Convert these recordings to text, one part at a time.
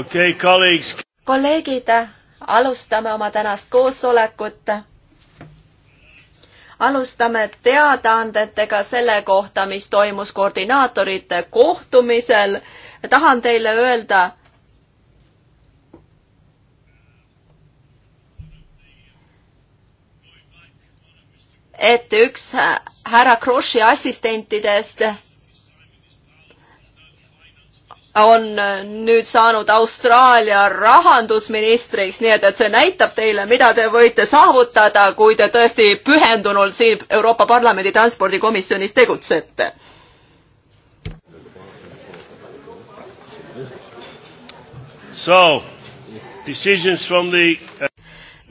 okay,. kolleegid, alustame oma tänast koosolekut. alustame teadaandetega selle kohta, mis toimus koordinaatorite kohtumisel. tahan teile öelda, et üks härra Kroši assistentidest on äh, nüüd saanud Austraalia rahandusministriks, nii et, et see näitab teile, mida te võite saavutada, kui te tõesti pühendunult siin Euroopa Parlamendi transpordikomisjonis tegutsete. So decisions from the uh,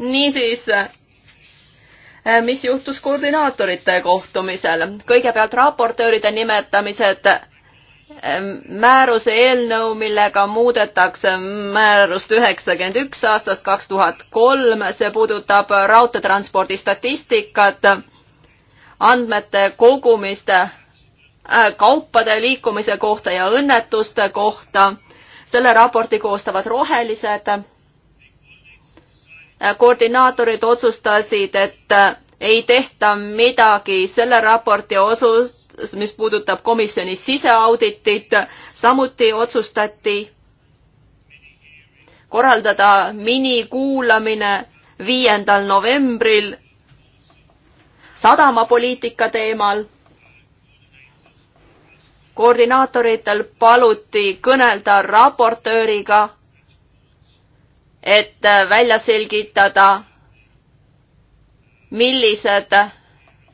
niisiis, äh, mis juhtus koordinaatorite kohtumisel? kõigepealt raportööride nimetamised määruse eelnõu, millega muudetakse määrust üheksakümmend üks aastast kaks tuhat kolm, see puudutab raudteetranspordi statistikat, andmete kogumist äh, kaupade liikumise kohta ja õnnetuste kohta. selle raporti koostavad rohelised. Äh, koordinaatorid otsustasid, et äh, ei tehta midagi selle raporti osus, mis puudutab komisjoni siseauditit, samuti otsustati korraldada minikuulamine viiendal novembril sadamapoliitika teemal. koordinaatoritel paluti kõnelda raportööriga, et välja selgitada, millised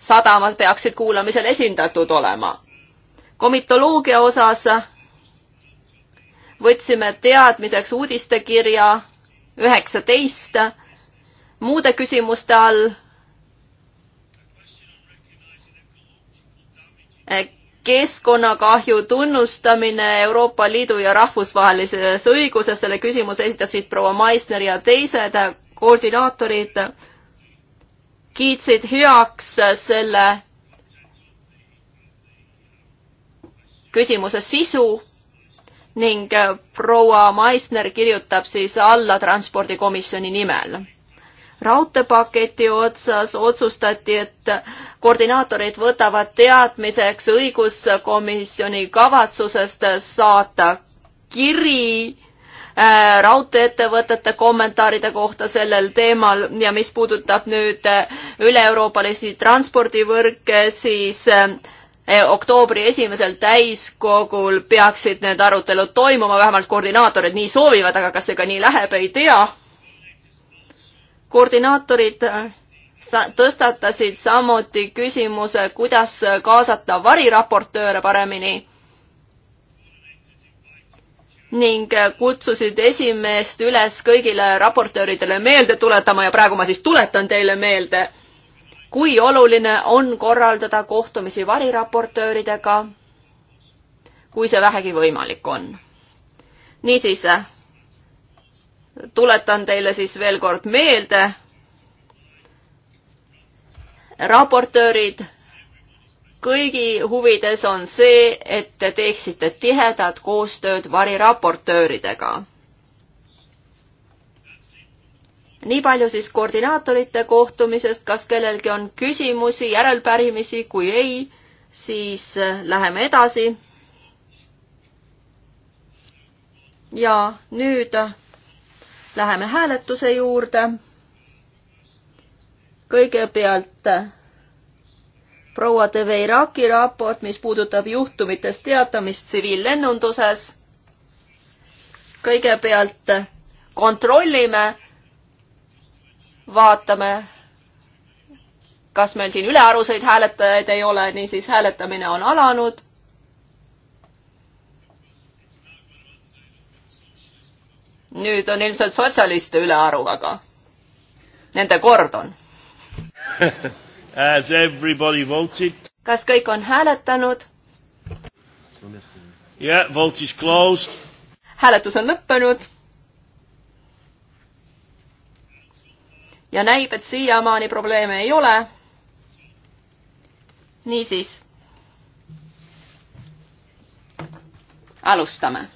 sadamad peaksid kuulamisel esindatud olema. komitoloogia osas võtsime teadmiseks uudistekirja üheksateist, muude küsimuste all eh, keskkonnakahju tunnustamine Euroopa Liidu ja rahvusvahelises õiguses, selle küsimuse esitasid proua Maisner ja teised koordinaatorid kiitsid heaks selle küsimuse sisu ning proua Maisner kirjutab siis alla transpordikomisjoni nimel. raudteepaketi otsas otsustati, et koordinaatorid võtavad teadmiseks õiguskomisjoni kavatsusest saata kiri Äh, raudteeettevõtete kommentaaride kohta sellel teemal ja mis puudutab nüüd äh, üle-euroopalisi transpordivõrke, siis äh, eh, oktoobri esimesel täiskogul peaksid need arutelud toimuma, vähemalt koordinaatorid nii soovivad, aga kas see ka nii läheb, ei tea. koordinaatorid tõstatasid samuti küsimuse, kuidas kaasata variraportööre paremini ning kutsusid esimeest üles kõigile raportööridele meelde tuletama ja praegu ma siis tuletan teile meelde, kui oluline on korraldada kohtumisi variraportööridega, kui see vähegi võimalik on. niisiis, tuletan teile siis veel kord meelde, raportöörid kõigi huvides on see, et te teeksite tihedat koostööd variraportööridega. nii palju siis koordinaatorite kohtumisest, kas kellelgi on küsimusi, järelpärimisi, kui ei, siis äh, läheme edasi. ja nüüd äh, läheme hääletuse juurde. kõigepealt äh, proua De Veiraki raport, mis puudutab juhtumitest teatamist tsiviillennunduses. kõigepealt kontrollime, vaatame, kas meil siin ülearuseid hääletajaid ei ole, niisiis hääletamine on alanud nüüd on ilmselt sotsialiste ülearu, aga nende kord on Has everybody voted? kas kõik on hääletanud? Yeah, vote is closed. hääletus on lõppenud. ja näib, et siiamaani probleeme ei ole. niisiis. alustame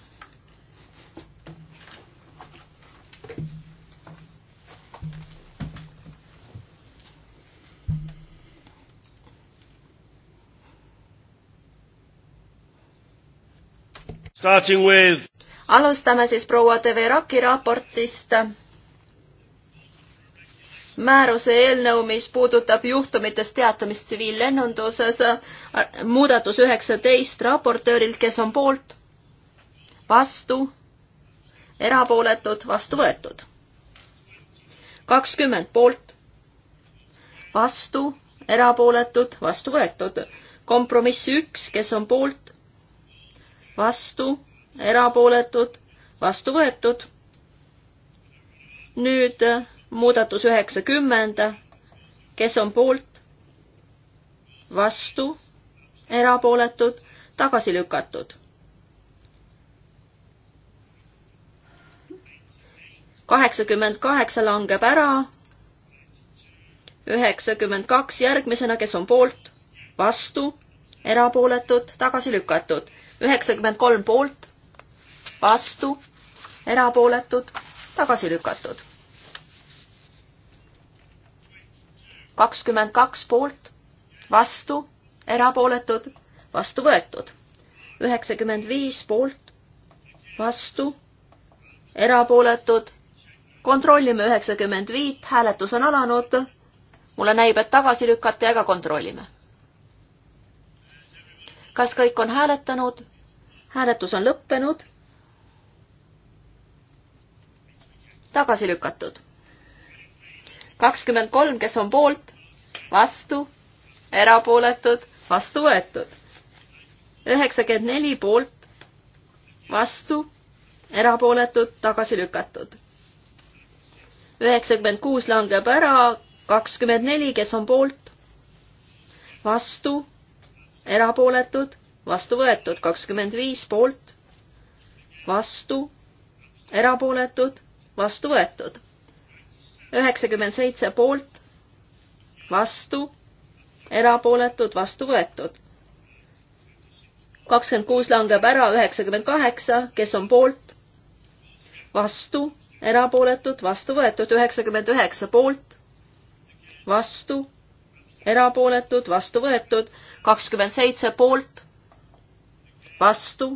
With... alustame siis proua TV Raki raportist. määruse eelnõu, mis puudutab juhtumitest teatamist tsiviillennunduses, muudatus üheksateist raportöörilt, kes on poolt, vastu, erapooletud, vastu võetud. kakskümmend poolt, vastu, erapooletud, vastu võetud. kompromiss üks, kes on poolt vastu, erapooletud, vastu võetud. nüüd äh, muudatus üheksakümmend, kes on poolt, vastu, erapooletud, tagasi lükatud. kaheksakümmend kaheksa langeb ära, üheksakümmend kaks järgmisena, kes on poolt, vastu, erapooletud, tagasi lükatud üheksakümmend kolm poolt, vastu, erapooletud, tagasi lükatud. kakskümmend kaks poolt, vastu, erapooletud, vastu võetud. üheksakümmend viis poolt, vastu, erapooletud. kontrollime üheksakümmend viit, hääletus on alanud. mulle näib, et tagasi lükati, aga kontrollime kas kõik on hääletanud? hääletus on lõppenud. tagasi lükatud. kakskümmend kolm, kes on poolt, vastu, erapooletud, vastu võetud. üheksakümmend neli poolt, vastu, erapooletud, tagasi lükatud. üheksakümmend kuus langeb ära, kakskümmend neli, kes on poolt, vastu erapooletud, vastu võetud, kakskümmend viis poolt, vastu, erapooletud, vastu võetud. üheksakümmend seitse poolt, vastu, erapooletud, vastu võetud. kakskümmend kuus langeb ära, üheksakümmend kaheksa, kes on poolt, vastu, erapooletud, vastu võetud, üheksakümmend üheksa poolt, vastu erapooletud, vastu võetud, kakskümmend seitse poolt, vastu,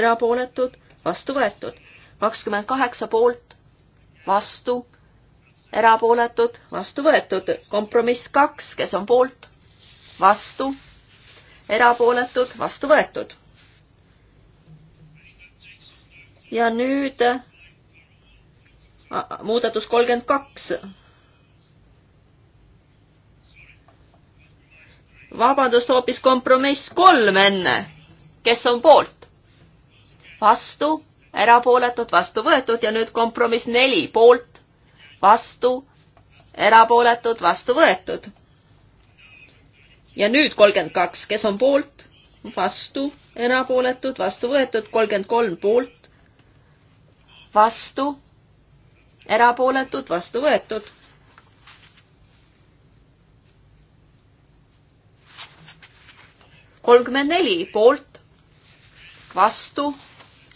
erapooletud, vastu võetud, kakskümmend kaheksa poolt, vastu, erapooletud, vastu võetud, kompromiss kaks, kes on poolt, vastu, erapooletud, vastu võetud. ja nüüd muudatus kolmkümmend kaks vabandust, hoopis kompromiss kolm enne. kes on poolt? vastu, erapooletud, vastu võetud ja nüüd kompromiss neli, poolt, vastu, erapooletud, vastu võetud. ja nüüd kolmkümmend kaks, kes on poolt, vastu, erapooletud, vastu võetud, kolmkümmend kolm poolt, vastu, erapooletud, vastu võetud kolmkümmend neli poolt, vastu,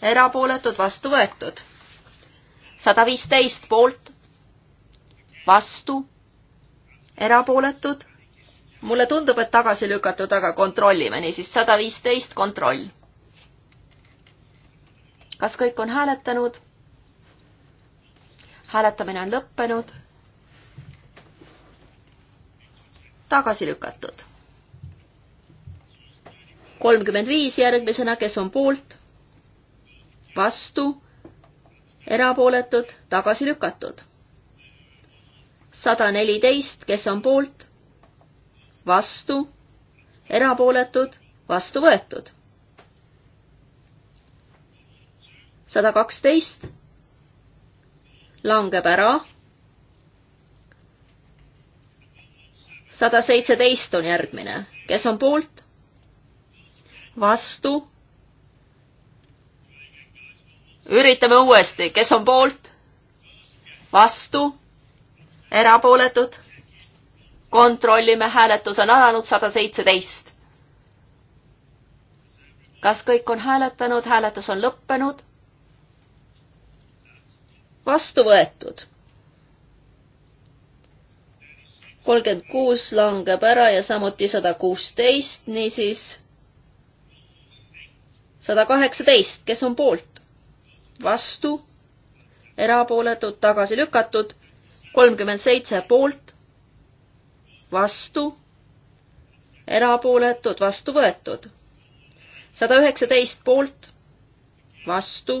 erapooletud, vastu võetud. sada viisteist poolt, vastu, erapooletud. mulle tundub, et tagasi lükatud, aga kontrollime, niisiis sada viisteist, kontroll. kas kõik on hääletanud? hääletamine on lõppenud. tagasi lükatud kolmkümmend viis järgmisena, kes on poolt, vastu, erapooletud, tagasi lükatud. sada neliteist, kes on poolt, vastu, erapooletud, vastu võetud. sada kaksteist langeb ära. sada seitseteist on järgmine, kes on poolt vastu. üritame uuesti, kes on poolt? vastu, erapooletud. kontrollime, hääletus on alanud sada seitseteist. kas kõik on hääletanud, hääletus on lõppenud? vastu võetud. kolmkümmend kuus langeb ära ja samuti sada kuusteist, niisiis sada kaheksateist, kes on poolt? vastu, erapooletud, tagasi lükatud, kolmkümmend seitse poolt, vastu, erapooletud, vastu võetud. sada üheksateist poolt, vastu,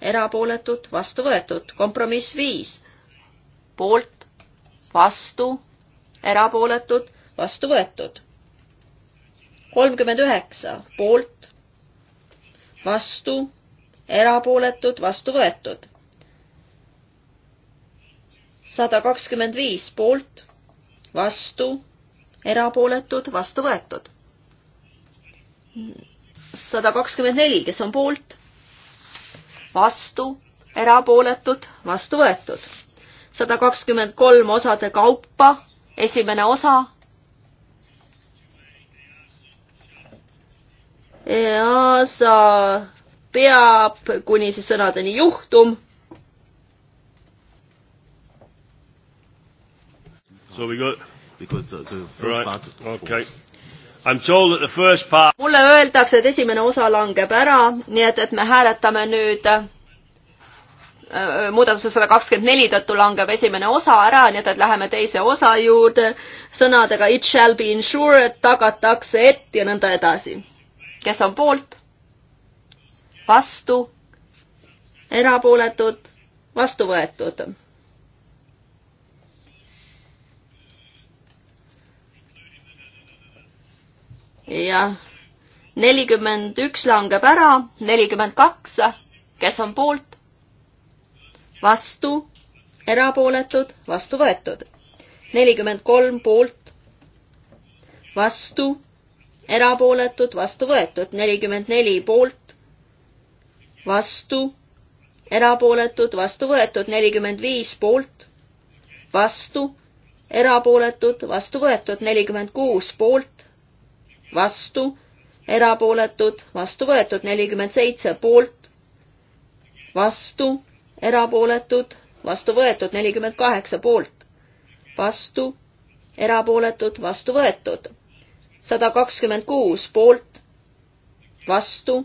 erapooletud, vastu võetud, kompromiss viis, poolt, vastu, erapooletud, vastu võetud. kolmkümmend üheksa poolt, vastu, erapooletud, vastu võetud. sada kakskümmend viis poolt, vastu, erapooletud, vastu võetud. sada kakskümmend neli, kes on poolt, vastu, erapooletud, vastu võetud. sada kakskümmend kolm osade kaupa, esimene osa EASA peab kuni siis sõnadeni juhtum. So we got because the, the first right. part okay. I m told that the first part mulle öeldakse, et esimene osa langeb ära, nii et, et me hääletame nüüd äh, muudatuse sada kakskümmend neli tõttu langeb esimene osa ära, nii et, et läheme teise osa juurde sõnadega it shall be insured, tagatakse et ja nõnda edasi kes on poolt, vastu, erapooletud, vastu võetud. jah, nelikümmend üks langeb ära, nelikümmend kaks, kes on poolt, vastu, erapooletud, vastu võetud. nelikümmend kolm poolt, vastu erapooletud, vastu võetud, nelikümmend neli poolt, vastu, erapooletud, vastu võetud, nelikümmend viis poolt, vastu, erapooletud, vastu võetud, nelikümmend kuus poolt, vastu, erapooletud, vastu võetud, nelikümmend seitse poolt, vastu, erapooletud, vastu võetud, nelikümmend kaheksa poolt, vastu, erapooletud, vastu võetud sada kakskümmend kuus poolt, vastu,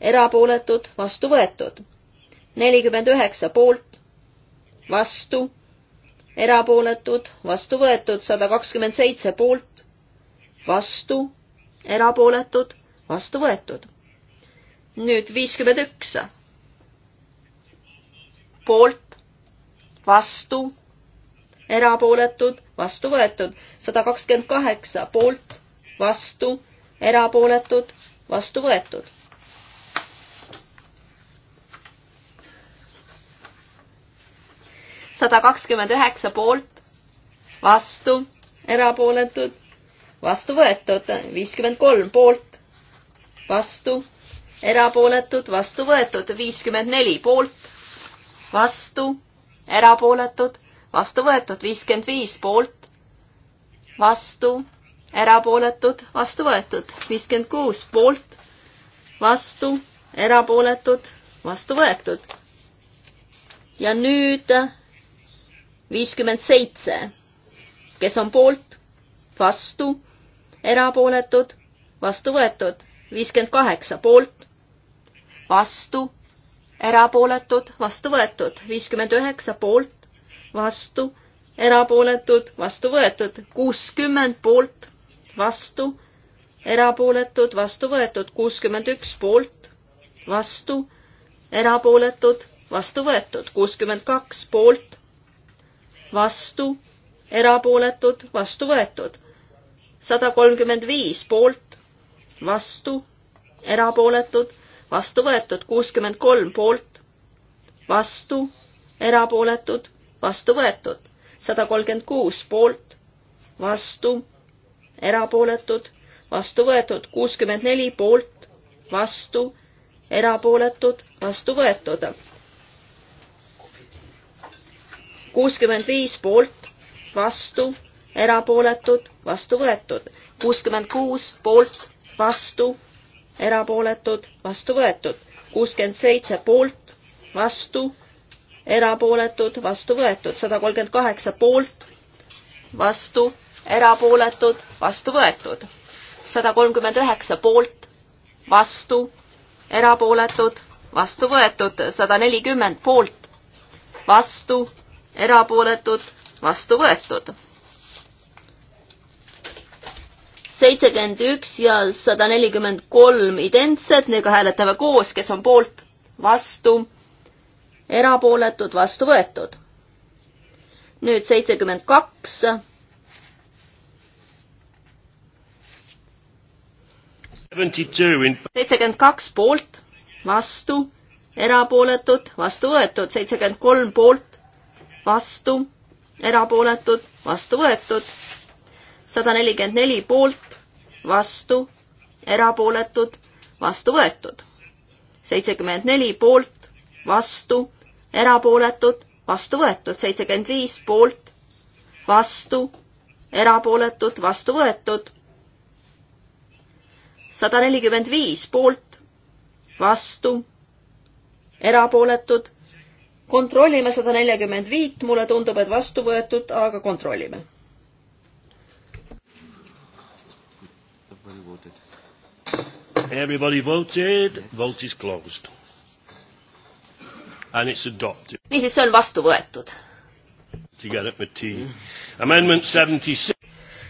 erapooletud, vastu võetud. nelikümmend üheksa poolt, vastu, erapooletud, vastu võetud, sada kakskümmend seitse poolt, vastu, erapooletud, vastu võetud. nüüd viiskümmend üks poolt, vastu, erapooletud, vastu võetud, sada kakskümmend kaheksa poolt, vastu, erapooletud, vastu võetud. sada kakskümmend üheksa poolt, vastu, erapooletud, vastu võetud, viiskümmend kolm poolt, vastu, erapooletud, vastu võetud, viiskümmend neli poolt, vastu, erapooletud vastu võetud, viiskümmend viis poolt, vastu, erapooletud, vastu võetud, viiskümmend kuus poolt, vastu, erapooletud, vastu võetud. ja nüüd viiskümmend seitse, kes on poolt, vastu, erapooletud, vastu võetud, viiskümmend kaheksa poolt, vastu, erapooletud, vastu võetud, viiskümmend üheksa poolt, vastu, erapooletud, vastu võetud, kuuskümmend poolt, vastu, erapooletud, vastu võetud, kuuskümmend üks poolt, vastu, erapooletud, vastu võetud, kuuskümmend kaks poolt, vastu, erapooletud, vastu võetud, sada kolmkümmend viis poolt, vastu, erapooletud, vastu võetud, kuuskümmend kolm poolt, vastu, erapooletud, vastu võetud. sada kolmkümmend kuus poolt, vastu, erapooletud, vastu võetud. kuuskümmend neli poolt, vastu, erapooletud, vastu võetud. kuuskümmend viis poolt, vastu, erapooletud, vastu võetud. kuuskümmend kuus poolt, vastu, erapooletud, vastu võetud. kuuskümmend seitse poolt, vastu erapooletud, vastu võetud, sada kolmkümmend kaheksa poolt, vastu, erapooletud, vastu võetud, sada kolmkümmend üheksa poolt, vastu, erapooletud, vastu võetud, sada nelikümmend poolt, vastu, erapooletud, vastu võetud. seitsekümmend üks ja sada nelikümmend kolm identsed, nendega hääletame koos, kes on poolt, vastu erapooletud, vastu võetud. nüüd seitsekümmend kaks. seitsekümmend kaks poolt, vastu, erapooletud, vastu võetud, seitsekümmend kolm poolt, vastu, erapooletud, vastu võetud, sada nelikümmend neli poolt, vastu, erapooletud, vastu võetud, seitsekümmend neli poolt, vastu, erapooletud, vastu võetud, seitsekümmend viis poolt, vastu, erapooletud, vastu võetud, sada nelikümmend viis poolt, vastu, erapooletud, kontrollime sada neljakümmend viit, mulle tundub, et vastu võetud, aga kontrollime. Everybody voted, vote is closed niisiis, see on vastu võetud.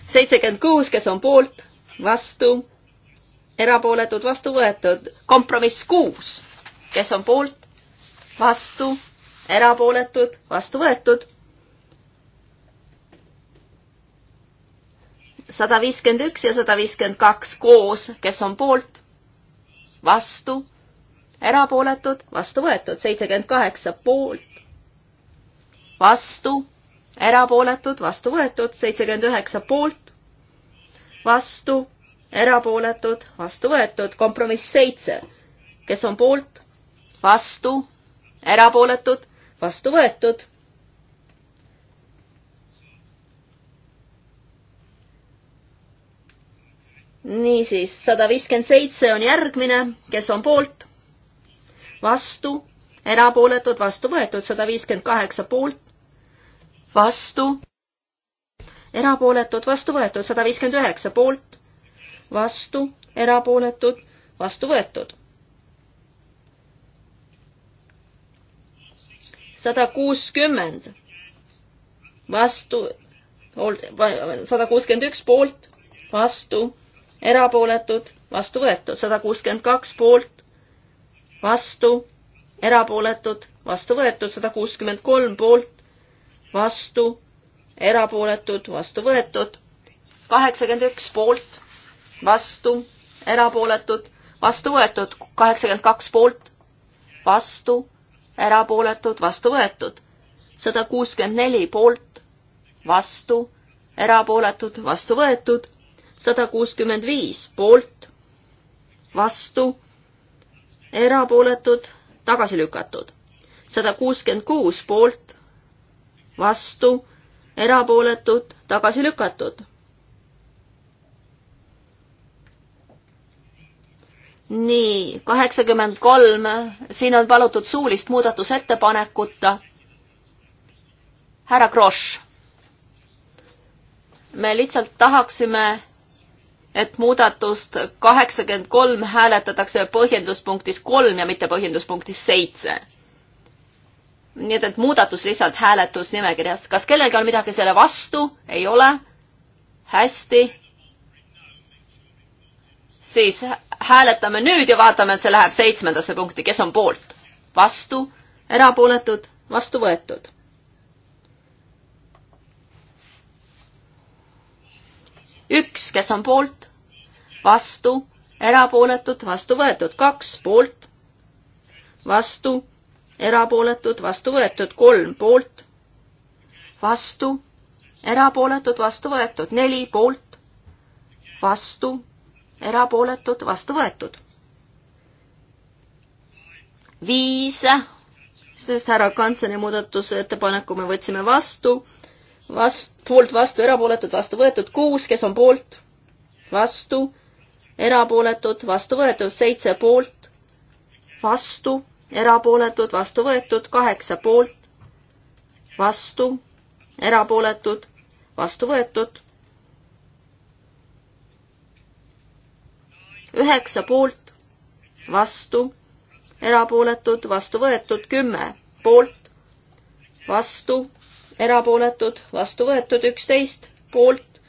seitsekümmend kuus, kes on poolt, vastu, erapooletud, vastu võetud. kompromiss kuus, kes on poolt, vastu, erapooletud, vastu võetud. sada viiskümmend üks ja sada viiskümmend kaks koos, kes on poolt, vastu erapooletud, vastu võetud, seitsekümmend kaheksa poolt, vastu, erapooletud, vastu võetud, seitsekümmend üheksa poolt, vastu, erapooletud, vastu võetud, kompromiss seitse, kes on poolt, vastu, erapooletud, vastu võetud niisiis, sada viiskümmend seitse on järgmine, kes on poolt, vastu, erapooletud, vastu võetud, sada viiskümmend kaheksa poolt, vastu, erapooletud, vastu võetud, sada viiskümmend üheksa poolt, vastu, erapooletud, vastu võetud. sada kuuskümmend vastu, sada kuuskümmend üks poolt, vastu, erapooletud, vastu võetud, sada kuuskümmend kaks poolt, vastu, erapooletud, vastu võetud, sada kuuskümmend kolm poolt, vastu, erapooletud, vastu võetud, kaheksakümmend üks poolt, vastu, erapooletud, vastu võetud, kaheksakümmend kaks poolt, vastu, erapooletud, vastu võetud, sada kuuskümmend neli poolt, vastu, erapooletud, vastu võetud, sada kuuskümmend viis poolt, vastu erapooletud, tagasi lükatud. sada kuuskümmend kuus poolt, vastu, erapooletud, tagasi lükatud. nii, kaheksakümmend kolm, siin on palutud suulist muudatusettepanekut. härra Kross, me lihtsalt tahaksime et muudatust kaheksakümmend kolm hääletatakse põhjenduspunktis kolm ja mitte põhjenduspunktis seitse. nii et, et muudatus lihtsalt hääletusnimekirjas. kas kellelgi on midagi selle vastu? ei ole? hästi. siis hääletame nüüd ja vaatame, et see läheb seitsmendasse punkti. kes on poolt? vastu? erapooletud? vastu võetud? üks, kes on poolt? vastu, erapooletud, vastu võetud, kaks poolt, vastu, erapooletud, vastu võetud, kolm poolt, vastu, erapooletud, vastu võetud, neli poolt, vastu, erapooletud, vastu võetud. viis, sest härra Kantseni muudatusettepaneku me võtsime vastu vast-, poolt vastu, erapooletud vastu võetud kuus, kes on poolt, vastu, erapooletud, vastu võetud, seitse poolt, vastu, erapooletud, vastu võetud, kaheksa poolt, vastu, erapooletud, vastu võetud, üheksa poolt, vastu, erapooletud, vastu võetud, kümme poolt, vastu, erapooletud, vastu võetud, üksteist poolt,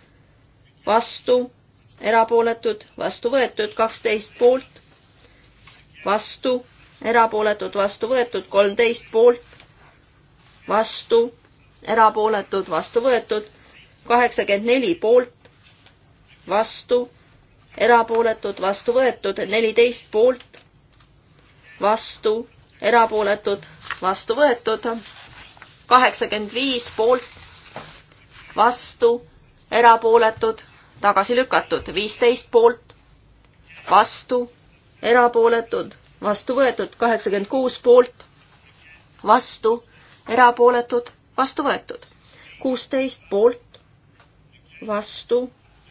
vastu erapooletud, vastu võetud, kaksteist poolt, vastu, erapooletud, vastu võetud, kolmteist poolt, vastu, erapooletud, vastu võetud, kaheksakümmend neli poolt, vastu, erapooletud, vastu võetud, neliteist poolt, vastu, erapooletud, vastu võetud, kaheksakümmend viis poolt, vastu, erapooletud, tagasi lükatud, viisteist poolt, vastu, erapooletud, vastu võetud, kaheksakümmend kuus poolt, vastu, erapooletud, vastu võetud, kuusteist poolt, vastu,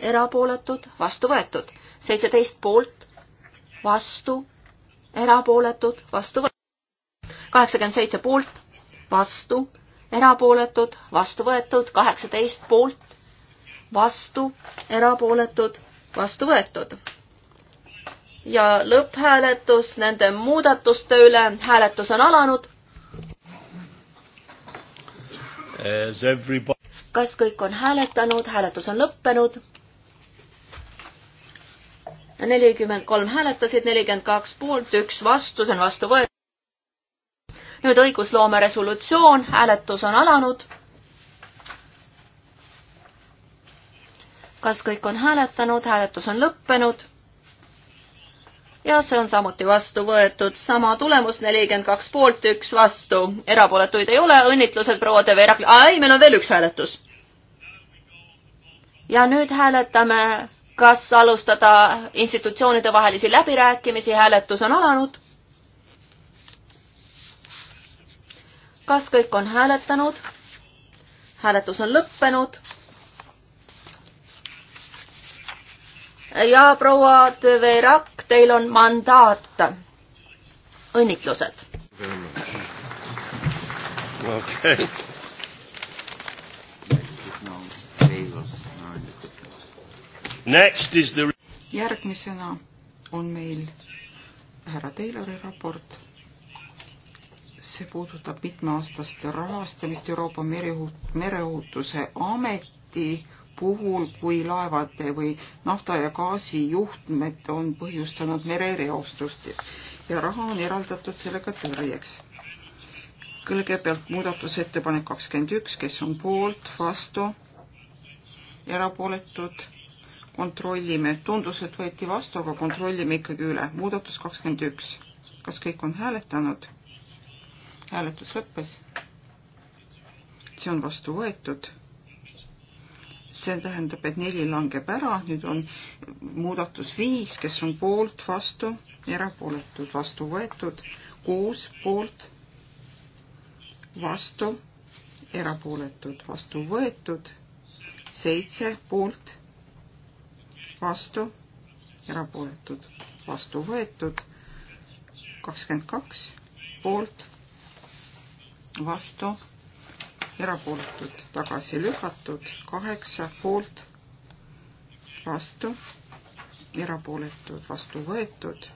erapooletud, vastu võetud, seitseteist poolt, vastu, erapooletud, vastu võetud, kaheksakümmend seitse poolt, vastu, erapooletud, vastu võetud, kaheksateist poolt, vastu, erapooletud, vastu võetud. ja lõpphääletus nende muudatuste üle, hääletus on alanud. kas kõik on hääletanud, hääletus on lõppenud? nelikümmend kolm hääletasid, nelikümmend kaks poolt, üks vastu, see on vastu võetud. nüüd õigusloome resolutsioon, hääletus on alanud kas kõik on hääletanud, hääletus on lõppenud. ja see on samuti vastu võetud, sama tulemus, nelikümmend kaks poolt, üks vastu, erapooletuid ei ole, õnnitlused proua De Verakli, aa ei, meil on veel üks hääletus. ja nüüd hääletame, kas alustada institutsioonide vahelisi läbirääkimisi, hääletus on alanud. kas kõik on hääletanud? hääletus on lõppenud ja proua de Verac, teil on mandaat. õnnitlused. Okay. The... järgmisena on meil härra Taylori raport. see puudutab mitmeaastast rahastamist Euroopa mereohutuse ameti puhul, kui laevade või nafta ja gaasi juhtmed on põhjustanud merereostust ja raha on eraldatud sellega tõrjeks. kõigepealt muudatusettepanek kakskümmend üks, kes on poolt, vastu, erapooletud, kontrollime, tundus, et võeti vastu, aga kontrollime ikkagi üle. muudatus kakskümmend üks, kas kõik on hääletanud? hääletus lõppes. see on vastu võetud see tähendab, et neli langeb ära, nüüd on muudatus viis, kes on poolt, vastu, erapooletud, vastu võetud, kuus poolt, vastu, erapooletud, vastu võetud, seitse poolt, vastu, erapooletud, vastu võetud, kakskümmend kaks poolt, vastu erapooletud tagasi lükatud, kaheksa poolt, vastu, erapooletud vastu võetud,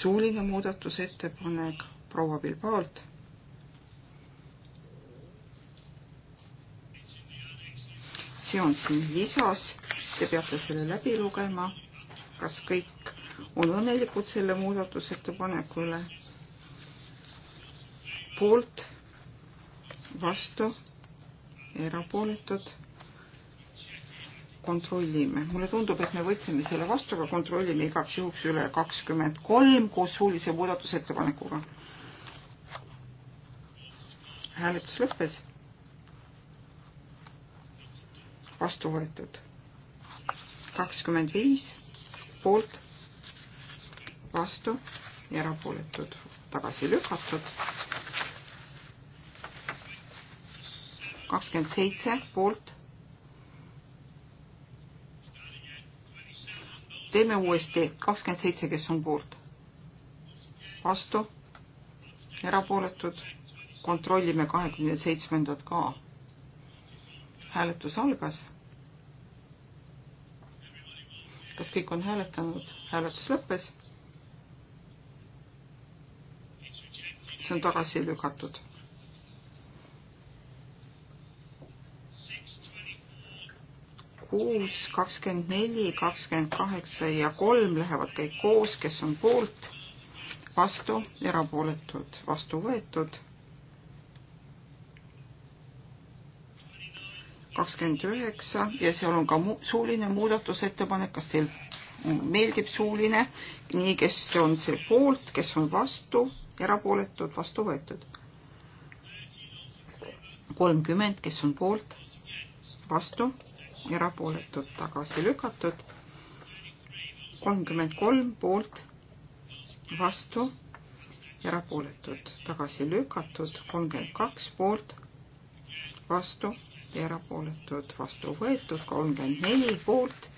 suuline muudatusettepanek proua Bilbaalt. see on siin lisas, te peate selle läbi lugema, kas kõik on õnnelikud selle muudatusettepaneku üle poolt, vastu erapooletud. kontrollime, mulle tundub, et me võtsime selle vastu, aga kontrollime igaks juhuks üle kakskümmend kolm koos suulise muudatusettepanekuga. hääletus lõppes. vastu võetud kakskümmend viis poolt, vastu ja erapooletud tagasi lükatud kakskümmend seitse poolt. teeme uuesti kakskümmend seitse, kes on poolt, vastu, erapooletud, kontrollime kahekümne seitsmendat ka. hääletus algas. kas kõik on hääletanud? hääletus lõppes. see on tagasi lükatud kuus, kakskümmend neli, kakskümmend kaheksa ja kolm lähevad kõik koos, kes on poolt, vastu, erapooletud, vastu võetud. kakskümmend üheksa ja seal on ka mu suuline muudatusettepanek, kas teil meeldib suuline, nii, kes on see poolt, kes on vastu, erapooletud, vastu võetud. kolmkümmend, kes on poolt, vastu erapooletud tagasi lükatud. kolmkümmend kolm poolt, vastu, erapooletud tagasi lükatud, kolmkümmend kaks poolt, vastu, erapooletud vastu võetud, kolmkümmend neli poolt,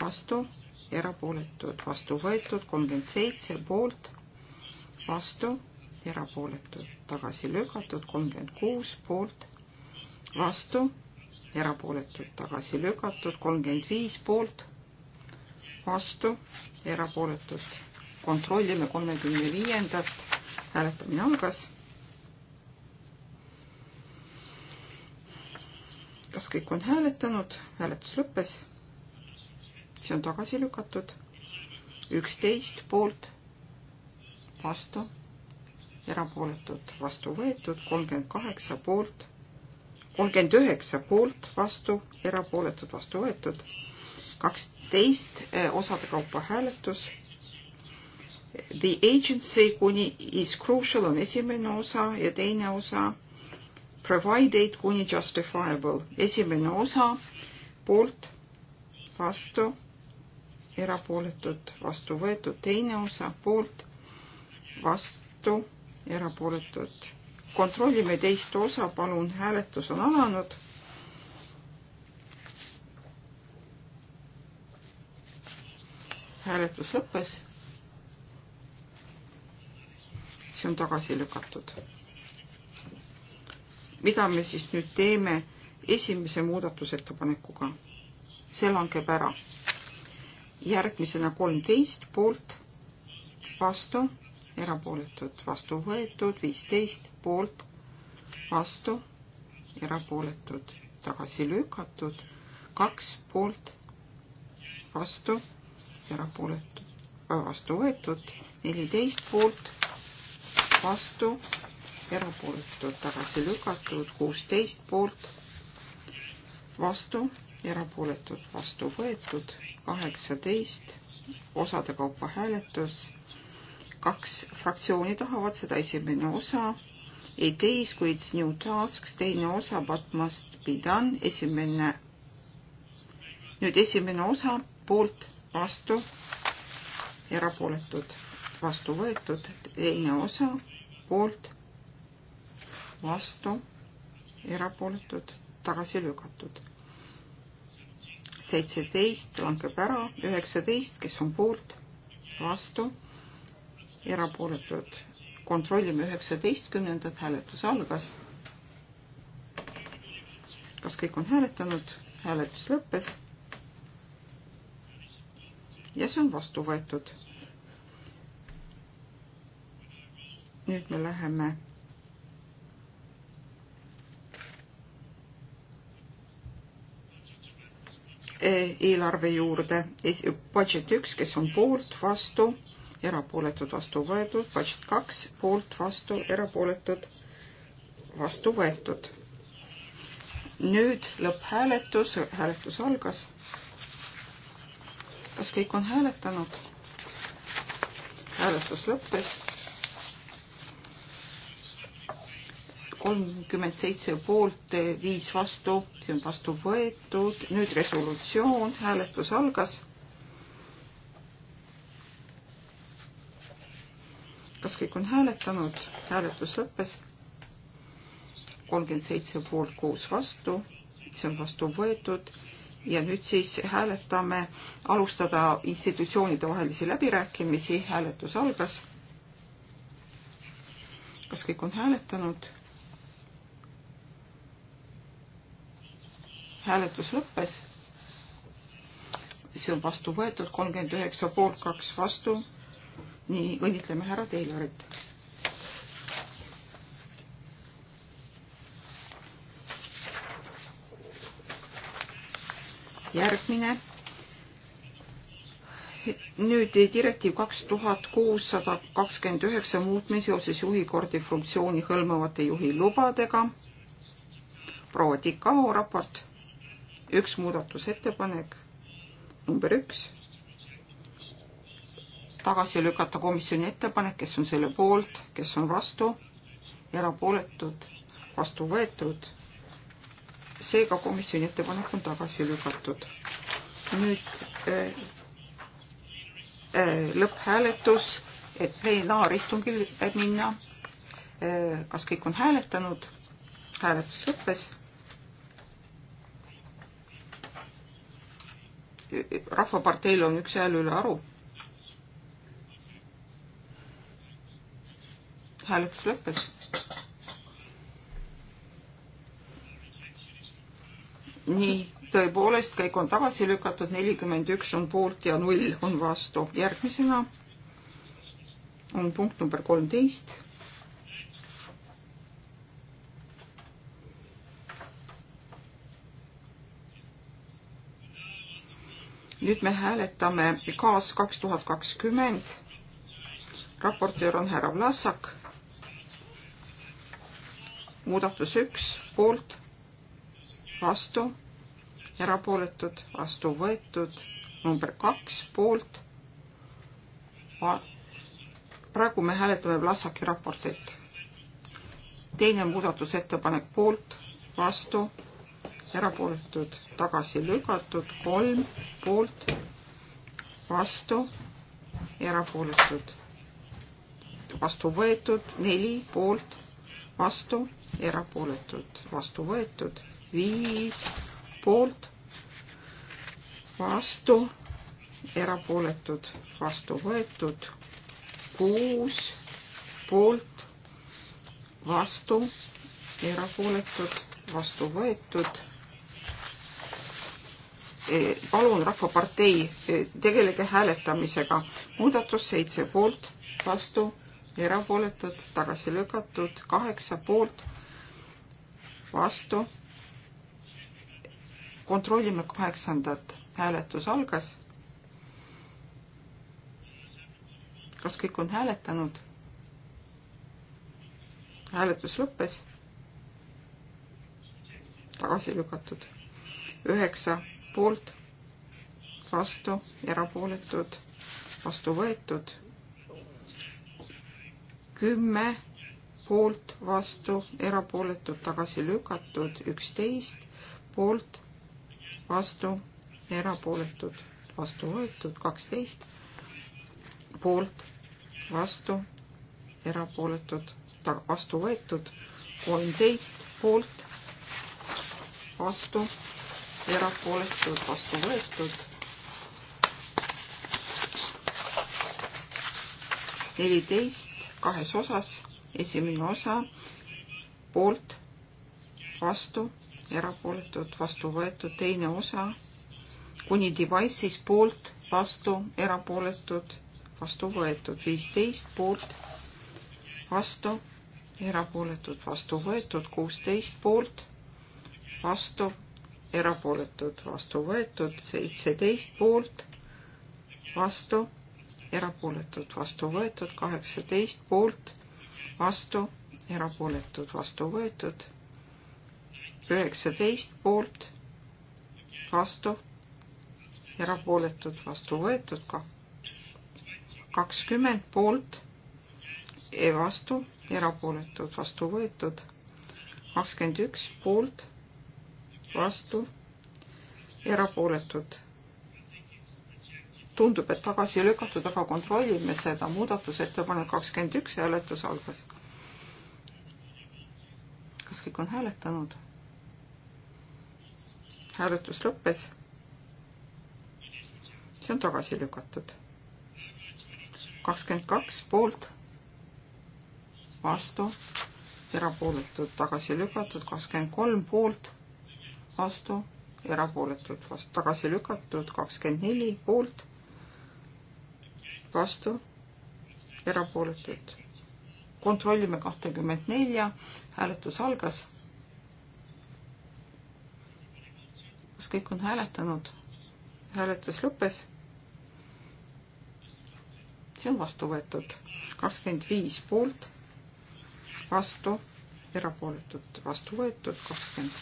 vastu, erapooletud vastu võetud, kolmkümmend seitse poolt, vastu, erapooletud tagasi lükatud, kolmkümmend kuus poolt, vastu erapooletud tagasi lükatud, kolmkümmend viis poolt, vastu, erapooletud. kontrollime kolmekümne viiendat, hääletamine algas. kas kõik on hääletanud, hääletus lõppes. see on tagasi lükatud, üksteist poolt, vastu, erapooletud, vastu võetud, kolmkümmend kaheksa poolt kolmkümmend üheksa poolt, vastu, erapooletud, vastu võetud. kaksteist eh, osade kaupa hääletus. The agency kuni is crucial on esimene osa ja teine osa provided kuni justifiable. esimene osa poolt, vastu, erapooletud, vastu võetud, teine osa poolt, vastu, erapooletud kontrollime teist osa, palun, hääletus on alanud. hääletus lõppes. see on tagasi lükatud. mida me siis nüüd teeme esimese muudatusettepanekuga? see langeb ära. järgmisena kolmteist poolt, vastu erapooletud, vastu võetud, viisteist poolt, vastu, erapooletud, tagasi lükatud, kaks poolt, vastu, erapooletud, äh, vastu võetud, neliteist poolt, vastu, erapooletud, tagasi lükatud, kuusteist poolt, vastu, erapooletud, vastu võetud, kaheksateist, osade kaupa hääletus kaks fraktsiooni tahavad seda, esimene osa Ideis Quits New Tasks, teine osa What Must Be Done, esimene, nüüd esimene osa poolt, vastu, erapooletud, vastu võetud, teine osa poolt, vastu, erapooletud, tagasi lükatud seitseteist langeb ära, üheksateist, kes on poolt, vastu, erapooletud. kontrollime üheksateistkümnendat, hääletus algas. kas kõik on hääletanud? hääletus lõppes. ja see on vastu võetud. nüüd me läheme eelarve juurde. budget üks, kes on poolt, vastu erapooletud, vastu võetud, budget kaks, poolt, vastu, erapooletud, vastu võetud. nüüd lõpphääletus, hääletus algas. kas kõik on hääletanud? hääletus lõppes. kolmkümmend seitse poolt, viis vastu, see on vastu võetud, nüüd resolutsioon, hääletus algas kas kõik on hääletanud? hääletus lõppes. kolmkümmend seitse poolt, kuus vastu, see on vastu võetud ja nüüd siis hääletame alustada institutsioonide vahelisi läbirääkimisi, hääletus algas. kas kõik on hääletanud? hääletus lõppes. see on vastu võetud, kolmkümmend üheksa poolt, kaks vastu nii õnnitleme härra Taylorit. järgmine. nüüd direktiiv kaks tuhat kuussada kakskümmend üheksa muutmine seoses juhikordi funktsiooni hõlmavate juhilubadega. proua Tikao raport, üks muudatusettepanek, number üks tagasi lükata komisjoni ettepanek, kes on selle poolt, kes on vastu, erapooletud, vastu võetud. seega komisjoni ettepanek on tagasi lükatud. nüüd äh, äh, lõpphääletus, et plenaaristungil minna äh,. kas kõik on hääletanud? hääletus lõppes rahvaparteil on üks hääl üle aru. hääletus lõppes. nii, tõepoolest, kõik on tagasi lükatud, nelikümmend üks on poolt ja null on vastu. järgmisena on punkt number kolmteist nüüd me hääletame kaas kaks tuhat kakskümmend. raportöör on härra Vlasak muudatus üks poolt, vastu, erapooletud, vastu võetud, number kaks poolt. praegu me hääletame Vlasaki raportit. teine muudatusettepanek poolt, vastu, erapooletud, tagasi lükatud, kolm poolt, vastu, erapooletud, vastu võetud, neli poolt vastu, erapooletud, vastu võetud, viis poolt, vastu, erapooletud, vastu võetud, kuus poolt, vastu, erapooletud, vastu võetud. E, palun, Rahvapartei, e, tegelege hääletamisega. muudatus seitse poolt, vastu erapooletud, tagasi lükatud, kaheksa poolt, vastu. kontrollime kaheksandat, hääletus algas. kas kõik on hääletanud? hääletus lõppes. tagasi lükatud, üheksa poolt, vastu, erapooletud, vastu võetud kümme poolt, vastu, erapooletult tagasi lükatud, üksteist poolt, vastu, erapooletud, vastu võetud, kaksteist poolt, vastu, erapooletud, vastu võetud, kolmteist poolt, vastu, erapooletud, vastu võetud neliteist kahes osas. esimene osa poolt, vastu, erapooletud, vastu võetud, teine osa kuni device'is poolt, vastu, erapooletud, vastu võetud, viisteist poolt, vastu, erapooletud, vastu võetud, kuusteist poolt, vastu, erapooletud, vastu võetud, seitseteist poolt, vastu erapooletud, vastu võetud, kaheksateist poolt, vastu, erapooletud, vastu võetud, üheksateist poolt, vastu, erapooletud, vastu võetud ka, kakskümmend poolt, e, vastu, erapooletud, vastu võetud, kakskümmend üks poolt, vastu, erapooletud tundub, et tagasi lükatud, aga kontrollime seda. muudatusettepanek kakskümmend üks ja hääletus algas. kas kõik on hääletanud? hääletus lõppes. see on tagasi lükatud. kakskümmend kaks poolt, vastu, erapooletud, tagasi lükatud, kakskümmend kolm poolt, vastu erapooletult vastu tagasi lükatud, kakskümmend neli poolt, vastu, erapooletud. kontrollime kahtekümmet nelja, hääletus algas. kas kõik on hääletanud? hääletus lõppes. see on vastu võetud. kakskümmend viis poolt, vastu, erapooletud, vastu võetud, kakskümmend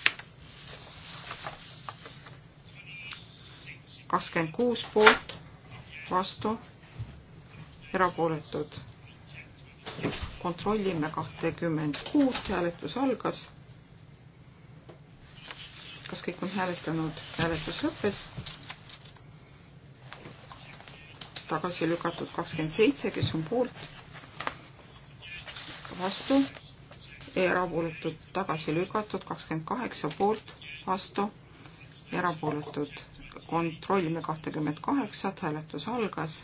kakskümmend kuus poolt, vastu erapooletud. kontrollime kahtekümmend kuut, hääletus algas. kas kõik on hääletanud, hääletus lõppes. tagasi lükatud kakskümmend seitse, kes on poolt, vastu, erapooletud, tagasi lükatud kakskümmend kaheksa poolt, vastu, erapooletud kontrollime kahtekümmet kaheksat, hääletus algas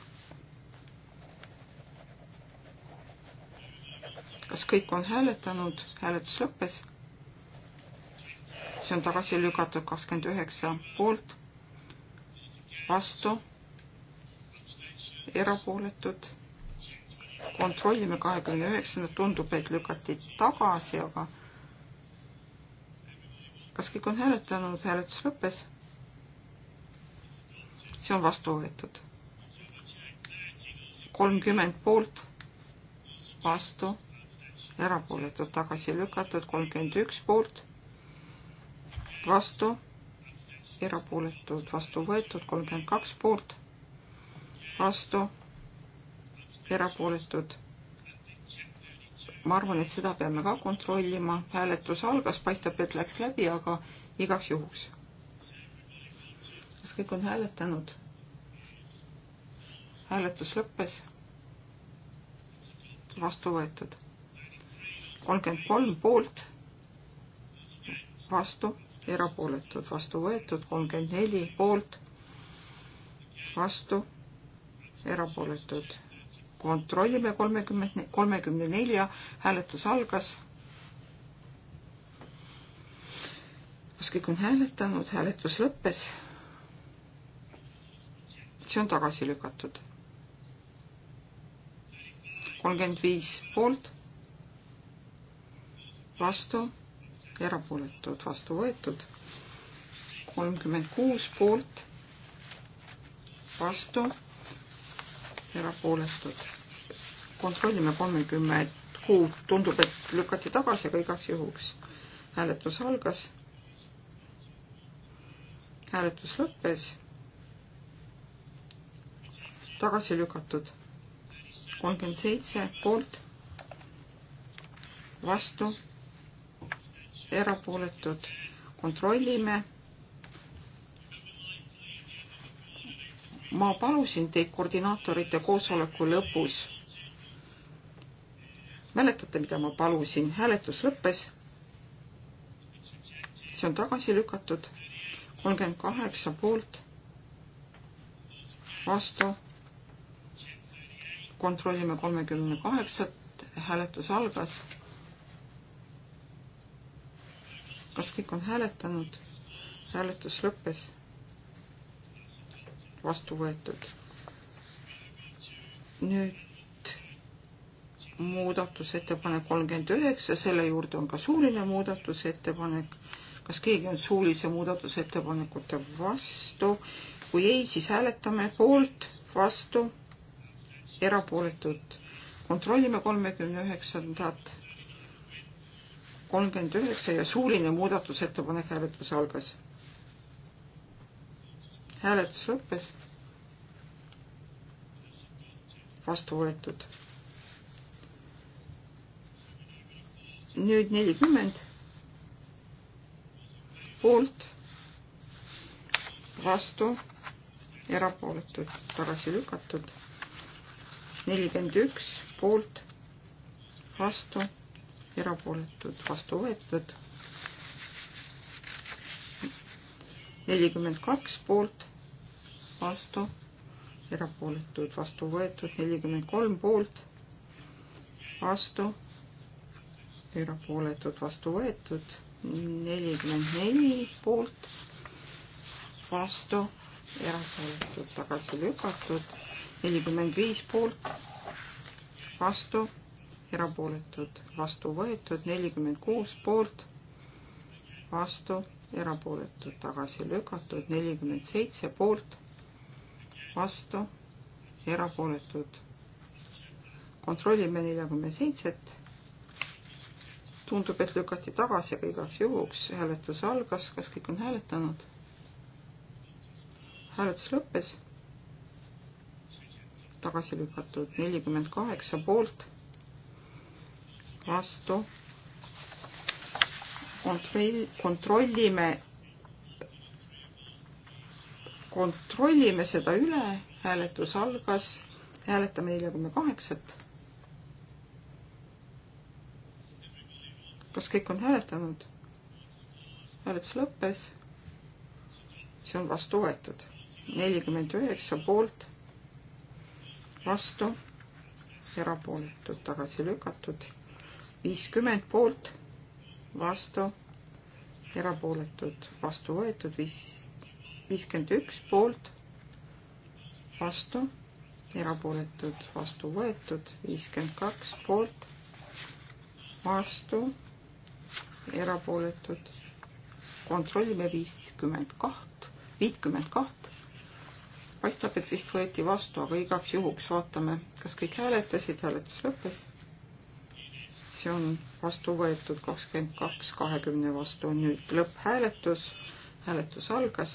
kas kõik on hääletanud, hääletus lõppes. see on tagasi lükatud kakskümmend üheksa poolt, vastu, erapooletud. kontrollime kahekümne üheksandat, tundub, et lükati tagasi, aga kas kõik on hääletanud, hääletus lõppes. see on vastu võetud. kolmkümmend poolt, vastu erapooletud tagasi lükatud, kolmkümmend üks poolt, vastu, erapooletud vastu võetud, kolmkümmend kaks poolt, vastu, erapooletud. ma arvan, et seda peame ka kontrollima, hääletus algas, paistab, et läks läbi, aga igaks juhuks. kas kõik on hääletanud? hääletus lõppes. vastu võetud kolmkümmend kolm poolt, vastu, erapooletud, vastu võetud, kolmkümmend neli poolt, vastu, erapooletud. kontrollime kolmekümne, kolmekümne nelja, hääletus algas. kas kõik on hääletanud, hääletus lõppes? see on tagasi lükatud. kolmkümmend viis poolt vastu, erapooletud, vastu võetud. kolmkümmend kuus poolt, vastu, erapooletud. kontrollime kolmekümmet kuud, tundub, et lükati tagasi, aga igaks juhuks. hääletus algas. hääletus lõppes. tagasi lükatud. kolmkümmend seitse poolt, vastu erapooletud, kontrollime. ma palusin teid koordinaatorite koosoleku lõpus. mäletate, mida ma palusin, hääletus lõppes. see on tagasi lükatud, kolmkümmend kaheksa poolt, vastu. kontrollime kolmekümne kaheksat, hääletus algas kas kõik on hääletanud? hääletus lõppes. vastu võetud. nüüd muudatusettepanek kolmkümmend üheksa, selle juurde on ka suuline muudatusettepanek. kas keegi on suulise muudatusettepanekute vastu? kui ei, siis hääletame poolt, vastu, erapooletud. kontrollime kolmekümne üheksandat kolmkümmend üheksa ja suuline muudatusettepanek hääletus algas. hääletus lõppes. vastu võetud. nüüd nelikümmend poolt, vastu, erapooletud, tagasi lükatud. nelikümmend üks poolt, vastu erapooletud, vastu võetud. nelikümmend kaks poolt, vastu, erapooletud, vastu võetud, nelikümmend kolm poolt, vastu, erapooletud, vastu võetud, nelikümmend neli poolt, vastu, erapooletud, tagasi lükatud, nelikümmend viis poolt, vastu erapooletud, vastu võetud, nelikümmend kuus poolt, vastu, erapooletud, tagasi lükatud, nelikümmend seitse poolt, vastu, erapooletud. kontrollime neljakümne seitset. tundub, et lükati tagasi, aga igaks juhuks hääletus algas, kas kõik on hääletanud? hääletus lõppes tagasi lükatud, nelikümmend kaheksa poolt, vastu. kontroll, kontrollime, kontrollime seda üle, hääletus algas, hääletame neljakümne kaheksat. kas kõik on hääletanud? hääletus lõppes. see on vastu võetud. nelikümmend üheksa poolt, vastu, erapooletud, tagasi lükatud viiskümmend poolt, vastu, erapooletud, vastu võetud, viis, viiskümmend üks poolt, vastu, erapooletud, vastu võetud, viiskümmend kaks poolt, vastu, erapooletud, kontrollime viiskümmend kaht, viitkümmend kaht. paistab, et vist võeti vastu, aga igaks juhuks vaatame, kas kõik hääletasid, hääletus lõppes see on vastu võetud kakskümmend kaks, kahekümne vastu. nüüd lõpphääletus, hääletus algas.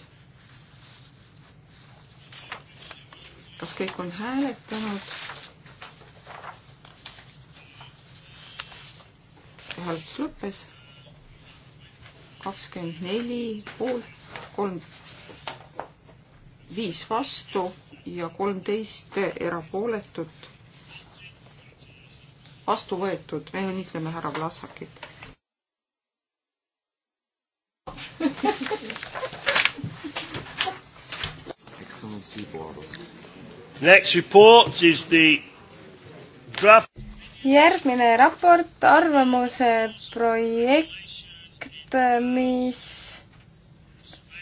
kas kõik on hääletanud? hääletus lõppes. kakskümmend neli poolt, kolm, viis vastu ja kolmteist erapooletut vastu võetud, me õnnitleme härra Vlasakit. Next report is the draft. järgmine raport, arvamuse projekt, mis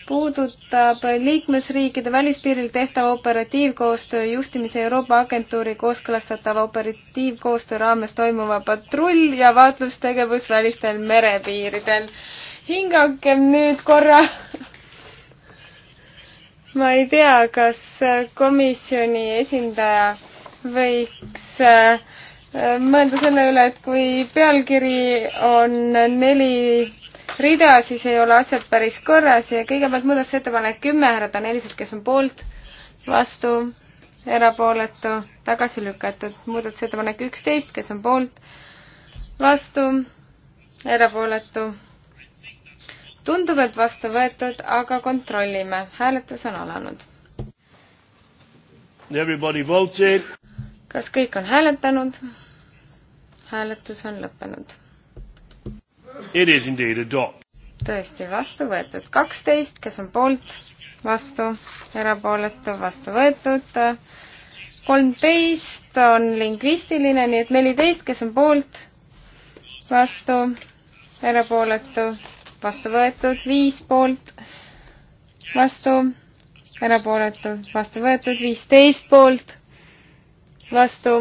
puudutab liikmesriikide välispiiril tehtava operatiivkoostöö juhtimise Euroopa Agentuuri kooskõlastatava operatiivkoostöö raames toimuva patrull- ja vaatlustegevus välistel merepiiridel. hingakem nüüd korra. ma ei tea, kas komisjoni esindaja võiks äh, mõelda selle üle, et kui pealkiri on neli rida, siis ei ole asjad päris korras ja kõigepealt muudatusettepanek kümme, härra Taneliselt, kes on poolt, vastu, erapooletu, tagasi lükatud. muudatusettepanek üksteist, kes on poolt, vastu, erapooletu. tundub, et vastu võetud, aga kontrollime. hääletus on alanud. kas kõik on hääletanud? hääletus on lõppenud It is indeed adopted. tõesti, vastu võetud kaksteist, kes on poolt, vastu, erapooletu, vastu võetud. kolmteist on lingvistiline, nii et neliteist, kes on poolt, vastu, erapooletu, vastu võetud, viis poolt, vastu, erapooletu, vastu võetud, viisteist poolt, vastu,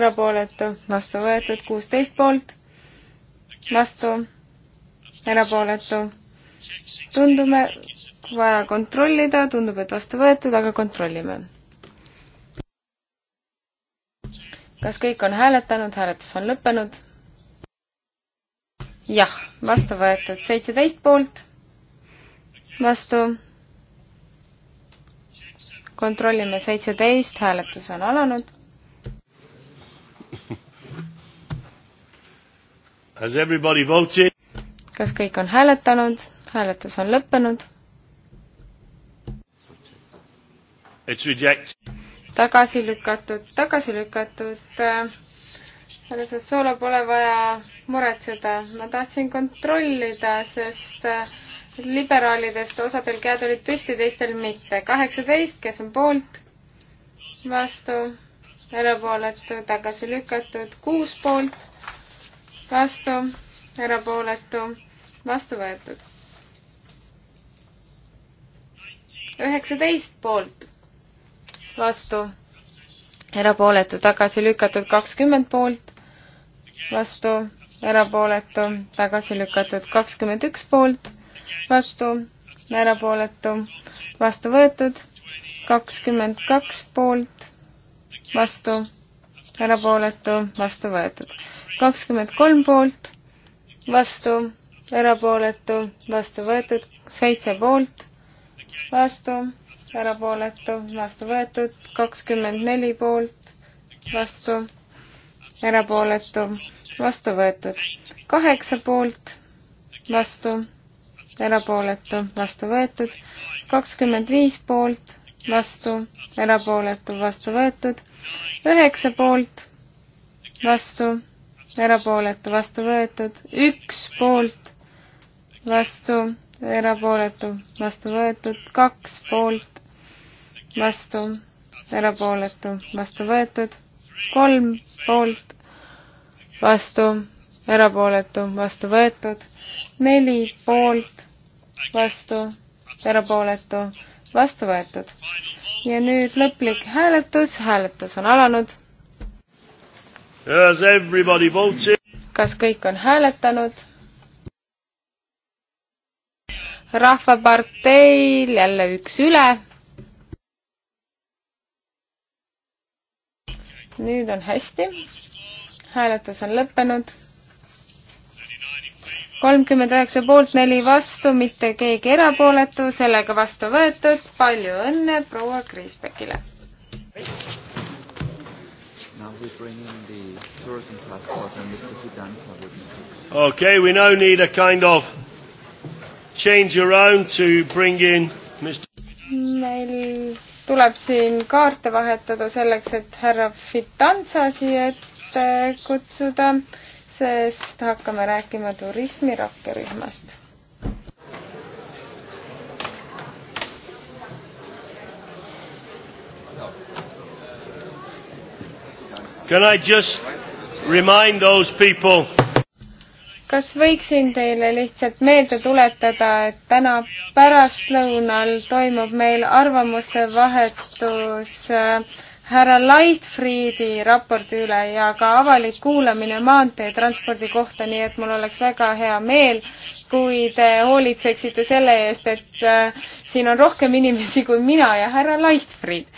erapooletu, vastu võetud, kuusteist poolt vastu, erapooletu. tundume, vaja kontrollida, tundub, et vastu võetud, aga kontrollime. kas kõik on hääletanud, hääletus on lõppenud? jah, vastu võetud seitseteist poolt, vastu. kontrollime seitseteist, hääletus on alanud kas kõik on hääletanud? hääletus on lõppenud. tagasi lükatud, tagasi lükatud. selles suhtes Soola pole vaja muretseda. ma tahtsin kontrollida, sest liberaalidest osadel käed olid püsti, teistel mitte. kaheksateist, kes on poolt, vastu, erapooletu, tagasi lükatud, kuus poolt vastu, erapooletu, vastu võetud. üheksateist poolt, vastu, erapooletu, tagasi lükatud kakskümmend poolt, vastu, erapooletu, tagasi lükatud kakskümmend üks poolt, vastu, erapooletu, vastu võetud, kakskümmend kaks poolt, vastu, erapooletu, vastu võetud kakskümmend kolm poolt, vastu, erapooletu, vastu võetud, seitse poolt, vastu, erapooletu, vastu võetud, kakskümmend neli poolt, vastu, erapooletu, vastu võetud, kaheksa poolt, vastu, erapooletu, vastu võetud, kakskümmend viis poolt, vastu, erapooletu, vastu võetud, üheksa poolt, vastu erapooletu, vastu võetud, üks poolt, vastu, erapooletu, vastu võetud, kaks poolt, vastu, erapooletu, vastu võetud, kolm poolt, vastu, erapooletu, vastu võetud, neli poolt, vastu, erapooletu, vastu võetud. ja nüüd lõplik hääletus, hääletus on alanud kas kõik on hääletanud? rahvaparteil jälle üks üle. nüüd on hästi. hääletus on lõppenud. kolmkümmend üheksa poolt, neli vastu, mitte keegi erapooletu, sellega vastu võetud. palju õnne proua Kriisbekile we bring in the tourism task force and Mr. Fidanza with me? Okay, we now need a kind of change around to bring in Mr. meil tuleb siin kaarte vahetada selleks, et härra Fidanza siia ette kutsuda, sest hakkame rääkima turismi rakkerühmast Can I just remind those people? kas võiksin teile lihtsalt meelde tuletada, et täna pärastlõunal toimub meil arvamuste vahetus äh, härra Lightfriedi raporti üle ja ka avalik kuulamine maanteetranspordi kohta, nii et mul oleks väga hea meel, kui te hoolitseksite selle eest, et äh, siin on rohkem inimesi kui mina ja härra Lightfried.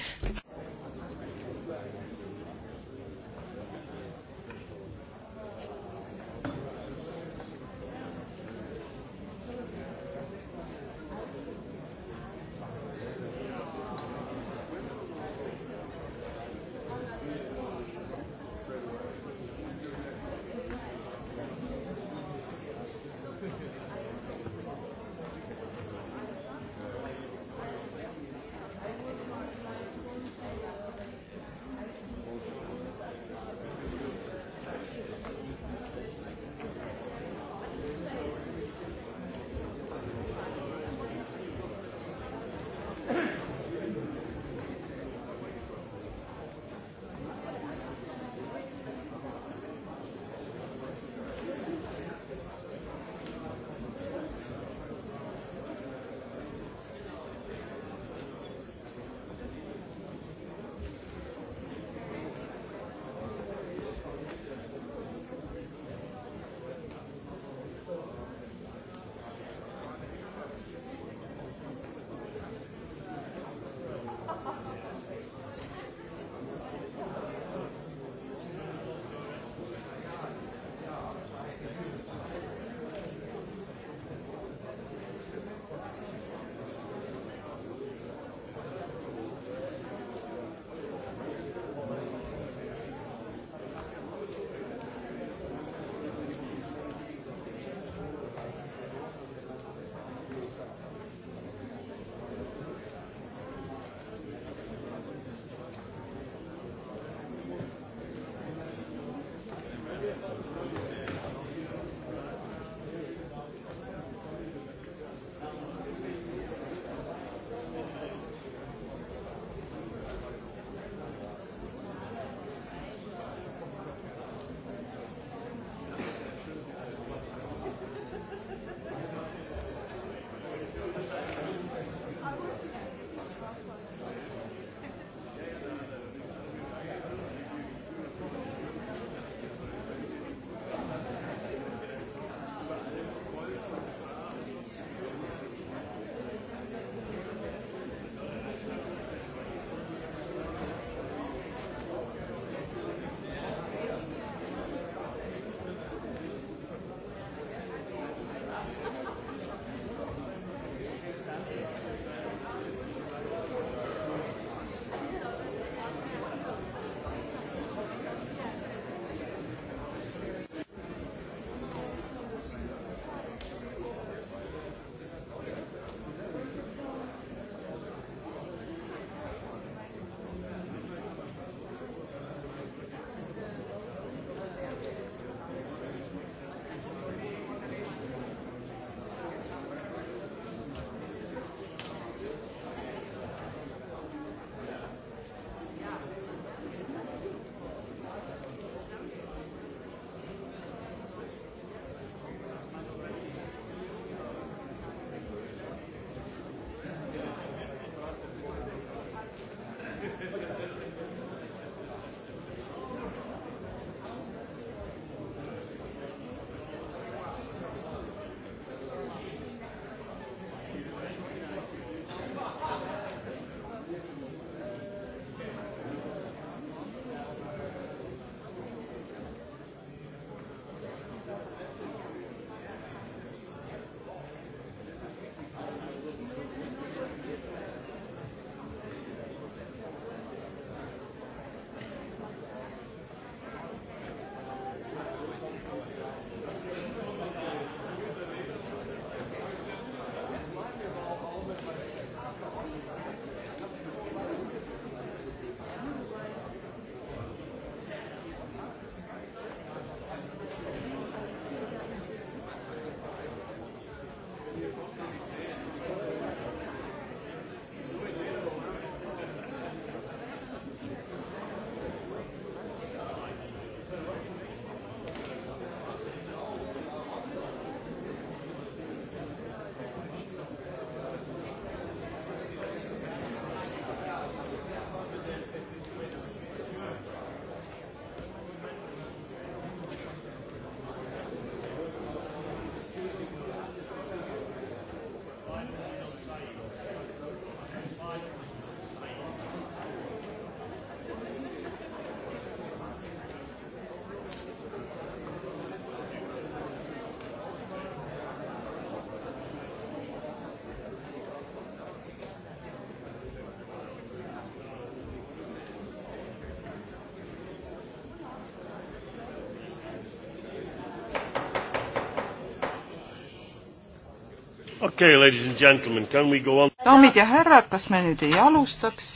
okei okay,, ladies and gentlemen, can we go on? daamid ja härrad, kas me nüüd ei alustaks?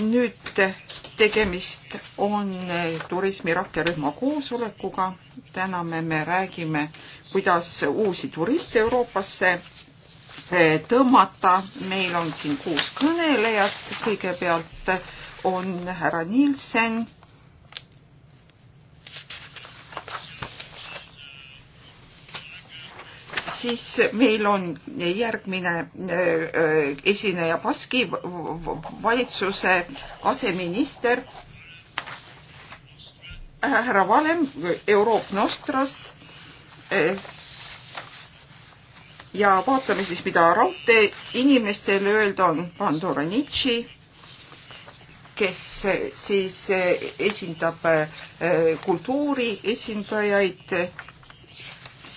nüüd tegemist on turismi rakkerühma koosolekuga. täna me, me räägime, kuidas uusi turiste Euroopasse eh, tõmmata. meil on siin kuus kõnelejat. kõigepealt on härra Nielsen siis meil on järgmine äh, esineja Baski valitsuse aseminister härra Valem Euroop Nostrast. Äh, ja vaatame siis, mida raudtee inimestele öelda on Pandora Nietzsche, kes äh, siis esindab kultuuri esindajaid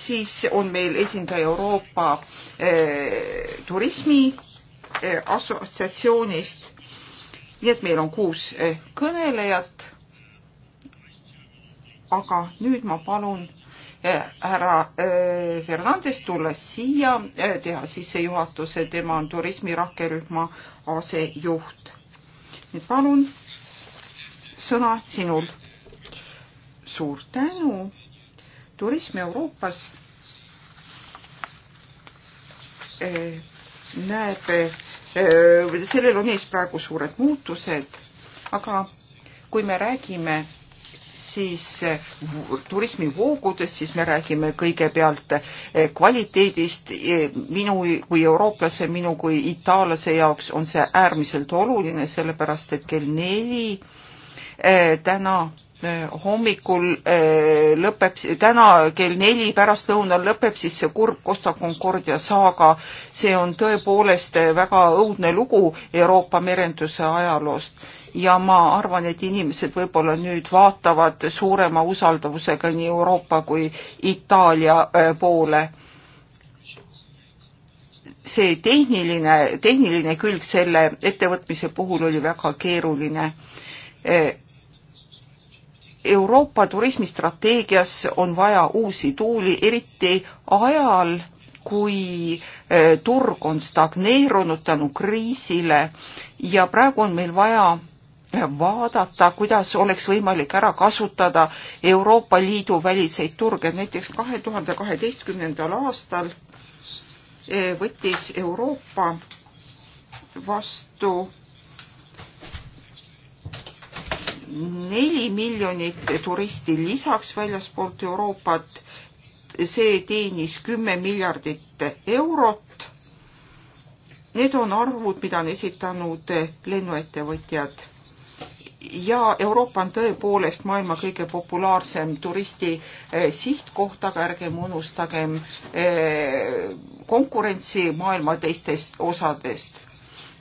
siis on meil esindaja Euroopa eh, turismi eh, assotsiatsioonist. nii et meil on kuus eh, kõnelejat. aga nüüd ma palun härra Fernandes tulla siia, teha sissejuhatuse, tema on turismi rakkerühma asejuht. nüüd palun, sõna sinul. suur tänu turism Euroopas eh, näeb, eh, sellel on ees praegu suured muutused, aga kui me räägime siis eh, turismivoogudest, siis me räägime kõigepealt kvaliteedist. minu kui eurooplase, minu kui itaallase jaoks on see äärmiselt oluline, sellepärast et kell neli täna Eh, hommikul eh, lõpeb, täna kell neli pärastlõunal lõpeb siis see kurb Costa Concordia saaga. see on tõepoolest eh, väga õudne lugu Euroopa merenduse ajaloost ja ma arvan, et inimesed võib-olla nüüd vaatavad suurema usaldavusega nii Euroopa kui Itaalia poole. see tehniline, tehniline külg selle ettevõtmise puhul oli väga keeruline Euroopa turismistrateegias on vaja uusi tuuli, eriti ajal, kui eh, turg on stagneerunud tänu kriisile ja praegu on meil vaja eh, vaadata, kuidas oleks võimalik ära kasutada Euroopa Liidu väliseid turge. näiteks kahe tuhande kaheteistkümnendal aastal eh, võttis Euroopa vastu neli miljonit turisti lisaks väljaspoolt Euroopat. see teenis kümme miljardit eurot. Need on arvud, mida on esitanud lennuettevõtjad ja Euroopa on tõepoolest maailma kõige populaarsem turisti eh, sihtkoht, aga ärgem unustagem eh, konkurentsi maailma teistest osadest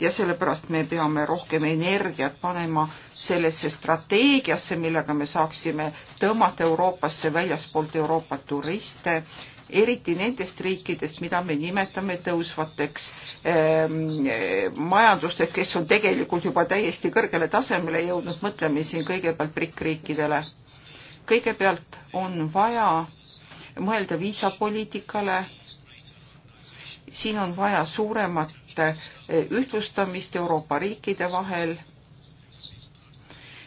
ja sellepärast me peame rohkem energiat panema sellesse strateegiasse, millega me saaksime tõmmata Euroopasse väljaspoolt Euroopat turiste, eriti nendest riikidest, mida me nimetame tõusvateks ähm, majandustest, kes on tegelikult juba täiesti kõrgele tasemele jõudnud, mõtleme siin kõigepealt BRIC riikidele. kõigepealt on vaja mõelda viisapoliitikale, siin on vaja suuremat reeglite eh, ühtlustamist Euroopa riikide vahel,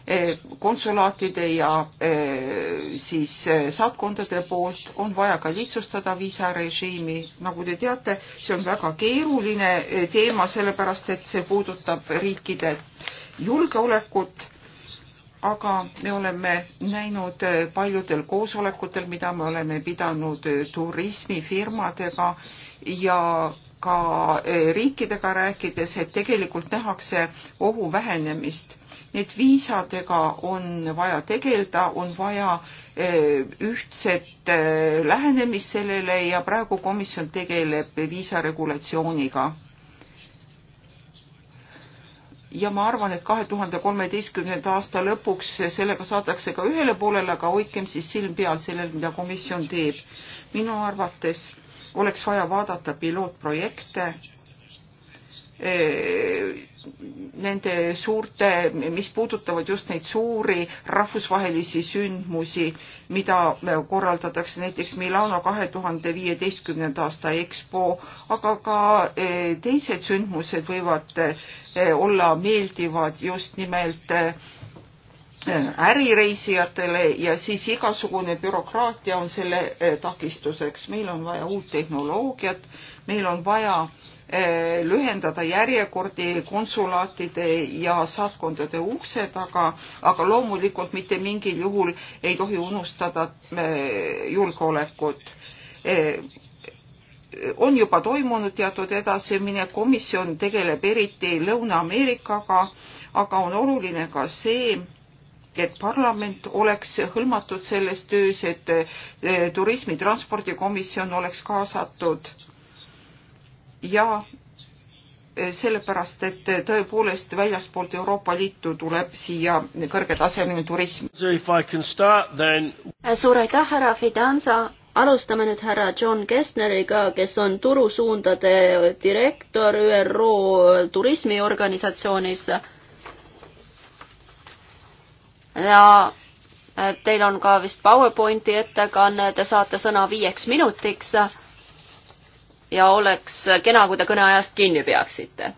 eh, konsulaatide ja eh, siis saatkondade poolt on vaja ka lihtsustada viisarežiimi. nagu te teate, see on väga keeruline teema, sellepärast et see puudutab riikide julgeolekut aga me oleme näinud paljudel koosolekutel, mida me oleme pidanud turismifirmadega ja ka eh, riikidega rääkides, et tegelikult nähakse ohu vähenemist. Need viisadega on vaja tegeleda, on vaja eh, ühtset eh, lähenemist sellele ja praegu komisjon tegeleb viisaregulatsiooniga. ja ma arvan, et kahe tuhande kolmeteistkümnenda aasta lõpuks sellega saadakse ka ühele poolele, aga hoidkem siis silm peal sellel, mida komisjon teeb. minu arvates oleks vaja vaadata pilootprojekte, eh, nende suurte, mis puudutavad just neid suuri rahvusvahelisi sündmusi, mida korraldatakse näiteks Milano kahe tuhande viieteistkümnenda aasta EXPO, aga ka eh, teised sündmused võivad eh, olla meeldivad just nimelt ärireisijatele ja siis igasugune bürokraatia on selle eh, takistuseks. meil on vaja uut tehnoloogiat, meil on vaja eh, lühendada järjekordi konsulaatide ja saatkondade ukse taga, aga loomulikult mitte mingil juhul ei tohi unustada eh, julgeolekut on juba toimunud teatud edasimine, komisjon tegeleb eriti Lõuna-Ameerikaga, aga on oluline ka see, et parlament oleks hõlmatud selles töös, et eh, turismi transpordikomisjon oleks kaasatud ja eh, sellepärast, et eh, tõepoolest väljaspoolt Euroopa Liitu tuleb siia kõrgetasemeline turism. Then... Äh, suur aitäh, härra Fidanza, alustame nüüd härra John Kessneriga, kes on turusuundade direktor ÜRO turismiorganisatsioonis ja äh, teil on ka vist PowerPointi ettekanne, te saate sõna viieks minutiks. ja oleks kena, kui te kõneajast kinni peaksite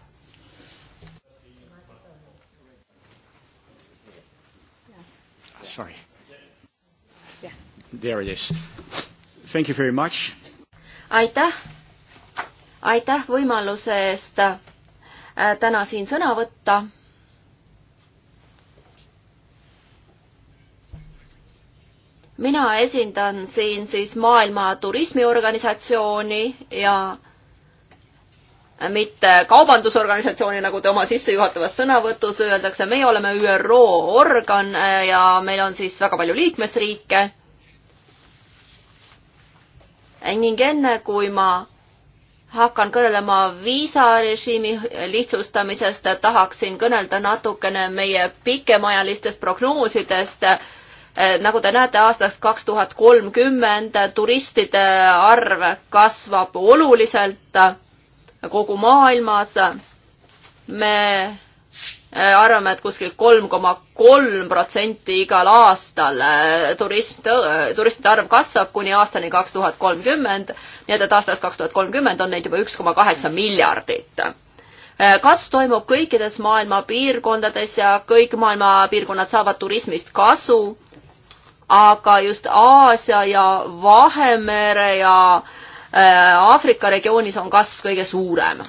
sorry. Yeah. There it is. Thank you very much. aitäh, aitäh võimaluse eest äh, täna siin sõna võtta mina esindan siin siis Maailma Turismiorganisatsiooni ja mitte kaubandusorganisatsiooni, nagu te oma sissejuhatavas sõnavõtus öeldakse, meie oleme ÜRO organ äh, ja meil on siis väga palju liikmesriike. ning enne, kui ma hakkan kõnelema viisarežiimi lihtsustamisest, tahaksin kõnelda natukene meie pikemaajalistest prognoosidest Äh, nagu te näete, aastaks kaks tuhat kolmkümmend turistide arv kasvab oluliselt kogu maailmas. me äh, arvame, et kuskil kolm koma kolm protsenti igal aastal äh, turism, turistide arv kasvab kuni aastani kaks tuhat kolmkümmend, nii et, et aastast kaks tuhat kolmkümmend on neid juba üks koma kaheksa miljardit. kasv toimub kõikides maailma piirkondades ja kõik maailma piirkonnad saavad turismist kasu aga just Aasia ja Vahemere ja äh, Aafrika regioonis on kasv kõige suurem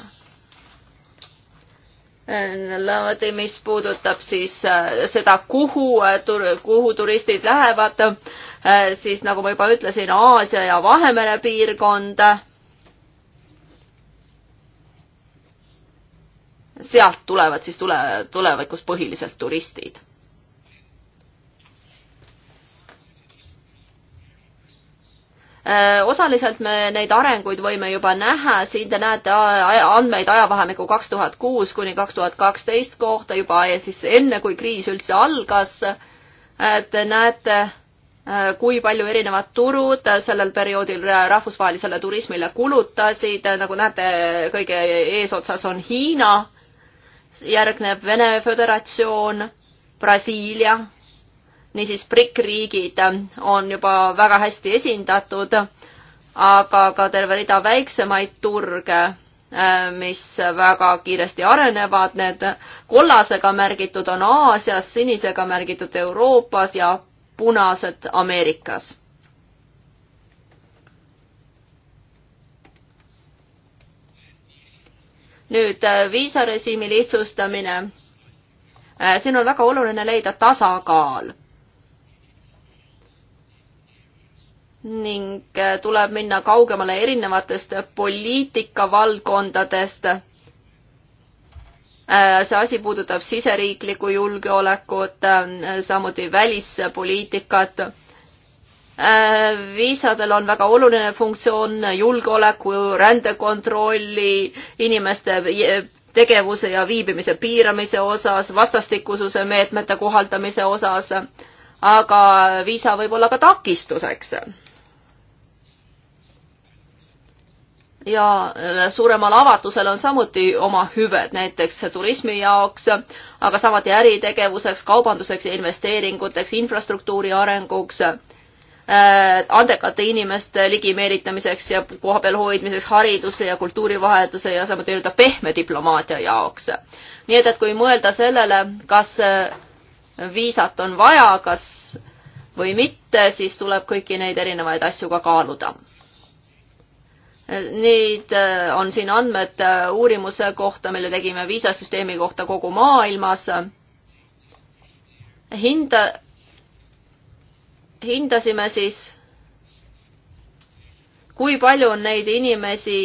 niimoodi, mis puudutab siis äh, seda, kuhu, äh, kuhu turistid lähevad, siis nagu ma juba ütlesin, Aasia ja Vahemere piirkond. sealt tulevad siis tule, tulevikus põhiliselt turistid Äh, osaliselt me neid arenguid võime juba näha, siin te näete andmeid ajavahemikku kaks tuhat kuus kuni kaks tuhat kaksteist kohta juba ja siis enne, kui kriis üldse algas. Äh, te näete, äh, kui palju erinevad turud sellel perioodil rahvusvahelisele turismile kulutasid, nagu näete, kõige eesotsas on Hiina, järgneb Vene Föderatsioon, Brasiilia niisiis BRIC riigid on juba väga hästi esindatud, aga ka terve rida väiksemaid turge, äh, mis väga kiiresti arenevad, need kollasega märgitud on Aasias, sinisega märgitud Euroopas ja punased Ameerikas nüüd äh, viisarežiimi lihtsustamine. Äh, siin on väga oluline leida tasakaal. ning äh, tuleb minna kaugemale erinevatest poliitikavaldkondadest. Äh, see asi puudutab siseriiklikku julgeolekut, äh, samuti välispoliitikat. viisadel on väga oluline funktsioon julgeoleku, rändekontrolli, inimeste tegevuse ja viibimise piiramise osas, vastastikususe meetmete kohaldamise osas, aga viisa võib olla ka takistuseks ja äh, suuremal avatusel on samuti oma hüved, näiteks turismi jaoks, aga samuti äritegevuseks, kaubanduseks ja investeeringuteks, infrastruktuuri arenguks, äh, andekate inimeste ligimeelitamiseks ja kohapeal hoidmiseks, hariduse ja kultuurivahetuse ja samuti nii-öelda pehme diplomaatia jaoks. nii et, et kui mõelda sellele, kas äh, viisat on vaja, kas või mitte, siis tuleb kõiki neid erinevaid asju ka kaaluda Neid äh, on siin andmed äh, uurimuse kohta, mille tegime viisasüsteemi kohta kogu maailmas. hinda, hindasime siis, kui palju on neid inimesi,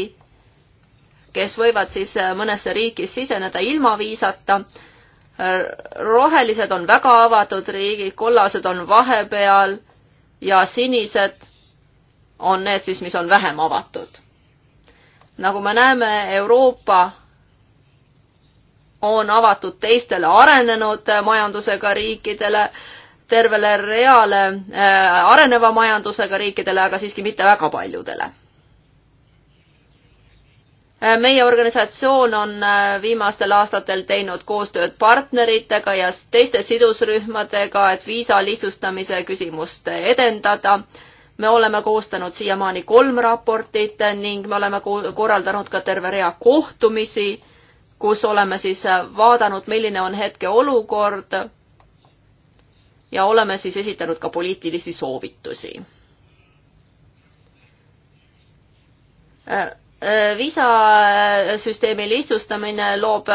kes võivad siis äh, mõnesse riiki siseneda ilma viisata rohelised on väga avatud riigid, kollased on vahepeal ja sinised on need siis, mis on vähem avatud nagu me näeme, Euroopa on avatud teistele arenenud majandusega riikidele, tervele reale äh, areneva majandusega riikidele, aga siiski mitte väga paljudele äh, meie organisatsioon on äh, viimastel aastatel teinud koostööd partneritega ja teiste sidusrühmadega, et viisa lihtsustamise küsimust edendada me oleme koostanud siiamaani kolm raportit ning me oleme korraldanud ka terve rea kohtumisi, kus oleme siis vaadanud, milline on hetkeolukord ja oleme siis esitanud ka poliitilisi soovitusi. viisasüsteemi lihtsustamine loob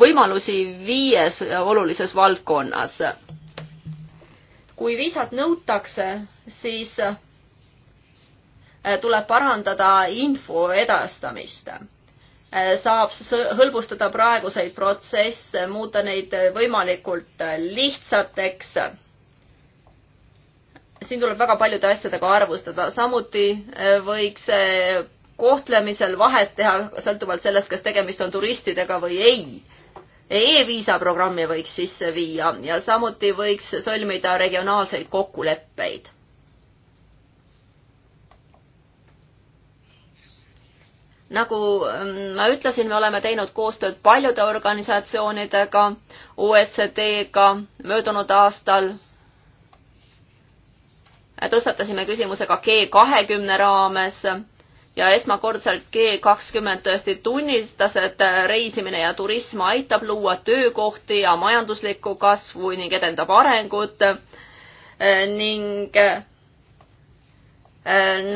võimalusi viies olulises valdkonnas. kui viisat nõutakse, siis Äh, tuleb parandada info edastamist. Äh, saab hõlbustada praeguseid protsesse, muuta neid võimalikult äh, lihtsateks. siin tuleb väga paljude asjadega arvustada, samuti võiks kohtlemisel vahet teha sõltuvalt sellest, kas tegemist on turistidega või ei e. E-viisa programmi võiks sisse viia ja samuti võiks sõlmida regionaalseid kokkuleppeid nagu ähm, ma ütlesin, me oleme teinud koostööd paljude organisatsioonidega, OECD-ga möödunud aastal. tõstatasime küsimuse ka G kahekümne raames ja esmakordselt G kakskümmend tõesti tunnistas, et reisimine ja turism aitab luua töökohti ja majanduslikku kasvu ning edendab arengut äh, ning äh,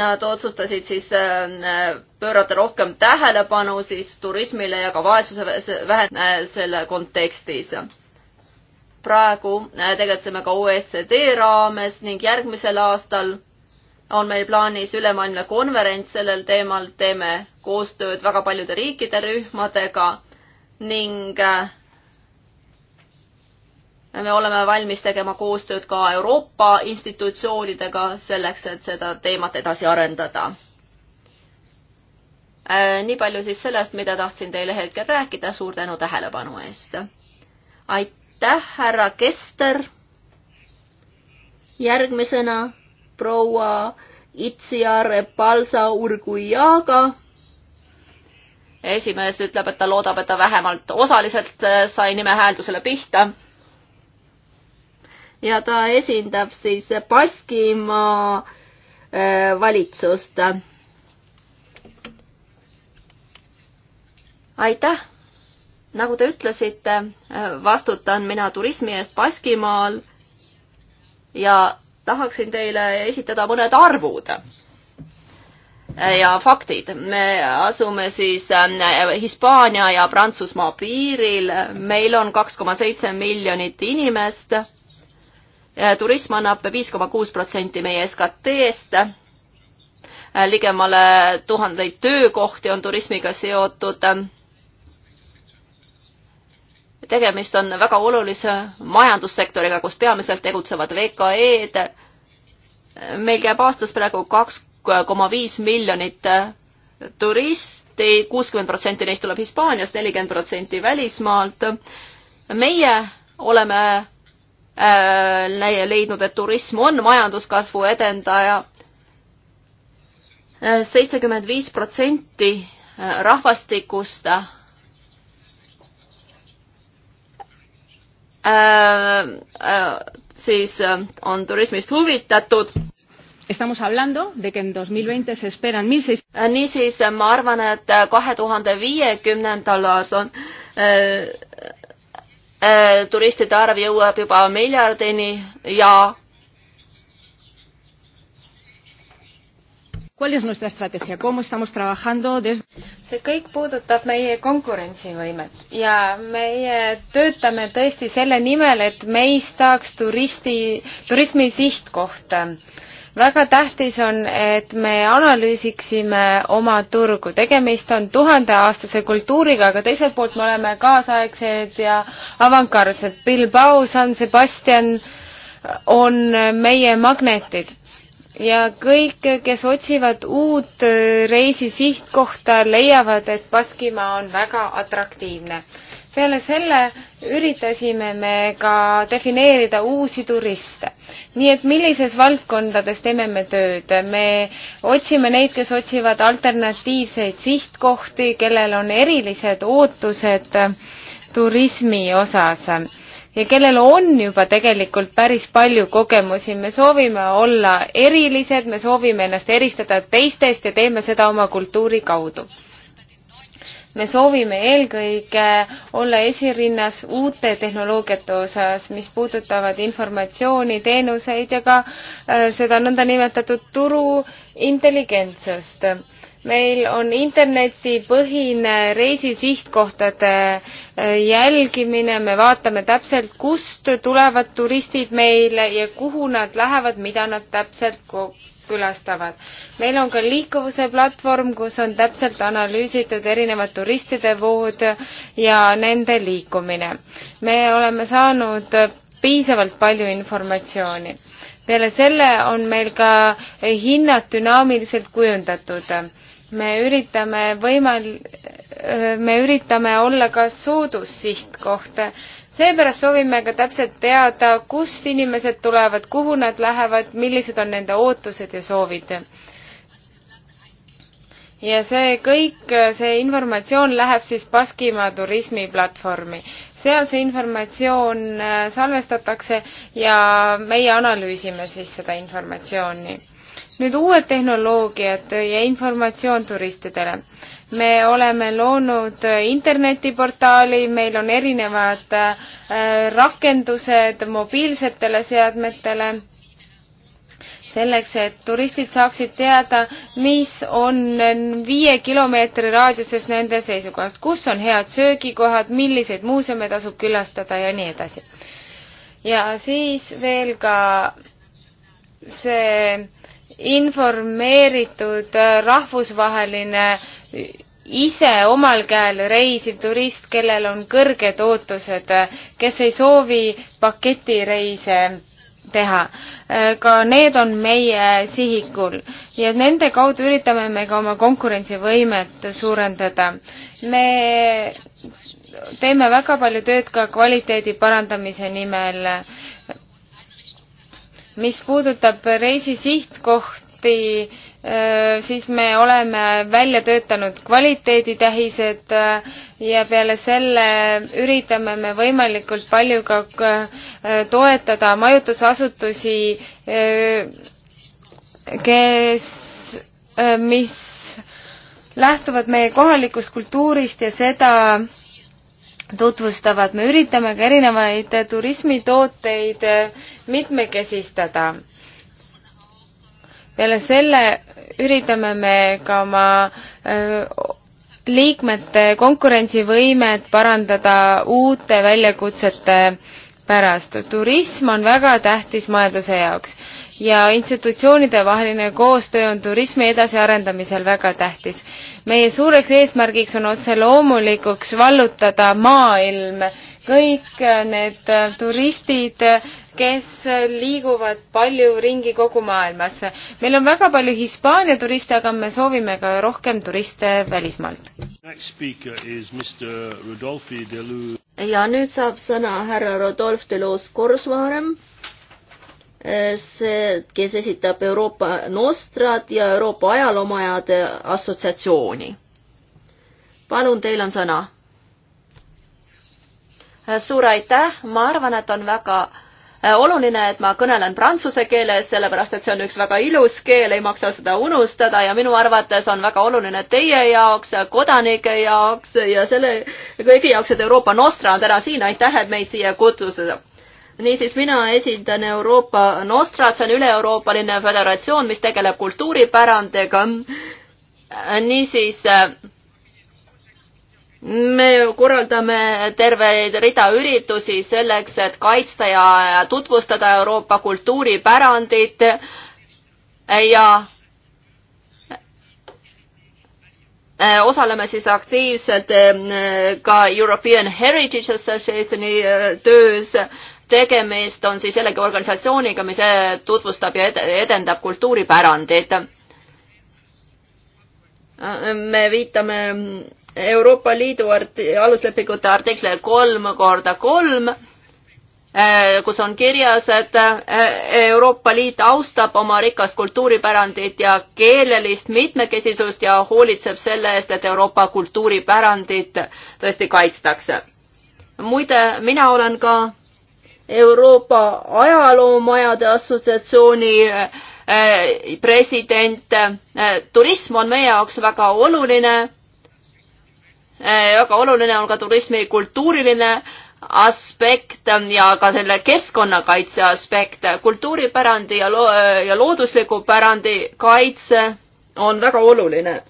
Nad otsustasid siis äh, pöörata rohkem tähelepanu siis turismile ja ka vaesuse vähe- äh, selle kontekstis. praegu äh, tegutseme ka OECD raames ning järgmisel aastal on meil plaanis ülemaailmne konverents sellel teemal, teeme koostööd väga paljude riikide rühmadega ning me oleme valmis tegema koostööd ka Euroopa institutsioonidega selleks, et seda teemat edasi arendada. Äh, nii palju siis sellest, mida tahtsin teile hetkel rääkida, suur tänu tähelepanu eest. aitäh, härra Kester. järgmisena proua Itsiar Palsa Urgujaga esimees ütleb, et ta loodab, et ta vähemalt osaliselt äh, sai nime hääldusele pihta ja ta esindab siis Baskimaa äh, valitsust. aitäh! nagu te ütlesite, äh, vastutan mina turismi eest Baskimaal ja tahaksin teile esitada mõned arvud äh, ja faktid. me asume siis Hispaania ja Prantsusmaa piiril, meil on kaks koma seitse miljonit inimest Äh, turism annab viis koma kuus protsenti meie SKT-st. Äh, ligemale tuhandeid töökohti on turismiga seotud. tegemist on väga olulise majandussektoriga, kus peamiselt tegutsevad VKE-d. meil käib aastas praegu kaks koma viis miljonit äh, turisti, kuuskümmend protsenti neist tuleb Hispaaniast, nelikümmend protsenti välismaalt. meie oleme Äh, leidnud, et turism on majanduskasvu edendaja. Äh, seitsekümmend viis protsenti äh, rahvastikust siis on turismist huvitatud. Estamos hablando de que en 2020 se esperan 1600... Niisiis, ma arvan, et kahe tuhande viiekümnendal aastal on Äh, turistide arv jõuab juba miljardini ja ¿Cuál es nuestra estrategia? ¿Cómo estamos trabajando desde... see kõik puudutab meie konkurentsivõimet ja meie töötame tõesti selle nimel, et meist saaks turisti, turismi sihtkoht väga tähtis on, et me analüüsiksime oma turgu, tegemist on tuhandeaastase kultuuriga, aga teiselt poolt me oleme kaasaegsed ja avangardselt. Bilbao, San Sebastian on meie magnetid ja kõik, kes otsivad uut reisi sihtkohta, leiavad, et Baskimaa on väga atraktiivne peale selle üritasime me ka defineerida uusi turiste. nii et millises valdkondades teeme me tööd, me otsime neid, kes otsivad alternatiivseid sihtkohti, kellel on erilised ootused turismi osas ja kellel on juba tegelikult päris palju kogemusi. me soovime olla erilised, me soovime ennast eristada teistest ja teeme seda oma kultuuri kaudu me soovime eelkõige olla esirinnas uute tehnoloogiate osas, mis puudutavad informatsiooni, teenuseid ja ka äh, seda nõndanimetatud turu intelligentsust. meil on internetipõhine reisi sihtkohtade äh, jälgimine, me vaatame täpselt, kust tulevad turistid meile ja kuhu nad lähevad, mida nad täpselt külastavad. meil on ka liikuvuse platvorm, kus on täpselt analüüsitud erinevad turistide vood ja nende liikumine. me oleme saanud piisavalt palju informatsiooni. peale selle on meil ka hinnad dünaamiliselt kujundatud me üritame võimal-, me üritame olla ka soodus sihtkoht seepärast soovime ka täpselt teada, kust inimesed tulevad, kuhu nad lähevad, millised on nende ootused ja soovid. ja see kõik, see informatsioon läheb siis Baskimaa turismiplatvormi. seal see informatsioon äh, salvestatakse ja meie analüüsime siis seda informatsiooni. nüüd uued tehnoloogiad ja informatsioon turistidele me oleme loonud internetiportaali, meil on erinevad äh, rakendused mobiilsetele seadmetele, selleks, et turistid saaksid teada, mis on viie kilomeetri raadiuses nende seisukohast, kus on head söögikohad, milliseid muuseume tasub külastada ja nii edasi. ja siis veel ka see informeeritud äh, rahvusvaheline äh, ise omal käel reisiv turist, kellel on kõrged ootused, kes ei soovi paketireise teha. ka need on meie sihikul ja nende kaudu üritame me ka oma konkurentsivõimet suurendada. me teeme väga palju tööd ka kvaliteedi parandamise nimel. mis puudutab reisi sihtkohti, siis me oleme välja töötanud kvaliteeditähised ja peale selle üritame me võimalikult palju ka toetada majutusasutusi, kes, mis lähtuvad meie kohalikust kultuurist ja seda tutvustavad. me üritame ka erinevaid turismitooteid mitmekesistada peale selle üritame me ka oma liikmete konkurentsivõimet parandada uute väljakutsete pärast. turism on väga tähtis majanduse jaoks ja institutsioonide vaheline koostöö on turismi edasiarendamisel väga tähtis. meie suureks eesmärgiks on otse loomulikuks vallutada maailm kõik need turistid, kes liiguvad palju ringi kogu maailmas. meil on väga palju Hispaania turiste, aga me soovime ka rohkem turiste välismaalt. ja nüüd saab sõna härra Rodolf de Luz Korsvaarem, see, kes esitab Euroopa Nostrat ja Euroopa Ajaloomajade Assotsiatsiooni. palun, teil on sõna suur aitäh, ma arvan, et on väga äh, oluline, et ma kõnelen prantsuse keeles, sellepärast et see on üks väga ilus keel, ei maksa seda unustada ja minu arvates on väga oluline teie jaoks, kodanike jaoks ja selle kõigi jaoks, et Euroopa Nostra on täna siin, aitäh, et meid siia kutsusite niisiis, mina esindan Euroopa Nostrat, see on üle-euroopaline föderatsioon, mis tegeleb kultuuripärandiga. niisiis äh, me korraldame terveid rida üritusi selleks, et kaitsta ja tutvustada Euroopa kultuuripärandit ja e, osaleme siis aktiivselt e, ka European Heritage Associationi e, töös. tegemist on siis jällegi organisatsiooniga, mis tutvustab ja edendab kultuuripärandit. me viitame Euroopa Liidu art-, aluslepingute artikli kolm korda kolm, eh, kus on kirjas, et eh, Euroopa Liit austab oma rikast kultuuripärandit ja keelelist mitmekesisust ja hoolitseb selle eest, et Euroopa kultuuripärandit tõesti kaitstakse. muide, mina olen ka Euroopa Ajaloomajade Assotsiatsiooni eh, president. turism on meie jaoks väga oluline Äh, väga oluline on ka turismi kultuuriline aspekt ja ka selle keskkonnakaitse aspekt. kultuuripärandi ja, lo ja loodusliku pärandi kaitse on väga oluline.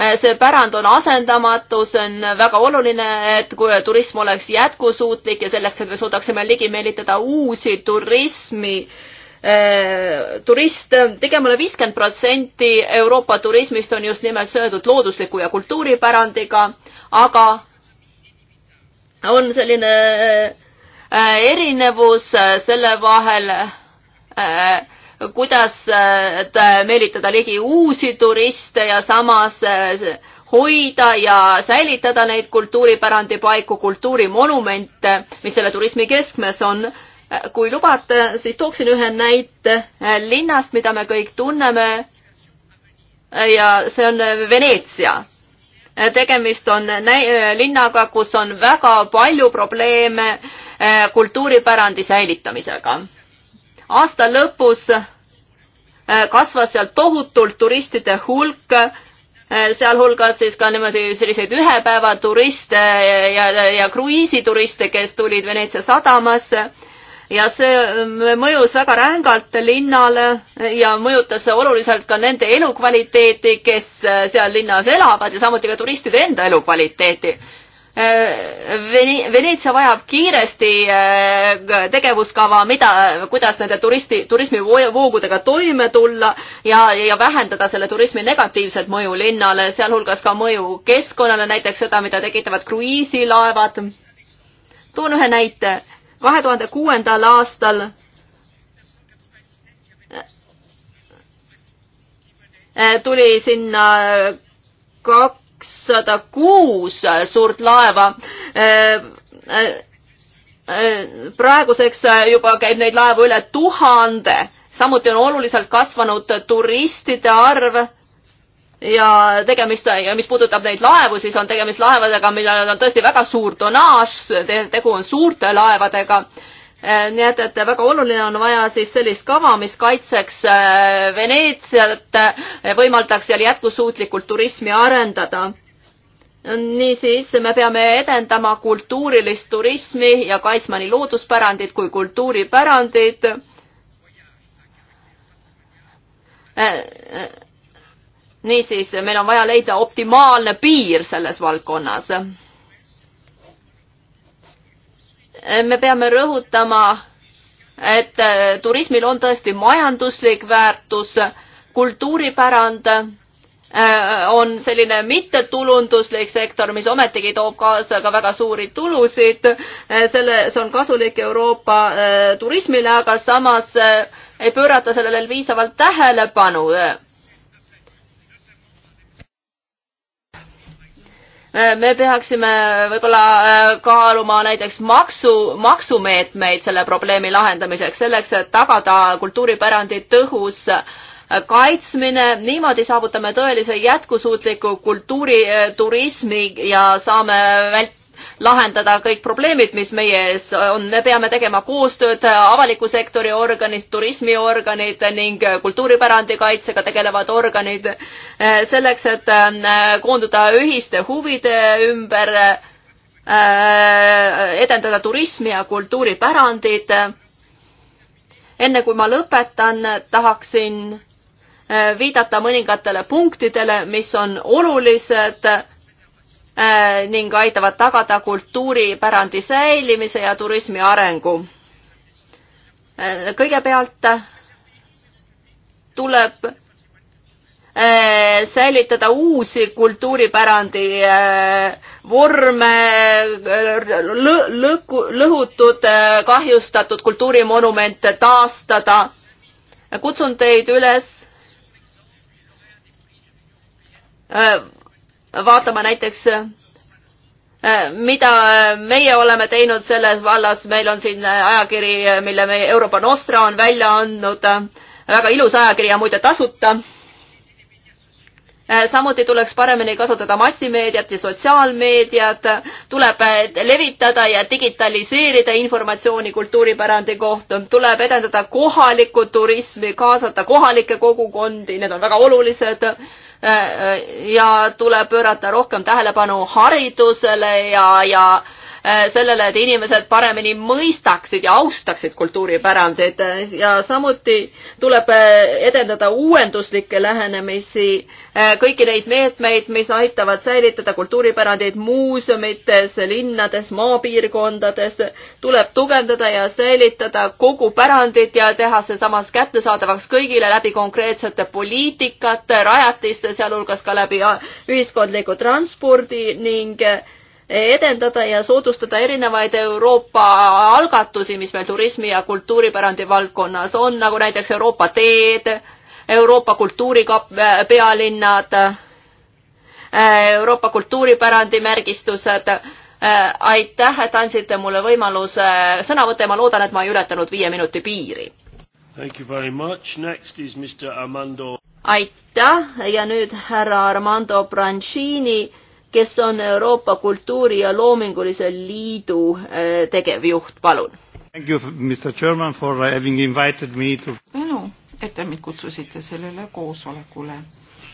Äh, see pärand on asendamatu, see on väga oluline, et kui turism oleks jätkusuutlik ja selleks, et me suudaksime ligi meelitada uusi turismi äh, Äh, turist, ligemale viiskümmend protsenti Euroopa turismist on just nimelt seotud loodusliku ja kultuuripärandiga, aga on selline äh, erinevus äh, selle vahel, kuidas meelitada ligi uusi turiste ja samas hoida ja säilitada neid kultuuripärandipaiku, kultuurimonumente, mis selle turismi keskmes on kui lubate, siis tooksin ühe näite linnast, mida me kõik tunneme. ja see on Veneetsia. tegemist on linnaga, kus on väga palju probleeme eh, kultuuripärandi säilitamisega. aasta lõpus eh, kasvas seal tohutult turistide hulk eh, sealhulgas siis ka niimoodi selliseid ühepäevaturiste ja, ja, ja kruiisituriste, kes tulid Veneetsia sadamasse ja see ähm, mõjus väga rängalt linnale ja mõjutas oluliselt ka nende elukvaliteeti, kes äh, seal linnas elavad ja samuti ka turistide enda elukvaliteeti äh, Vene-, Veneetsia vajab kiiresti äh, tegevuskava, mida, kuidas nende turisti, turismivoogudega toime tulla ja, ja vähendada selle turismi negatiivset mõju linnale, sealhulgas ka mõju keskkonnale, näiteks seda, mida tekitavad kruiisilaevad. toon ühe näite kahe tuhande kuuendal aastal äh, tuli sinna kakssada kuus suurt laeva. Äh, äh, praeguseks juba käib neid laevu üle tuhande, samuti on oluliselt kasvanud turistide arv ja tegemist, ja mis puudutab neid laevu, siis on tegemist laevadega, millel on tõesti väga suur tonnaaž, tegu on suurte laevadega. Eh, nii et, et väga oluline on vaja siis sellist kava, mis kaitseks eh, Veneetsiat, eh, võimaldaks seal jätkusuutlikult turismi arendada niisiis, me peame edendama kultuurilist turismi ja kaitsma nii looduspärandit kui kultuuripärandit niisiis, meil on vaja leida optimaalne piir selles valdkonnas. me peame rõhutama, et äh, turismil on tõesti majanduslik väärtus, kultuuripärand äh, on selline mittetulunduslik sektor, mis ometigi toob kaasa ka väga suuri tulusid. Äh, selle, see on kasulik Euroopa turismile, aga samas ei pöörata sellele piisavalt tähelepanu me peaksime võib-olla äh, kaaluma näiteks maksu, maksumeetmeid selle probleemi lahendamiseks, selleks et tagada kultuuripärandi tõhus äh, kaitsmine, niimoodi saavutame tõelise jätkusuutliku kultuuriturismi äh, ja saame vält-, lahendada kõik probleemid, mis meie ees on, me peame tegema koostööd avaliku sektori organid, turismiorganid ning kultuuripärandi kaitsega tegelevad organid eh, selleks, et eh, koonduda ühiste huvide ümber, eh, edendada turismi ja kultuuripärandit. enne kui ma lõpetan, tahaksin viidata mõningatele punktidele, mis on olulised Äh, ning aitavad tagada kultuuripärandi säilimise ja turismi arengu. Äh, kõigepealt äh, tuleb säilitada uusi kultuuripärandi vorme, lõku, lõhutud, kahjustatud kultuurimonumente taastada. kutsun teid üles vaatama näiteks äh, mida meie oleme teinud selles vallas, meil on siin ajakiri, mille meie Euroopa Nostra on välja andnud, väga ilus ajakiri ja muide tasuta. Äh, samuti tuleks paremini kasutada massimeediat ja sotsiaalmeediat, tuleb levitada ja digitaliseerida informatsiooni kultuuripärandi kohta, tuleb edendada kohalikku turismi, kaasata kohalikke kogukondi, need on väga olulised Äh, äh, ja tuleb pöörata rohkem tähelepanu haridusele ja, ja Äh, sellele, et inimesed paremini mõistaksid ja austaksid kultuuripärandit ja samuti tuleb äh, edendada uuenduslikke lähenemisi, äh, kõiki neid meetmeid, mis aitavad säilitada kultuuripärandit muuseumites, linnades, maapiirkondades, tuleb tugevdada ja säilitada kogu pärandit ja teha see samas kättesaadavaks kõigile läbi konkreetsete poliitikate, rajatiste, sealhulgas ka läbi ühiskondliku transpordi ning edendada ja soodustada erinevaid Euroopa algatusi, mis meil turismi ja kultuuripärandi valdkonnas on, nagu näiteks Euroopa teed, Euroopa kultuuripealinnad, äh, äh, Euroopa kultuuripärandi märgistused. Äh, aitäh, et andsite mulle võimaluse sõna võtta ja ma loodan, et ma ei ületanud viie minuti piiri. aitäh ja nüüd härra Armando Brancini kes on Euroopa Kultuuri- ja Loomingulise Liidu äh, tegevjuht, palun. tänu, et te mind kutsusite sellele koosolekule.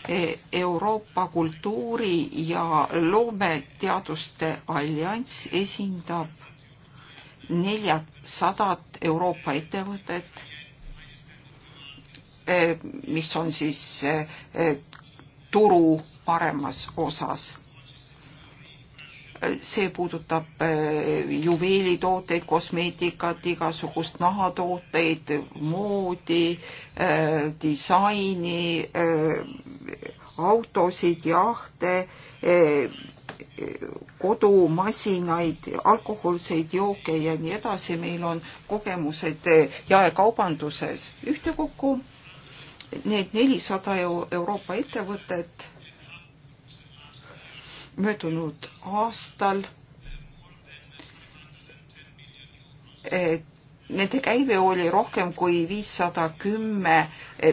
E, Euroopa Kultuuri- ja Loometeaduste Allianss esindab neljasadat Euroopa ettevõtet, e, mis on siis e, turu paremas osas see puudutab eh, juveelitooteid, kosmeetikat, igasugust nahatooteid, moodi, eh, disaini, eh, autosid, jahte, kodumasinaid, alkohoolseid jooke ja nii edasi. meil on kogemused jaekaubanduses ühtekokku need nelisada Euroopa ettevõtet möödunud aastal nende käive oli rohkem kui viissada kümme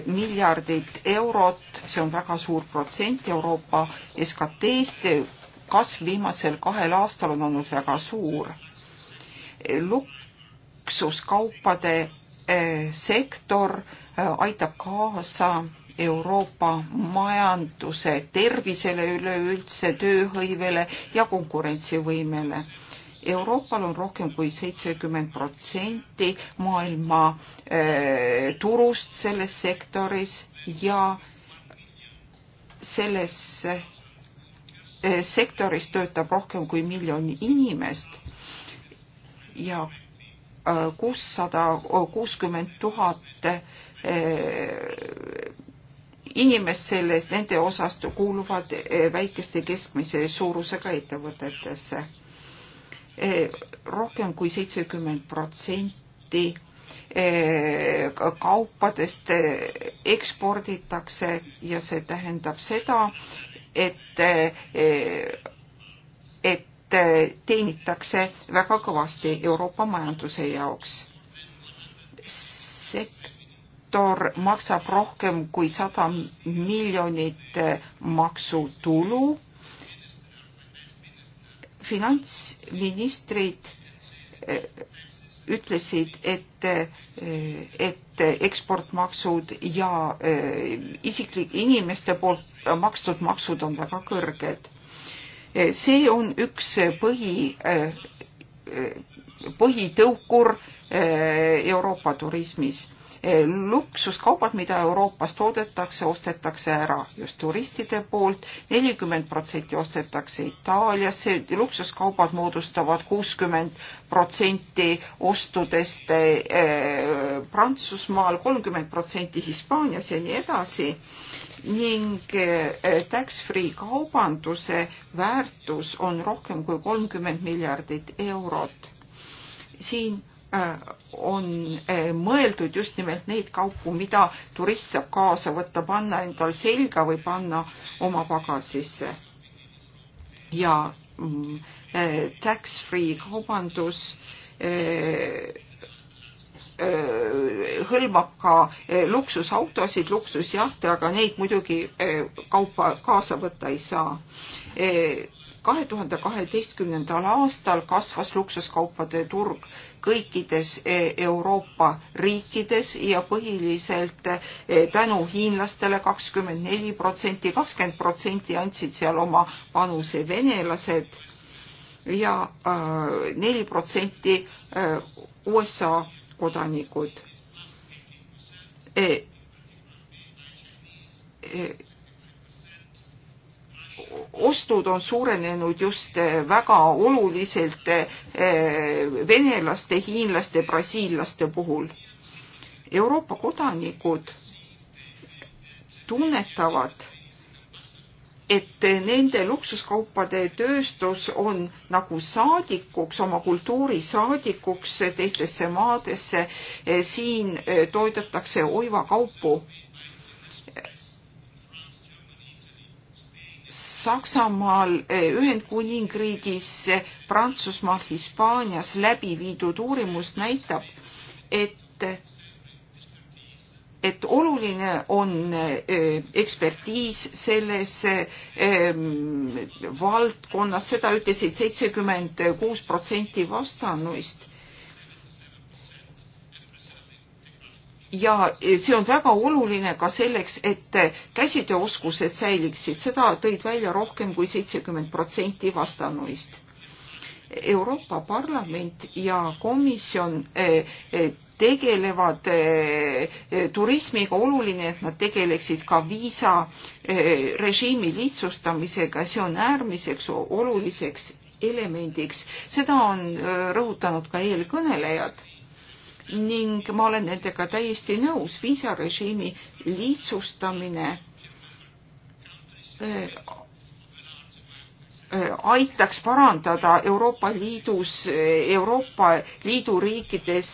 miljardit eurot, see on väga suur protsent Euroopa SKT-st. kasv viimasel kahel aastal on olnud väga suur. luksuskaupade eh, sektor eh, aitab kaasa Euroopa majanduse tervisele üleüldse, tööhõivele ja konkurentsivõimele. Euroopal on rohkem kui seitsekümmend protsenti maailma äh, turust selles sektoris ja selles äh, sektoris töötab rohkem kui miljon inimest ja äh, kuussada kuuskümmend tuhat äh, inimest selles, nende osast kuuluvad eh, väikeste keskmise suurusega ettevõtetesse. Eh, rohkem kui seitsekümmend protsenti eh, kaupadest eksporditakse ja see tähendab seda, et, et teenitakse väga kõvasti Euroopa majanduse jaoks. sekt-, sektor maksab rohkem kui sada miljonit maksutulu. finantsministrid eh, ütlesid, et, eh, et eksportmaksud ja eh, isiklik, inimeste poolt makstud maksud on väga kõrged. see on üks põhi, põhitõukur Euroopa turismis luksuskaubad, mida Euroopas toodetakse, ostetakse ära just turistide poolt, nelikümmend protsenti ostetakse Itaaliasse, luksuskaubad moodustavad kuuskümmend protsenti ostudest eh, Prantsusmaal, kolmkümmend protsenti Hispaanias ja nii edasi ning eh, tax-free kaubanduse väärtus on rohkem kui kolmkümmend miljardit eurot. siin Äh, on äh, mõeldud just nimelt neid kaupu, mida turist saab kaasa võtta, panna endal selga või panna oma pagasisse. ja mm, äh, tax-free kaubandus hõlmab ka luksusautosid, luksusjahte, aga neid muidugi kaupa kaasa võtta ei saa kahe tuhande kaheteistkümnendal aastal kasvas luksuskaupade turg kõikides e, Euroopa riikides ja põhiliselt e, tänu hiinlastele kakskümmend neli protsenti, kakskümmend protsenti andsid seal oma panuse venelased ja e, neli protsenti USA kodanikud ostud on suurenenud just eh, väga oluliselt eh, venelaste, hiinlaste, brasiillaste puhul. Euroopa kodanikud tunnetavad, et nende luksuskaupade tööstus on nagu saadikuks, oma kultuuri saadikuks teistesse maadesse. Eh, siin toodetakse oiva kaupu Saksamaal, eh, Ühendkuningriigis, eh, Prantsusmaal, Hispaanias läbi viidud uurimus näitab, et et oluline on eh, ekspertiis selles mm, valdkonnas, seda ütlesid seitsekümmend kuus protsenti vastanuist ja see on väga oluline ka selleks, et käsitööoskused säiliksid, seda tõid välja rohkem kui seitsekümmend protsenti vastanuist. Euroopa Parlament ja komisjon eh, eh, tegelevad eh, turismiga, oluline, et nad tegeleksid ka viisarežiimi lihtsustamisega, see on äärmiseks oluliseks elemendiks, seda on rõhutanud ka eelkõnelejad ning ma olen nendega täiesti nõus, viisarežiimi lihtsustamine äh, äh, aitaks parandada Euroopa Liidus, äh, Euroopa Liidu riikides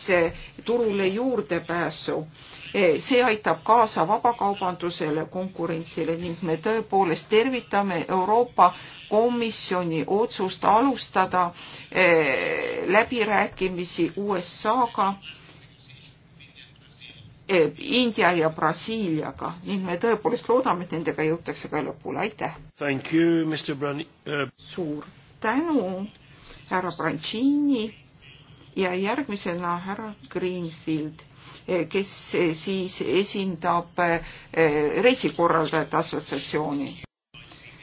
turule juurdepääsu. see aitab kaasa vabakaubandusele, konkurentsile ning me tõepoolest tervitame Euroopa Komisjoni otsust alustada läbirääkimisi USA-ga Eh, India ja Brasiiliaga ning me tõepoolest loodame, et nendega jõutakse ka lõpule, aitäh! Eh, suur tänu, härra Brancini ja järgmisena härra Greenfield, eh, kes siis esindab reisikorraldajate assotsiatsiooni.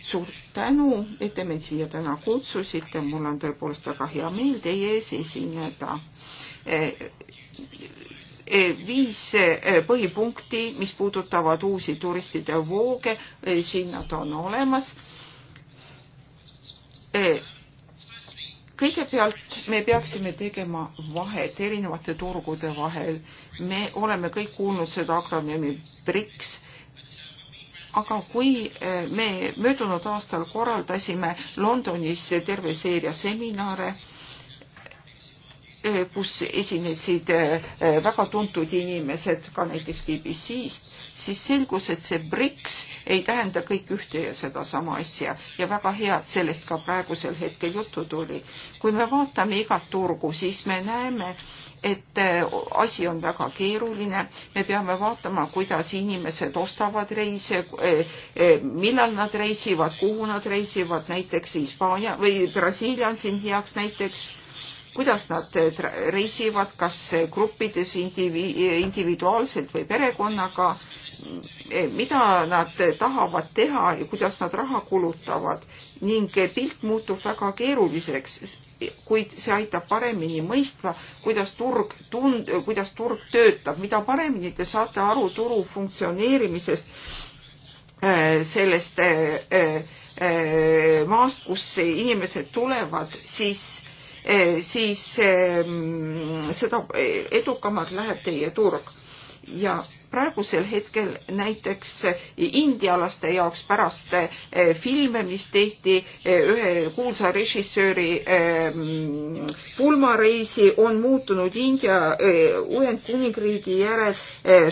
suur tänu, et te mind siia täna kutsusite, mul on tõepoolest väga hea meel teie ees esineda viis eh, põhipunkti, mis puudutavad uusi turistide vooge, eh, siin nad on olemas. Eh, kõigepealt me peaksime tegema vahet erinevate turgude vahel. me oleme kõik kuulnud seda akronüümi BRICS aga kui me möödunud aastal korraldasime Londonis terve seeria seminare Eh, kus esinesid eh, eh, väga tuntud inimesed ka näiteks BBC-st, siis selgus, et see BRICS ei tähenda kõik ühte ja sedasama asja ja väga hea, et sellest ka praegusel hetkel juttu tuli. kui me vaatame igat turgu, siis me näeme, et asi on väga keeruline, me peame vaatama, kuidas inimesed ostavad reise, millal nad reisivad, kuhu nad reisivad, näiteks Hispaania või Brasiilia on siin heaks näiteks kuidas nad eh, reisivad, kas eh, gruppides indivi-, eh, individuaalselt või perekonnaga, mida nad tahavad teha ja kuidas nad raha kulutavad ning pilt muutub väga keeruliseks, kuid see aitab paremini mõistma, kuidas turg tund-, kuidas turg töötab, mida paremini te saate aru turu funktsioneerimisest, sellest maast, kus inimesed tulevad, siis Eh, siis ehm, seda edukamalt läheb teie turg ja praegusel hetkel näiteks indialaste jaoks pärast eh, filme, mis tehti eh, ühe kuulsa režissööri eh, pulmareisi, on muutunud India Ühendkuningriigi järel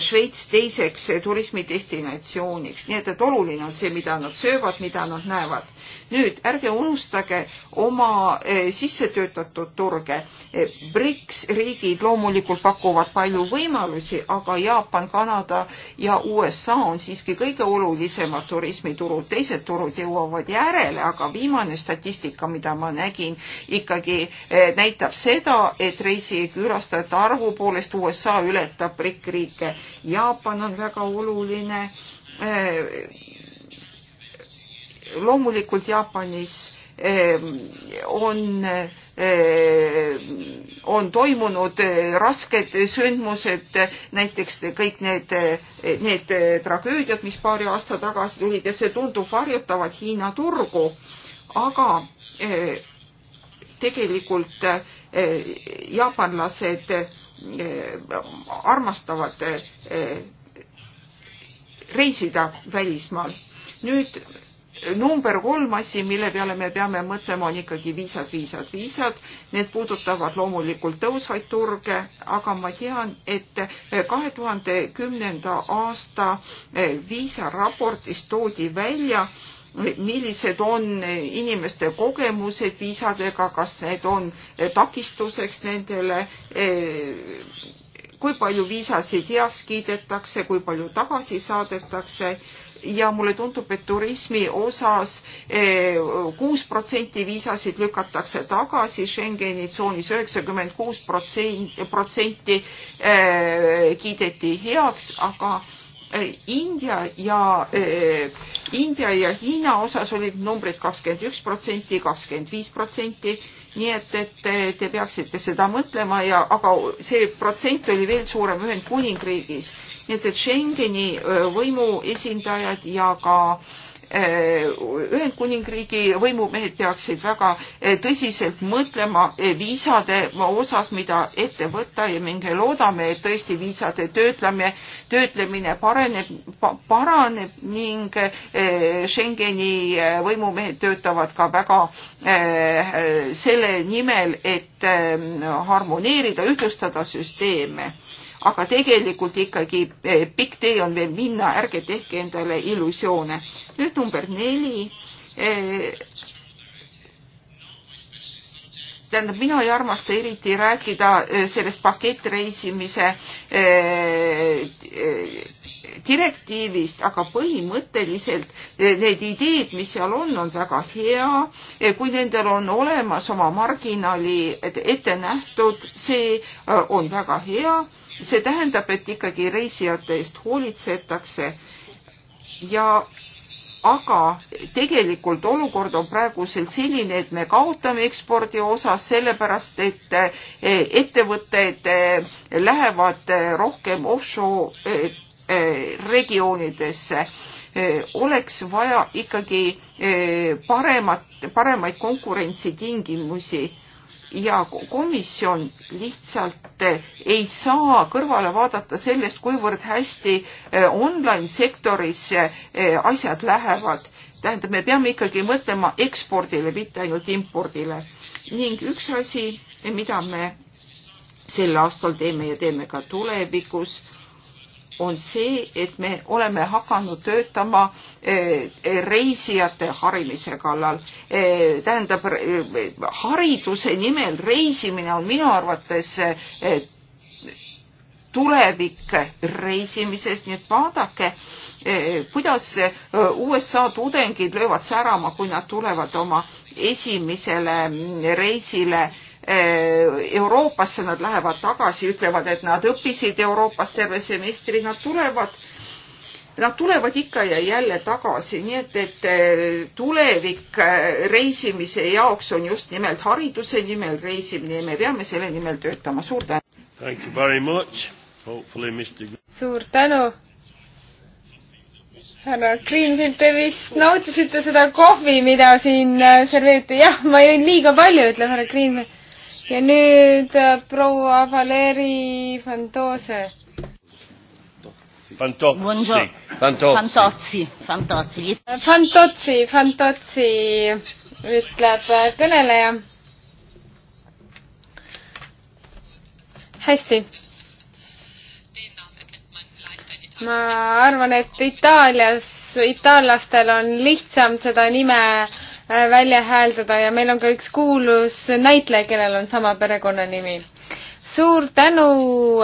Šveits teiseks turismidestinatsiooniks, nii et, et oluline on see, mida nad söövad, mida nad näevad nüüd ärge unustage oma sissetöötatud turge. BRICS riigid loomulikult pakuvad palju võimalusi, aga Jaapan, Kanada, Kanada ja USA on siiski kõige olulisemad turismiturud, teised turud jõuavad järele, aga viimane statistika, mida ma nägin, ikkagi eh, näitab seda, et reisikülastajate arvu poolest USA ületab BRIC riike. Jaapan on väga oluline eh, loomulikult Jaapanis Ehm, on, ehm, on toimunud eh, rasked sündmused, näiteks kõik need, eh, need eh, tragöödiad, mis paari aasta tagasi tulid ja see tundub varjutavat Hiina turgu, aga tegelikult jaapanlased armastavad reisida välismaal. nüüd number kolm asi, mille peale me peame mõtlema, on ikkagi viisad, viisad, viisad. Need puudutavad loomulikult tõusvaid turge, aga ma tean, et kahe tuhande kümnenda aasta eh, viisaraportis toodi välja, eh, millised on inimeste kogemused viisadega, kas need on eh, takistuseks nendele kui palju viisasid heaks kiidetakse, kui palju tagasi saadetakse ja mulle tundub, et turismi osas eh, kuus protsenti viisasid lükatakse tagasi Schengeni tsoonis üheksakümmend kuus protsenti eh, kiideti heaks, aga Äh, India ja eh, India ja Hiina osas olid numbrid kakskümmend üks protsenti, kakskümmend viis protsenti, nii et, et äh, te peaksite seda mõtlema ja, aga see protsent oli veel suurem Ühendkuningriigis. nii et, et Schengeni võimu esindajad ja ka eh, Äh, Ühendkuningriigi võimumehed peaksid väga äh, tõsiselt mõtlema äh, viisade osas, mida ette võtta ja minge loodame, et tõesti viisade töötleme, töötlemine pareneb, paraneb ning Schengeni võimumehed töötavad ka väga selle nimel, et ähm, harmoneerida, ühtlustada süsteeme aga tegelikult ikkagi eh, pikk tee on veel minna, ärge tehke endale illusioone. nüüd number neli. Eh, tähendab, mina ei armasta eriti rääkida eh, sellest pakettreisimise direktiivist, aga põhimõtteliselt need ideed, mis seal on, on väga hea. kui nendel on olemas oma marginaalid ette nähtud, see on väga hea see tähendab, et ikkagi reisijate eest hoolitsetakse ja aga tegelikult olukord on praegusel selline, et me kaotame ekspordi osas sellepärast, et e, ettevõtted e, lähevad rohkem offshore e, regioonidesse. oleks vaja ikkagi paremat, paremaid konkurentsitingimusi ja komisjon lihtsalt eh, ei saa kõrvale vaadata sellest, kuivõrd hästi eh, online sektoris eh, asjad lähevad. tähendab, me peame ikkagi mõtlema ekspordile, mitte ainult impordile. ning üks asi, mida me sel aastal teeme ja teeme ka tulevikus on see, et me oleme hakanud töötama eh, reisijate harimise kallal. Eh, tähendab, hariduse nimel reisimine on minu arvates eh, tulevik reisimisest, nii et vaadake, kuidas USA tudengid löövad särama, kui nad tulevad oma esimesele mm, reisile Eh, Euroopasse, nad lähevad tagasi, ütlevad, et nad õppisid Euroopas terve semestri, nad tulevad, nad tulevad ikka ja jälle tagasi, nii et, et eh, tulevik eh, reisimise jaoks on just nimelt hariduse nimel reisimine ja me peame selle nimel töötama. suur tänu! suur tänu! härra Greenfield, te vist nautisite seda kohvi, mida siin serveeriti. jah, ma jõin liiga palju, ütleb härra Greenfield ja nüüd äh, proua Valeri Fantose. Fantotsi, Fantotsi, Fantotsi, äh, Fantotsi, Fantotsi, ütleb äh, kõneleja. hästi ma arvan, et Itaalias, itaallastel on lihtsam seda nime Äh, välja hääldada ja meil on ka üks kuulus näitleja, kellel on sama perekonnanimi. suur tänu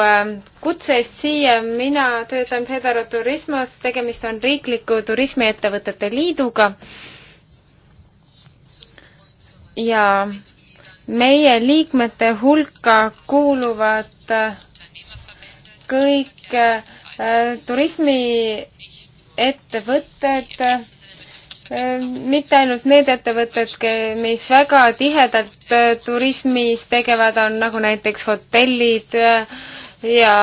äh, kutse eest siia, mina töötan Federo Turismos, tegemist on Riikliku Turismiettevõtete Liiduga. ja meie liikmete hulka kuuluvad äh, kõik äh, turismiettevõtted, Ehm, mitte ainult need ettevõtted, mis väga tihedalt äh, turismis tegevad, on nagu näiteks hotellid äh, ja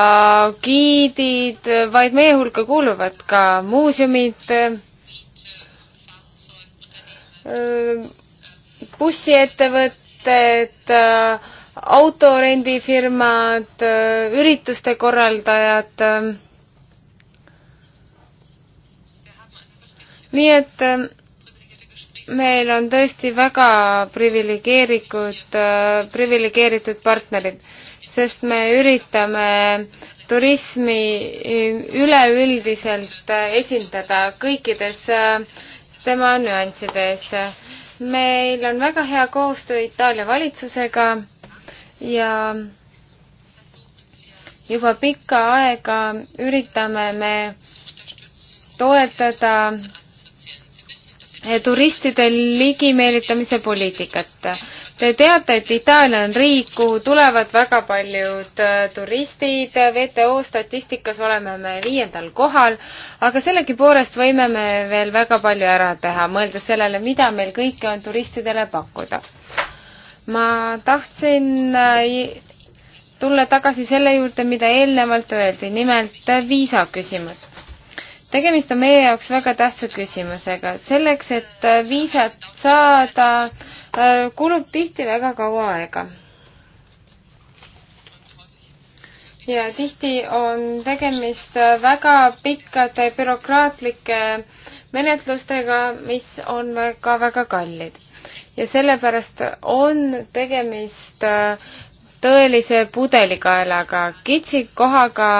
giidid, äh, vaid meie hulka kuuluvad ka muuseumid, bussiettevõtted, autorendifirmad, ürituste korraldajad nii et eh, meil on tõesti väga priviligeeritud, eh, priviligeeritud partnerid, sest me üritame turismi eh, üleüldiselt esindada kõikides tema nüanssides. meil on väga hea koostöö Itaalia valitsusega ja juba pikka aega üritame me toetada Eh, turistide ligimeelitamise poliitikat. Te teate, et Itaalia on riik, kuhu tulevad väga paljud äh, turistid, WTO statistikas oleme me viiendal kohal, aga sellegipoolest võime me veel väga palju ära teha, mõeldes sellele, mida meil kõike on turistidele pakkuda. ma tahtsin äh, tulla tagasi selle juurde, mida eelnevalt öeldi, nimelt äh, viisaküsimus tegemist on meie jaoks väga tähtsa küsimusega. selleks, et äh, viisat saada, äh, kulub tihti väga kaua aega. ja tihti on tegemist äh, väga pikkade bürokraatlike menetlustega, mis on ka väga kallid. ja sellepärast on tegemist tõelise pudelikaelaga, kitsikohaga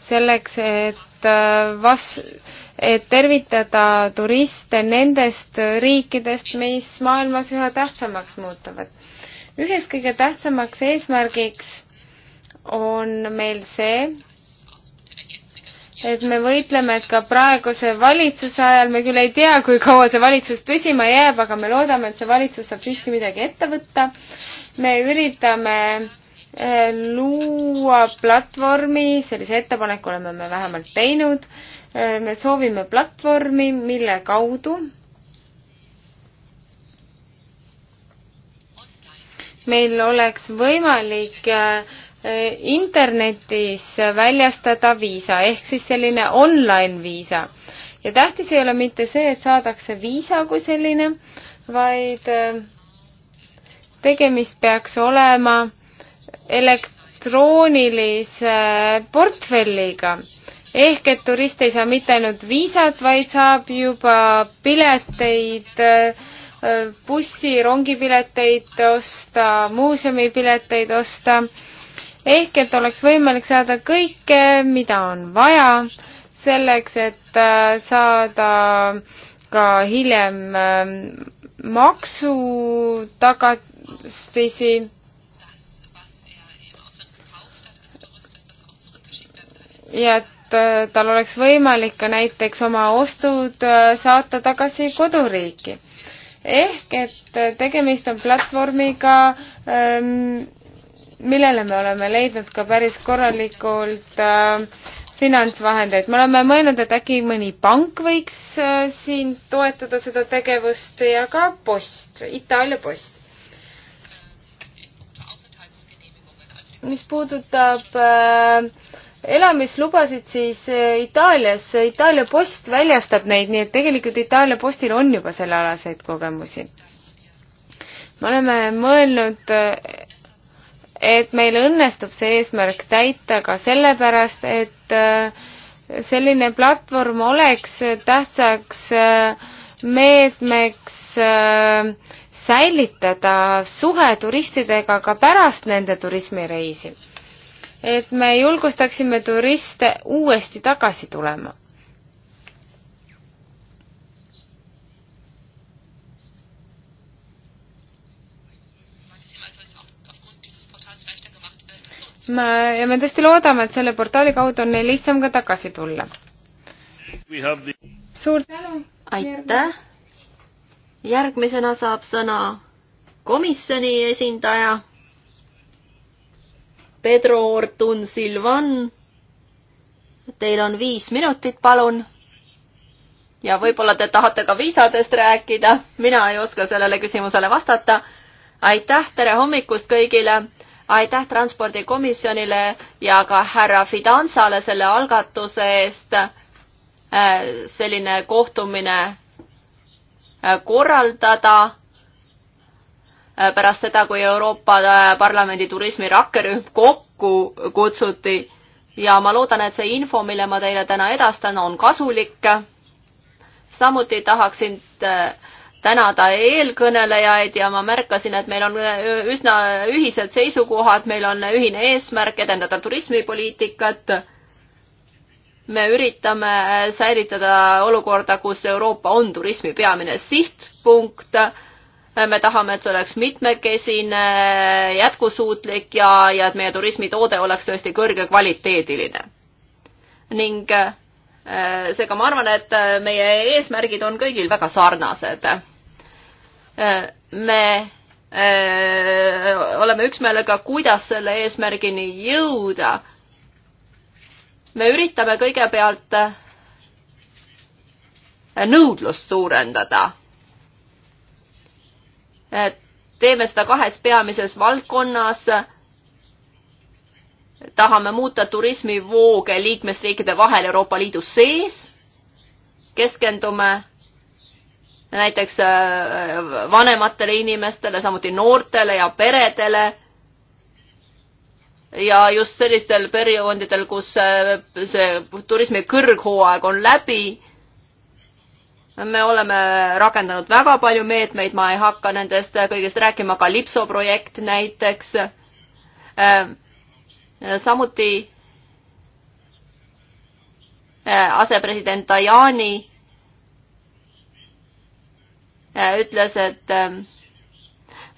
selleks, et Äh, vas-, et tervitada turiste nendest riikidest, mis maailmas üha tähtsamaks muutuvad. üheks kõige tähtsamaks eesmärgiks on meil see, et me võitleme, et ka praeguse valitsuse ajal, me küll ei tea, kui kaua see valitsus püsima jääb, aga me loodame, et see valitsus saab siiski midagi ette võtta. me üritame Eh, luua platvormi, sellise ettepaneku oleme me vähemalt teinud, eh, me soovime platvormi, mille kaudu meil oleks võimalik eh, internetis väljastada viisa ehk siis selline online viisa. ja tähtis ei ole mitte see, et saadakse viisa kui selline, vaid tegemist peaks olema elektroonilise portfelliga. ehk et turist ei saa mitte ainult viisat, vaid saab juba pileteid, äh, bussi, rongipileteid osta, muuseumipileteid osta, ehk et oleks võimalik saada kõike, mida on vaja, selleks, et äh, saada ka hiljem äh, maksutagatisi ja et äh, tal oleks võimalik ka näiteks oma ostud äh, saata tagasi koduriiki. ehk et äh, tegemist on platvormiga, ähm, millele me oleme leidnud ka päris korralikult finantsvahendeid. me oleme mõelnud, et äkki mõni pank võiks siin toetada seda tegevust ja ka post, Itaalia post. mis puudutab äh, elamislubasid siis eh, Itaalias, Itaalia post väljastab neid, nii et tegelikult Itaalia postil on juba sellealaseid kogemusi. me oleme mõelnud, eh, et meil õnnestub see eesmärk täita ka sellepärast, et eh, selline platvorm oleks tähtsaks meetmeks säilitada suhe turistidega ka pärast nende turismireisi et me julgustaksime turiste uuesti tagasi tulema. ma, ja me tõesti loodame, et selle portaali kaudu on neil lihtsam ka tagasi tulla. suur tänu! aitäh! järgmisena saab sõna komisjoni esindaja Pedro Ortun Silvan. Teil on viis minutit, palun. ja võib-olla te tahate ka viisadest rääkida, mina ei oska sellele küsimusele vastata. aitäh, tere hommikust kõigile. aitäh Transpordikomisjonile ja ka härra Fidansale selle algatuse eest. Äh, selline kohtumine äh, korraldada Äh, pärast seda, kui Euroopa äh, Parlamendi turismi rakkerühm kokku kutsuti ja ma loodan, et see info, mille ma teile täna edastan, on kasulik. samuti tahaksin äh, tänada eelkõnelejaid ja ma märkasin, et meil on üsna ühised seisukohad, meil on ühine eesmärk edendada turismipoliitikat. me üritame säilitada olukorda, kus Euroopa on turismi peamine sihtpunkt me tahame, et see oleks mitmekesine, jätkusuutlik ja, ja et meie turismitoode oleks tõesti kõrgekvaliteediline. ning eh, seega ma arvan, et eh, meie eesmärgid on kõigil väga sarnased. Eh, me oleme üksmeelega, kuidas selle eesmärgini jõuda. me üritame kõigepealt nõudlust suurendada Äh, teeme seda kahes peamises valdkonnas. tahame muuta turismivooge liikmesriikide vahel Euroopa Liidu sees. keskendume näiteks äh, vanematele inimestele, samuti noortele ja peredele. ja just sellistel perioodidel, kus äh, see turismi kõrghooaeg on läbi me oleme rakendanud väga palju meetmeid, ma ei hakka nendest kõigest rääkima, ka Lipso projekt näiteks. Äh, samuti äh, asepresident Tajani äh, ütles, et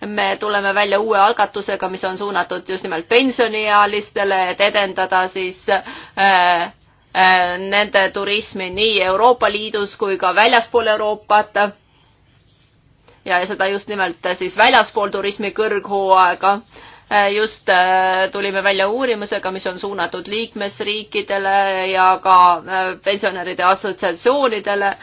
me tuleme välja uue algatusega, mis on suunatud just nimelt pensioniealistele, et edendada siis äh, Äh, nende turismi nii Euroopa Liidus kui ka väljaspool Euroopat. ja seda just nimelt äh, siis väljaspool turismi kõrghooaega. Äh, just tulime välja uurimusega, mis on suunatud liikmesriikidele ja ka pensionäride assotsiatsioonidele.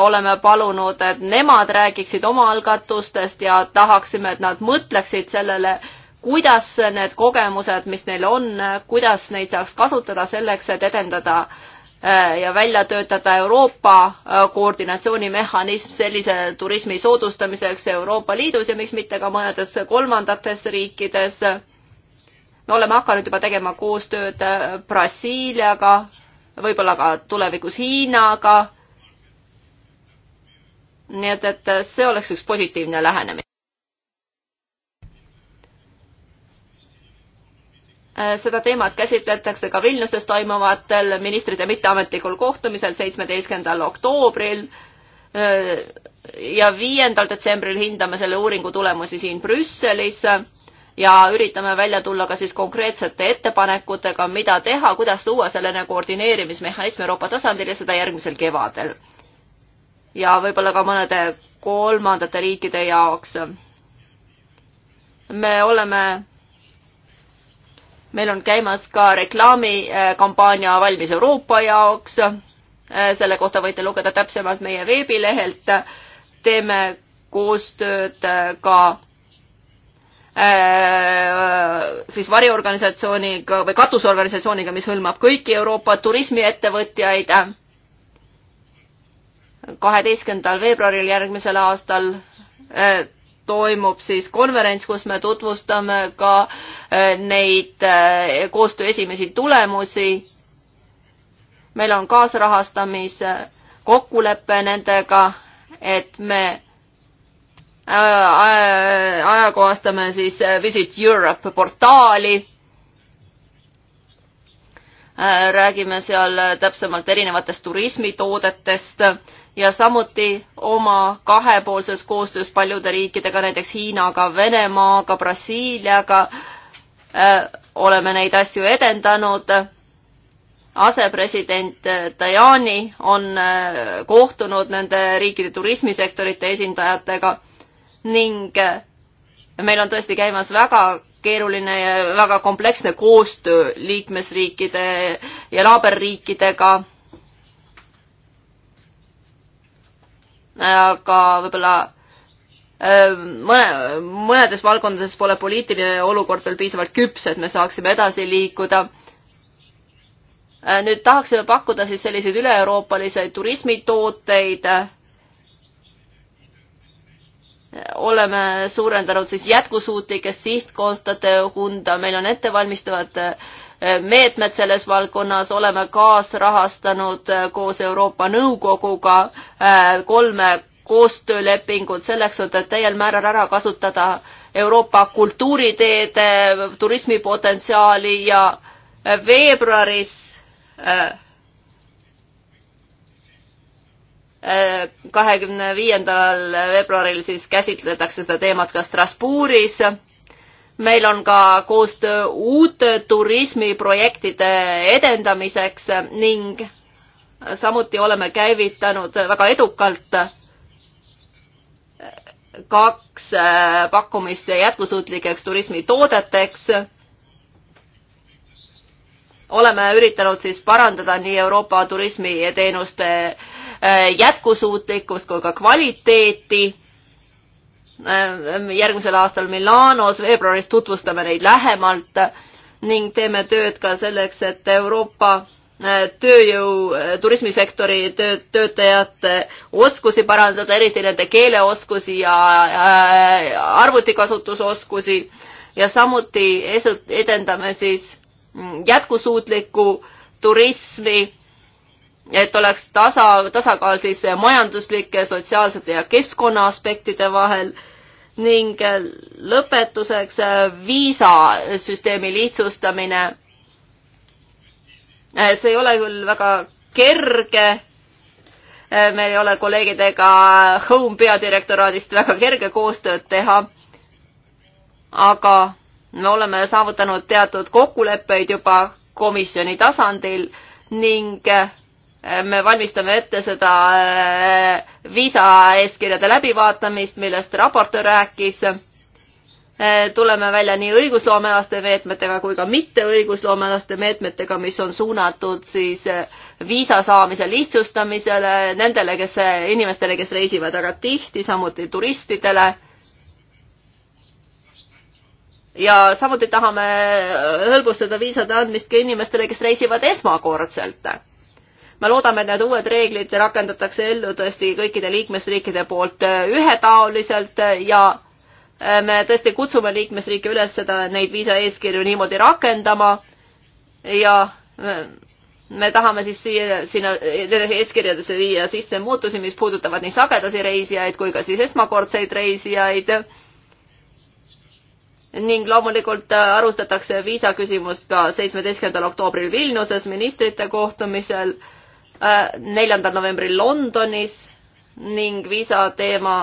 oleme palunud, et nemad räägiksid oma algatustest ja tahaksime, et nad mõtleksid sellele kuidas need kogemused, mis neil on, kuidas neid saaks kasutada selleks, et edendada äh, ja välja töötada Euroopa äh, koordinatsioonimehhanism sellise turismi soodustamiseks Euroopa Liidus ja miks mitte ka mõnedes kolmandates riikides. me oleme hakanud juba tegema koostööd äh, Brasiiliaga, võib-olla ka tulevikus Hiinaga. nii et, et see oleks üks positiivne lähenemine. Äh, seda teemat käsitletakse ka Vilniuses toimuvatel ministrite mitteametlikul kohtumisel seitsmeteistkümnendal oktoobril äh, ja viiendal detsembril hindame selle uuringu tulemusi siin Brüsselis ja üritame välja tulla ka siis konkreetsete ettepanekutega, mida teha, kuidas luua selline koordineerimismehhanism Euroopa tasandil ja seda järgmisel kevadel. ja võib-olla ka mõnede kolmandate riikide jaoks. me oleme meil on käimas ka reklaamikampaania valmis Euroopa jaoks. Äh, selle kohta võite lugeda täpsemalt meie veebilehelt. teeme koostööd äh, ka äh, siis variorganisatsiooniga või katusorganisatsiooniga, mis hõlmab kõiki Euroopa turismiettevõtjaid. kaheteistkümnendal veebruaril järgmisel aastal toimub siis konverents, kus me tutvustame ka eh, neid eh, koostöö esimesi tulemusi. meil on kaasrahastamise kokkulepe nendega, et me eh, ajakohastame siis Visit Europe portaali. räägime seal täpsemalt erinevatest turismitoodetest ja samuti oma kahepoolses koostöös paljude riikidega, näiteks Hiinaga, Venemaaga, Brasiiliaga äh, oleme neid asju edendanud. asepresident äh, Tajani on äh, kohtunud nende riikide turismisektorite esindajatega ning meil on tõesti käimas väga keeruline ja väga kompleksne koostöö liikmesriikide ja naaberriikidega aga võib-olla ähm, mõne, mõnedes valdkondades pole poliitiline olukord veel piisavalt küps, et me saaksime edasi liikuda. Äh, nüüd tahaksime pakkuda siis selliseid üle-euroopalisi turismitooteid. oleme suurendanud siis jätkusuutlike sihtkohtade hunda, meil on ettevalmistavad äh, meetmed selles valdkonnas, oleme kaasrahastanud äh, koos Euroopa Nõukoguga äh, kolme koostöölepingut selleks, et täiel määral ära kasutada Euroopa kultuuriteede turismipotentsiaali ja äh, veebruaris kahekümne viiendal veebruaril siis käsitletakse seda teemat ka Strasbourgis meil on ka koostöö uute turismiprojektide edendamiseks ning samuti oleme käivitanud väga edukalt kaks äh, pakkumist jätkusuutlikeks turismitoodeteks. oleme üritanud siis parandada nii Euroopa turismiteenuste äh, jätkusuutlikkust kui ka kvaliteeti Äh, järgmisel aastal Milanos, veebruaris tutvustame neid lähemalt ning teeme tööd ka selleks, et Euroopa äh, tööjõu, äh, turismisektori töö, töötajate oskusi parandada, eriti nende keeleoskusi ja arvutikasutusoskusi ja samuti edendame siis mm, jätkusuutlikku turismi, et oleks tasa, tasakaal siis majanduslike, sotsiaalsete ja keskkonna aspektide vahel ning lõpetuseks äh, viisasüsteemi lihtsustamine. Äh, see ei ole küll väga kerge. Äh, meil ei ole kolleegidega Home peadirektoraadist väga kerge koostööd teha. aga me oleme saavutanud teatud kokkuleppeid juba komisjoni tasandil ning me valmistame ette seda äh, viisaeeskirjade läbivaatamist, millest raportöör rääkis. Äh, tuleme välja nii õigusloomealaste meetmetega kui ka mitteõigusloomealaste meetmetega, mis on suunatud siis äh, viisa saamise lihtsustamisele nendele, kes, inimestele, kes reisivad väga tihti, samuti turistidele ja samuti tahame hõlbustada viisade andmist ka inimestele, kes reisivad esmakordselt me loodame, et need uued reeglid rakendatakse ellu tõesti kõikide liikmesriikide poolt äh, ühetaoliselt äh, ja äh, me tõesti kutsume liikmesriike üles seda, neid viisaeeskirju niimoodi rakendama ja me tahame siis siia, sinna, nendesse eeskirjadesse viia sisse muutusi, mis puudutavad nii sagedasi reisijaid kui ka siis esmakordseid reisijaid. ning loomulikult arustatakse viisaküsimust ka seitsmeteistkümnendal oktoobril Vilniuses ministrite kohtumisel Äh, neljandal novembril Londonis ning viisa teema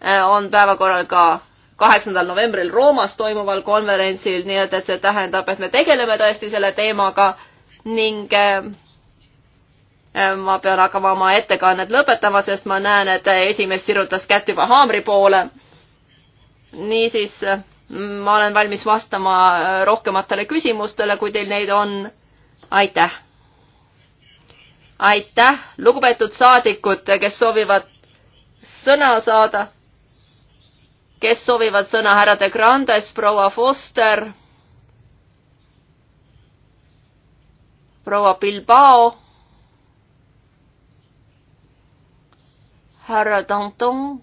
äh, on päevakorral ka kaheksandal novembril Roomas toimuval konverentsil, nii et, et see tähendab, et me tegeleme tõesti selle teemaga ning äh, ma pean hakkama oma ettekannet lõpetama, sest ma näen, et esimees sirutas kätt juba haamri poole. niisiis, ma olen valmis vastama rohkematele küsimustele, kui teil neid on. aitäh aitäh, lugupeetud saadikud, kes soovivad sõna saada, kes soovivad sõna, härra De Grandes, proua Foster, proua Bilbao, härra Danton,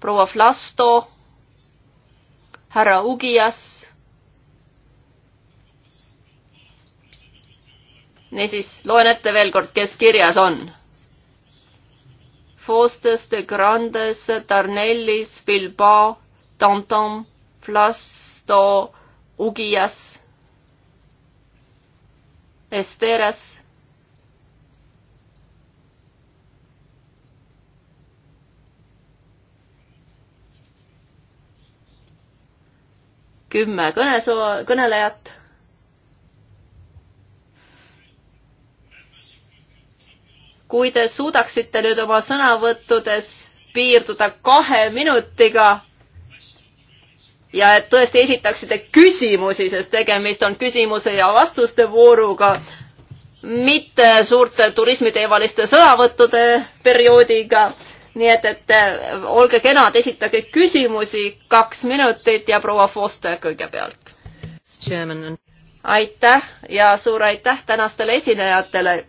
proua Flasto, härra Ugias niisiis, loen ette veel kord, kes kirjas on. Faustus de Grandes, Tarnellis, Bilbao, Danton, Flasto, Ugias, Esteras. kümme kõneso-, kõnelejat kui te suudaksite nüüd oma sõnavõttudes piirduda kahe minutiga ja et tõesti esitaksite küsimusi, sest tegemist on küsimuse ja vastuste vooruga, mitte suurte turismiteemaliste sõnavõttude perioodiga. nii et, et olge kenad, esitage küsimusi, kaks minutit ja proua Foster kõigepealt. aitäh ja suur aitäh tänastele esinejatele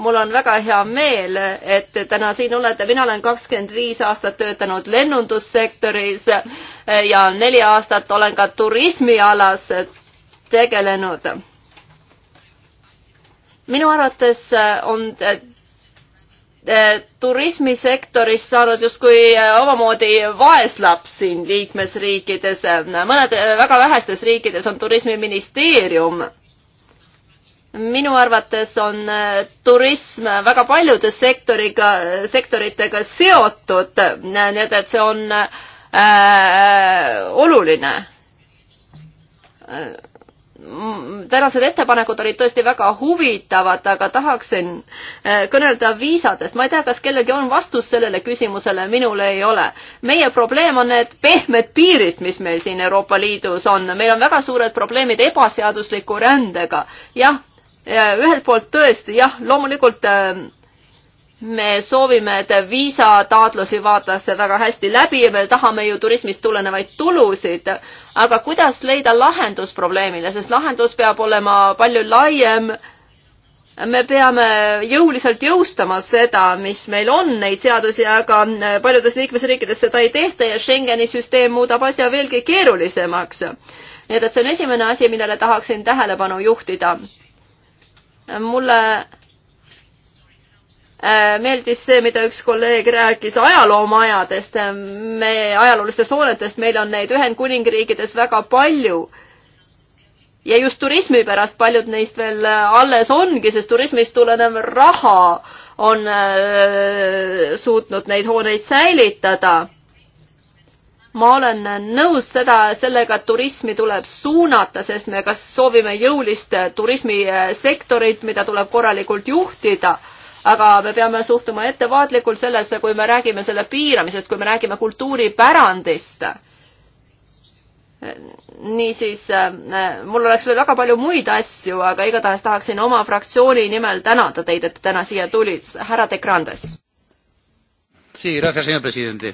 mul on väga hea meel, et täna siin olete, mina olen kakskümmend viis aastat töötanud lennundussektoris eh, ja neli aastat olen ka turismialas tegelenud. minu arvates eh, on eh, turismisektoris saanud justkui omamoodi vaeslaps siin liikmesriikides, mõned väga vähestes riikides on turismiministeerium minu arvates on äh, turism väga paljude sektoriga, sektoritega seotud, äh, nii et, et see on äh, äh, oluline äh, tänased ettepanekud olid tõesti väga huvitavad, aga tahaksin kõnelda viisadest. ma ei tea, kas kellelgi on vastus sellele küsimusele, minul ei ole. meie probleem on need pehmed piirid, mis meil siin Euroopa Liidus on. meil on väga suured probleemid ebaseadusliku rändega. jah, ühelt poolt tõesti jah, loomulikult äh, me soovime, et viisataotlusi vaadatakse väga hästi läbi ja me tahame ju turismist tulenevaid tulusid, aga kuidas leida lahendus probleemile, sest lahendus peab olema palju laiem. me peame jõuliselt jõustama seda, mis meil on, neid seadusi, aga äh, paljudes liikmesriikides seda ei tehta ja Schengeni süsteem muudab asja veelgi keerulisemaks. nii et, et see on esimene asi, millele tahaksin tähelepanu juhtida mulle äh, meeldis see, mida üks kolleeg rääkis ajaloomajadest, me ajaloolistest hoonetest, meil on neid Ühendkuningriigides väga palju. ja just turismi pärast paljud neist veel äh, alles ongi, sest turismist tulenev raha on äh, suutnud neid hooneid säilitada ma olen nõus seda, sellega, et turismi tuleb suunata, sest me kas soovime jõulist turismisektorit, mida tuleb korralikult juhtida, aga me peame suhtuma ettevaatlikult sellesse, kui me räägime selle piiramisest, kui me räägime kultuuripärandist. niisiis, mul oleks veel väga palju muid asju, aga igatahes tahaksin oma fraktsiooni nimel tänada teid, et te täna siia tulid, härra De Grandes Sí, gracias, señor presidente.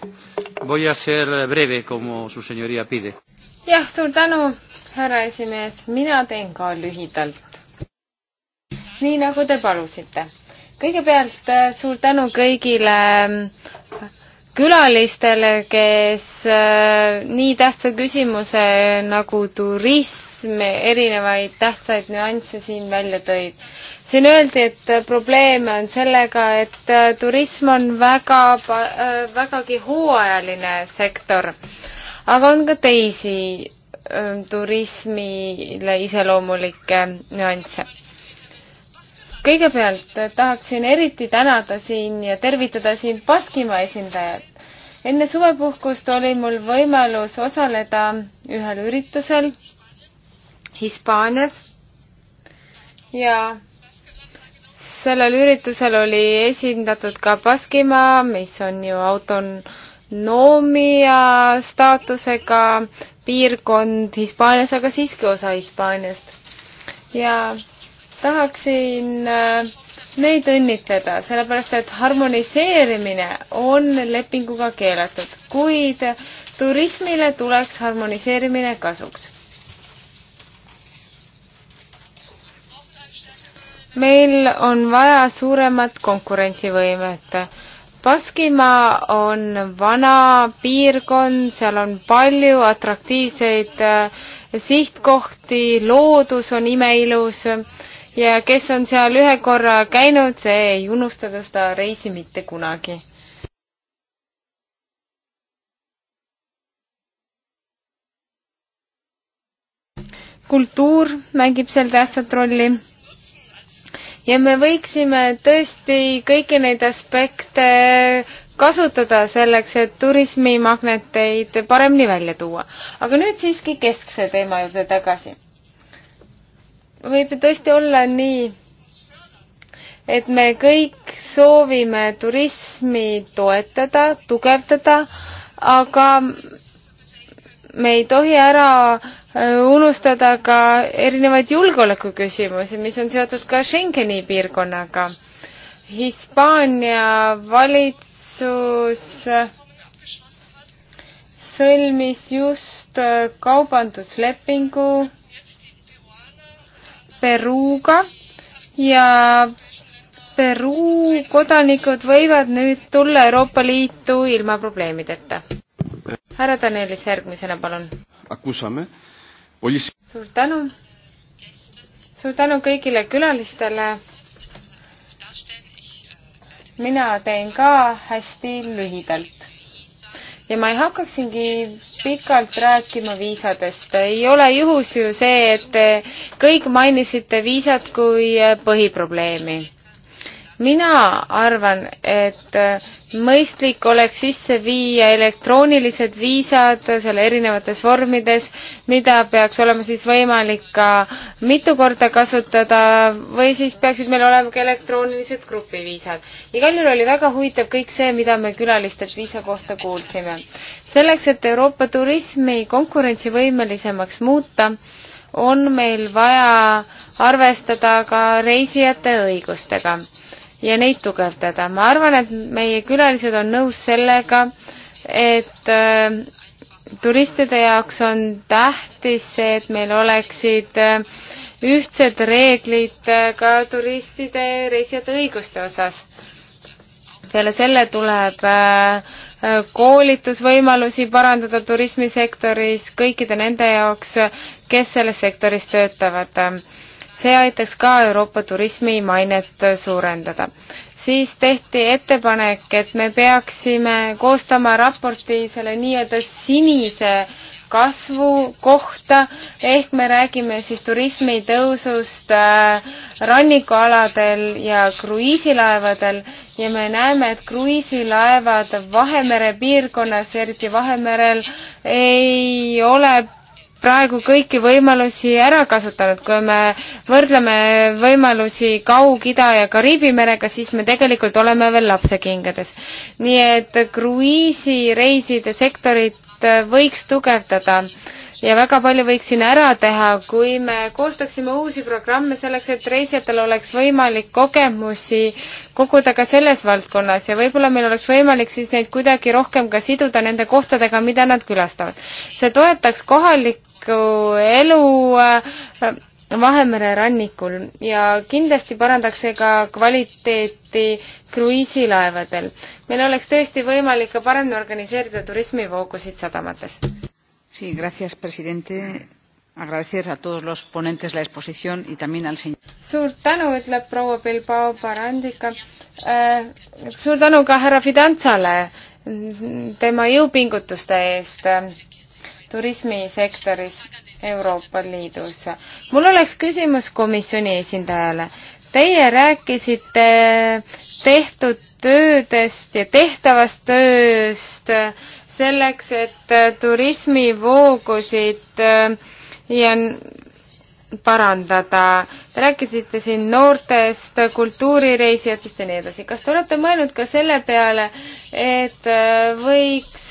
Voy a ser breve, como su señoría pide. jah, suur tänu, härra esimees, mina teen ka lühidalt. nii nagu te palusite. kõigepealt äh, suur tänu kõigile äh, külalistele, kes äh, nii tähtsa küsimuse nagu turism erinevaid tähtsaid nüansse siin välja tõid siin öeldi, et probleeme on sellega, et äh, turism on väga, äh, vägagi hooajaline sektor, aga on ka teisi äh, turismile iseloomulikke nüansse. kõigepealt tahaksin eriti tänada siin ja tervitada siin Baskimaa esindajat. enne suvepuhkust oli mul võimalus osaleda ühel üritusel Hispaanias ja sellel üritusel oli esindatud ka Baskimaa, mis on ju autonoomia staatusega piirkond Hispaanias, aga siiski osa Hispaaniast. ja tahaksin äh, neid õnnitleda, sellepärast et harmoniseerimine on lepinguga keelatud, kuid turismile tuleks harmoniseerimine kasuks meil on vaja suuremat konkurentsivõimet. Baskimaa on vana piirkond, seal on palju atraktiivseid äh, sihtkohti, loodus on imeilus ja kes on seal ühe korra käinud, see ei unustada seda reisi mitte kunagi. kultuur mängib seal tähtsat rolli ja me võiksime tõesti kõiki neid aspekte kasutada selleks, et turismimagneteid paremini välja tuua. aga nüüd siiski keskse teema juurde tagasi. võib ju tõesti olla nii, et me kõik soovime turismi toetada, tugevdada, aga me ei tohi ära Äh, unustada ka erinevaid julgeolekuküsimusi, mis on seotud ka Schengeni piirkonnaga. Hispaania valitsus äh, sõlmis just äh, kaubanduslepingu Peruga ja Peru kodanikud võivad nüüd tulla Euroopa Liitu ilma probleemideta. härra Danielis järgmisena, palun suur tänu, suur tänu kõigile külalistele. mina teen ka hästi lühidalt ja ma ei hakkaksingi pikalt rääkima viisadest. ei ole juhus ju see, et kõik mainisite viisat kui põhiprobleemi mina arvan, et äh, mõistlik oleks sisse viia elektroonilised viisad selle erinevates vormides, mida peaks olema siis võimalik ka mitu korda kasutada või siis peaksid meil olema ka elektroonilised grupiviisad. igal juhul oli väga huvitav kõik see, mida me külalistelt viisa kohta kuulsime. selleks, et Euroopa turismi konkurentsivõimelisemaks muuta, on meil vaja arvestada ka reisijate õigustega ja neid tugevdada. ma arvan, et meie külalised on nõus sellega, et äh, turistide jaoks on tähtis see, et meil oleksid äh, ühtsed reeglid äh, ka turistide ja reisijate õiguste osas. peale selle tuleb äh, äh, koolitusvõimalusi parandada turismisektoris kõikide nende jaoks, kes selles sektoris töötavad äh, see aitaks ka Euroopa turismi mainet suurendada. siis tehti ettepanek, et me peaksime koostama raporti selle nii-öelda sinise kasvu kohta, ehk me räägime siis turismi tõusust äh, rannikualadel ja kruiisilaevadel ja me näeme, et kruiisilaevad Vahemere piirkonnas, eriti Vahemerel, ei ole praegu kõiki võimalusi ära kasutanud, kui me võrdleme võimalusi Kaug-Ida ja Kariibi merega, siis me tegelikult oleme veel lapsekingades. nii et kruiisireiside sektorit võiks tugevdada ja väga palju võiks siin ära teha, kui me koostaksime uusi programme selleks, et reisijatel oleks võimalik kogemusi koguda ka selles valdkonnas ja võib-olla meil oleks võimalik siis neid kuidagi rohkem ka siduda nende kohtadega, mida nad külastavad. see toetaks kohalikku elu äh, Vahemere rannikul ja kindlasti parandaks see ka kvaliteeti kruiisilaevadel. meil oleks tõesti võimalik ka paremini organiseerida turismivoogusid sadamates Sí, gracias, presidente. Agradecer a todos los ponentes la exposición y también al señor. suur tänu, ütleb proua Bilbao Barandika äh,. suur tänu ka härra Fidantsale tema jõupingutuste eest äh, turismisektoris Euroopa Liidus. mul oleks küsimus komisjoni esindajale. Teie rääkisite tehtud töödest ja tehtavast tööst äh, selleks, et äh, turismivoogusid äh, ja parandada. Te rääkisite siin noortest, kultuurireisijatest ja nii edasi. kas te olete mõelnud ka selle peale, et äh, võiks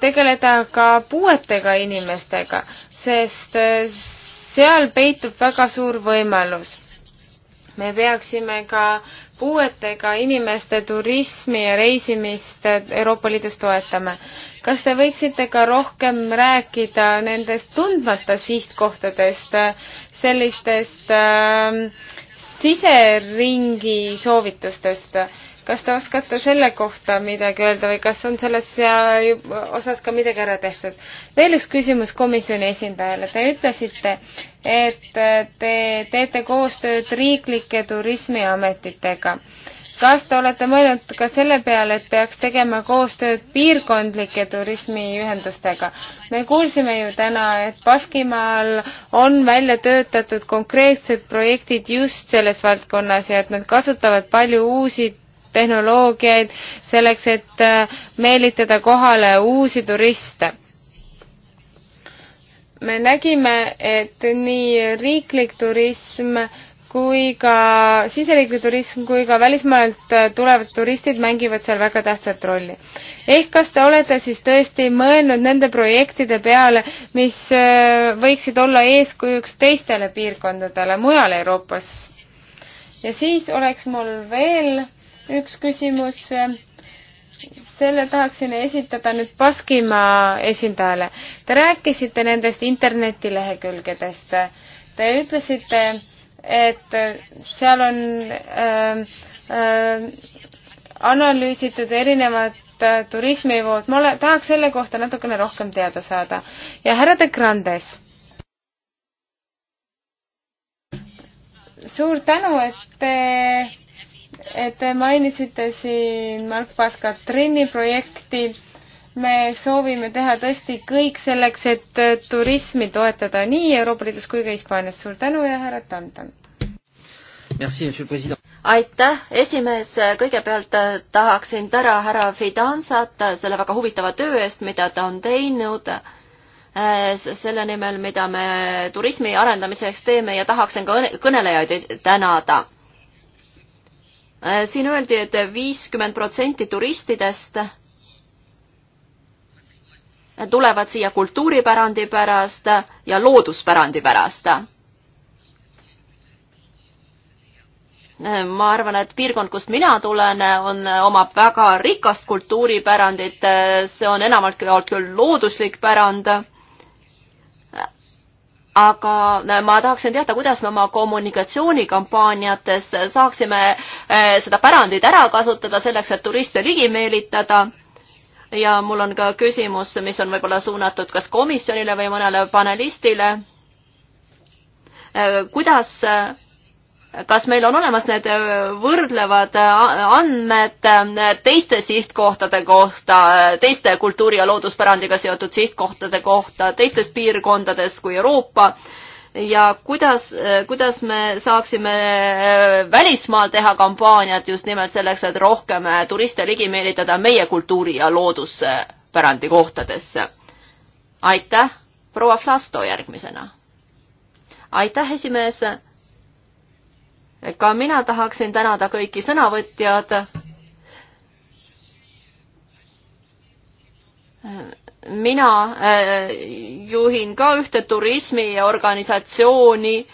tegeleda ka puuetega inimestega, sest seal peitub väga suur võimalus. me peaksime ka puuetega inimeste turismi ja reisimist Euroopa Liidus toetame. kas te võiksite ka rohkem rääkida nendest tundmata sihtkohtadest, sellistest äh, siseringi soovitustest? kas te oskate selle kohta midagi öelda või kas on selles osas ka midagi ära tehtud? veel üks küsimus komisjoni esindajale. Te ütlesite, et te teete koostööd riiklike turismiametitega kas te olete mõelnud ka selle peale, et peaks tegema koostööd piirkondlike turismiühendustega? me kuulsime ju täna, et Baskimaal on välja töötatud konkreetsed projektid just selles valdkonnas ja et nad kasutavad palju uusi tehnoloogiaid selleks, et äh, meelitada kohale uusi turiste. me nägime, et nii riiklik turism kui ka siseriiklik turism kui ka välismaalt äh, tulevad turistid mängivad seal väga tähtsat rolli. ehk kas te olete siis tõesti mõelnud nende projektide peale, mis äh, võiksid olla eeskujuks teistele piirkondadele mujal Euroopas? ja siis oleks mul veel üks küsimus, selle tahaksin esitada nüüd Baskimaa esindajale. Te rääkisite nendest internetilehekülgedest. Te ütlesite, et seal on äh, äh, analüüsitud erinevad äh, turismivood, ma ole, tahaks selle kohta natukene rohkem teada saada. ja härra De Grandes. suur tänu, et te et te mainisite siin Mark Paskat Trini projekti. me soovime teha tõesti kõik selleks, et turismi toetada nii Euroopa Liidus kui ka Hispaanias. suur tänu ja härra Tantan! aitäh, esimees, kõigepealt äh, tahaksin täna härra Fidansat äh, selle väga huvitava töö eest, mida ta on teinud äh, selle nimel, mida me turismi arendamiseks teeme ja tahaksin ka kõnelejaid tänada Äh, siin öeldi et, et viiskümmend protsenti turistidest tulevad siia kultuuripärandi pärast ja looduspärandi pärast. ma arvan, et piirkond, kust mina tulen, on, omab väga rikast kultuuripärandit, see on enamalt jaolt küll looduslik pärand aga äh, ma tahaksin teada, kuidas me oma kommunikatsioonikampaaniates saaksime äh, seda pärandit ära kasutada selleks, et turiste ligi meelitada. ja mul on ka küsimus, mis on võib-olla suunatud kas komisjonile või mõnele panelistile. Äh, kuidas kas meil on olemas need äh, võrdlevad äh, andmed äh, teiste sihtkohtade kohta, teiste kultuuri- ja looduspärandiga seotud sihtkohtade kohta teistes piirkondades kui Euroopa ja kuidas, kuidas me saaksime välismaal teha kampaaniat just nimelt selleks, et rohkem turiste ligi meelitada meie kultuuri- ja looduspärandi kohtadesse? aitäh, proua Flasto järgmisena. aitäh, esimees ka mina tahaksin tänada kõiki sõnavõtjad. mina äh, juhin ka ühte turismiorganisatsiooni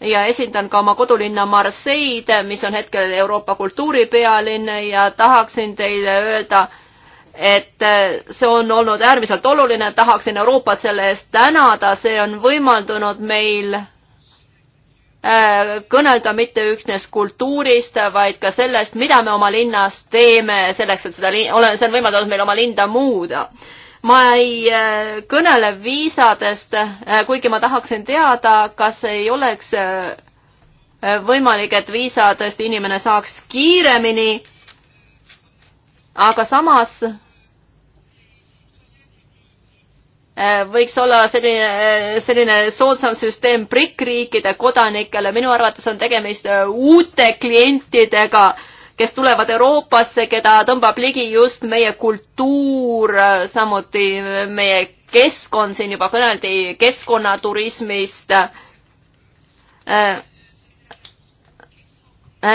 ja esindan ka oma kodulinna Marseille'd, mis on hetkel Euroopa kultuuripealinn ja tahaksin teile öelda, et äh, see on olnud äärmiselt oluline, tahaksin Euroopat selle eest tänada, see on võimaldanud meil Äh, kõnelda mitte üksnes kultuurist, vaid ka sellest, mida me oma linnas teeme selleks, et seda, see on võimaldanud meil oma linda muuda. ma ei äh, kõnele viisadest, äh, kuigi ma tahaksin teada, kas ei oleks võimalik, et viisa tõesti inimene saaks kiiremini. aga samas Eh, võiks olla selline, eh, selline soodsam süsteem BRIC riikide kodanikele, minu arvates on tegemist eh, uute klientidega, kes tulevad Euroopasse, keda tõmbab ligi just meie kultuur, samuti meie keskkond, siin juba kõneldi keskkonnaturismist.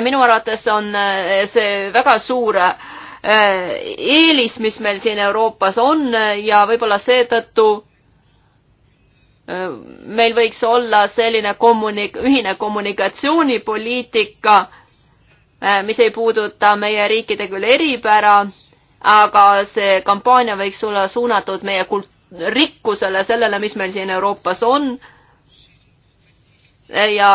minu arvates on see väga suur Äh, eelis, mis meil siin Euroopas on äh, ja võib-olla seetõttu äh, meil võiks olla selline kommunik-, ühine kommunikatsioonipoliitika, mis ei puuduta meie riikide küll eripära, aga see kampaania võiks olla suunatud meie kult-, rikkusele, sellele, mis meil siin Euroopas on. ja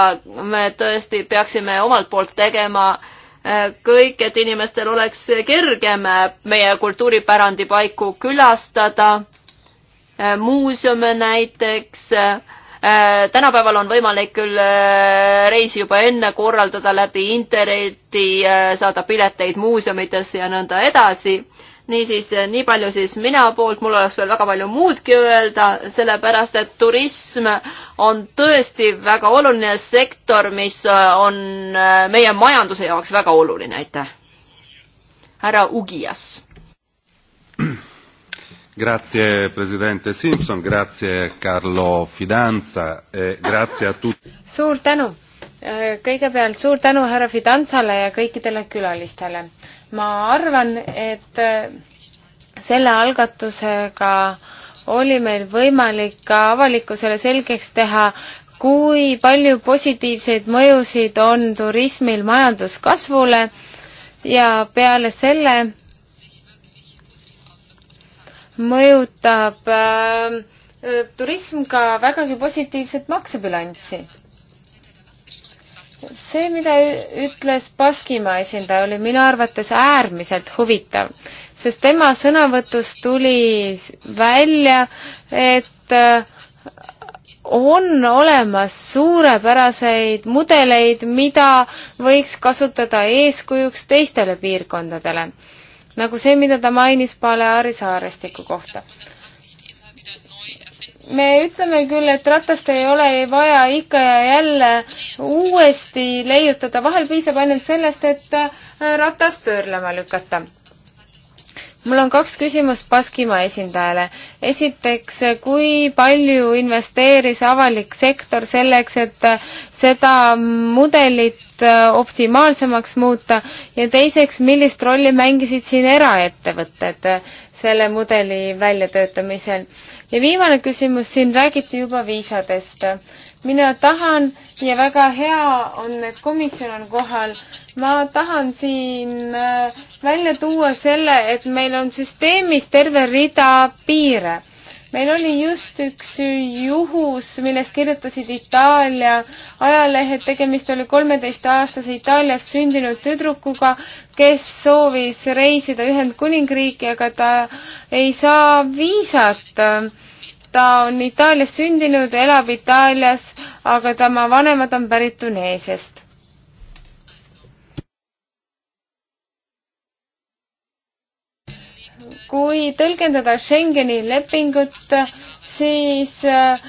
me tõesti peaksime omalt poolt tegema äh, Äh, kõik, et inimestel oleks kergem äh, meie kultuuripärandi paiku külastada, äh, muuseume näiteks. tänapäeval on võimalik küll reisi juba enne korraldada läbi interneti, saada pileteid muuseumidesse ja nõnda edasi niisiis, nii palju siis mina poolt, mul oleks veel väga palju muudki öelda, sellepärast et turism on tõesti väga oluline sektor, mis äh, on äh, meie majanduse jaoks väga oluline, aitäh. härra Ugias. Grazie presidente Simson, grazie Carlo Fidanza eh,, grazie a tutti. suur tänu. kõigepealt suur tänu härra Fidanzale ja kõikidele külalistele ma arvan, et äh, selle algatusega oli meil võimalik ka avalikkusele selgeks teha, kui palju positiivseid mõjusid on turismil majanduskasvule ja peale selle mõjutab äh, äh turism ka vägagi positiivset maksebilanssi see, mida ütles Baskimaa esindaja, oli minu arvates äärmiselt huvitav, sest tema sõnavõtust tuli välja, et äh, on olemas suurepäraseid mudeleid, mida võiks kasutada eeskujuks teistele piirkondadele, nagu see, mida ta mainis Paleari saarestiku kohta me ütleme küll, et ratast ei ole ei vaja ikka ja jälle uuesti leiutada, vahel piisab ainult sellest, et äh, ratas pöörlema lükata. mul on kaks küsimust Baskimaa esindajale. esiteks, kui palju investeeris avalik sektor selleks, et äh, seda mudelit äh, optimaalsemaks muuta ja teiseks, millist rolli mängisid siin eraettevõtted selle mudeli väljatöötamisel? ja viimane küsimus, siin räägiti juba viisadest. mina tahan ja väga hea on, et komisjon on kohal. ma tahan siin äh, välja tuua selle, et meil on süsteemis terve rida piire meil oli just üks juhus, millest kirjutasid Itaalia ajalehed, tegemist oli kolmeteistaastase Itaalias sündinud tüdrukuga, kes soovis reisida Ühendkuningriiki, aga ta ei saa viisat. ta on Itaalias sündinud, elab Itaalias, aga tema vanemad on pärit Tuneesiast kui tõlgendada Schengeni lepingut, siis äh,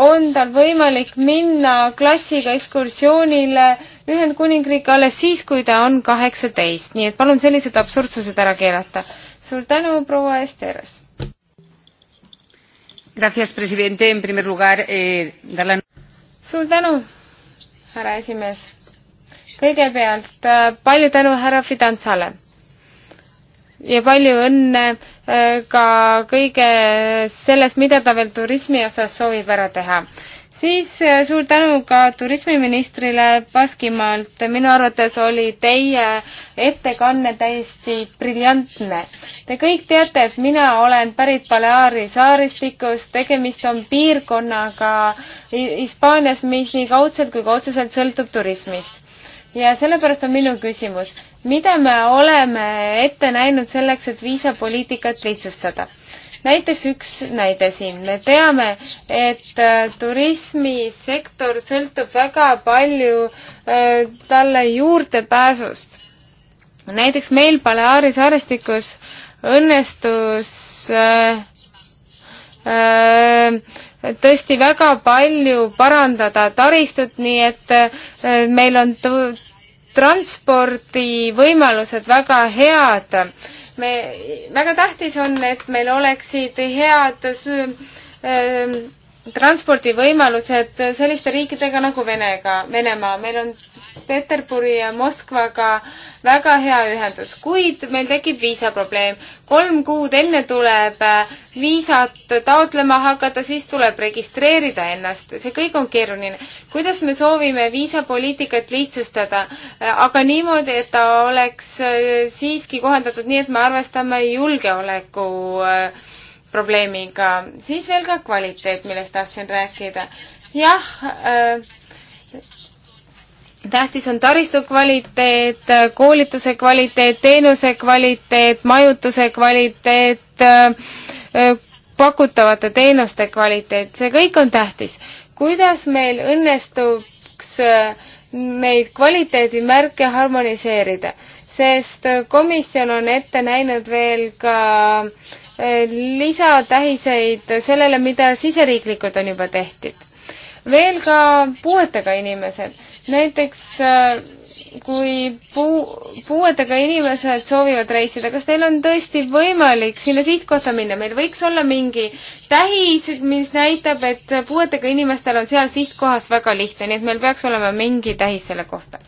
on tal võimalik minna klassiga ekskursioonile Ühendkuningriiki alles siis, kui ta on kaheksateist, nii et palun sellised absurdsused ära keelata. suur tänu, proua Esteres. Eh, suur tänu, härra esimees. kõigepealt äh, palju tänu härra Fidanzale ja palju õnne äh, ka kõige sellest, mida ta veel turismi osas soovib ära teha. siis äh, suur tänu ka turismiministrile Baskimaalt, minu arvates oli teie ettekanne täiesti briljantne. Te kõik teate, et mina olen pärit Baleari saaristikus, tegemist on piirkonnaga Hispaanias, mis nii kaudselt kui ka otseselt sõltub turismist ja sellepärast on minu küsimus, mida me oleme ette näinud selleks, et viisapoliitikat lihtsustada? näiteks üks näide siin, me teame, et äh, turismisektor sõltub väga palju äh, talle juurdepääsust. näiteks meil Baleari saarestikus õnnestus äh, äh, tõesti väga palju parandada taristut, nii et äh, meil on transpordivõimalused väga head. me, väga tähtis on, et meil oleksid head öö, äh, transpordivõimalused selliste riikidega nagu Venega, Venemaa. meil on Peterburi ja Moskvaga väga hea ühendus, kuid meil tekib viisaprobleem. kolm kuud enne tuleb viisat taotlema hakata, siis tuleb registreerida ennast. see kõik on keeruline. kuidas me soovime viisapoliitikat lihtsustada, aga niimoodi, et ta oleks siiski kohandatud nii, et me arvestame julgeoleku äh, probleemiga. siis veel ka kvaliteet, millest tahtsin rääkida. jah äh,, tähtis on taristu kvaliteet, koolituse kvaliteet, teenuse kvaliteet, majutuse kvaliteet äh,, pakutavate teenuste kvaliteet, see kõik on tähtis. kuidas meil õnnestuks äh, neid kvaliteedimärke harmoniseerida, sest äh, komisjon on ette näinud veel ka äh, Eh, lisatähiseid sellele, mida siseriiklikult on juba tehtud. veel ka puuetega inimesed. näiteks eh, kui puu, puuetega inimesed soovivad reisida, kas teil on tõesti võimalik sinna sihtkohta minna? meil võiks olla mingi tähis, mis näitab, et puuetega inimestel on seal sihtkohas väga lihtne, nii et meil peaks olema mingi tähis selle kohta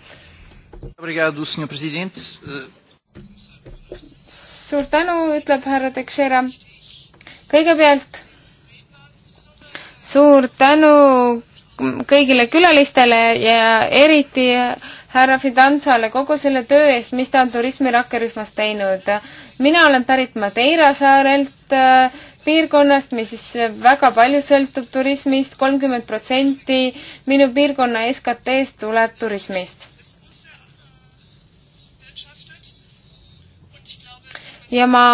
suur tänu, ütleb härra Teixeira. kõigepealt suur tänu kõigile külalistele ja eriti härra Fidanzale kogu selle töö eest, mis ta on turismi rakkerühmas teinud. mina olen pärit Madeira saarelt äh, piirkonnast, mis siis väga palju sõltub turismist, kolmkümmend protsenti minu piirkonna SKT-st tuleb turismist. ja ma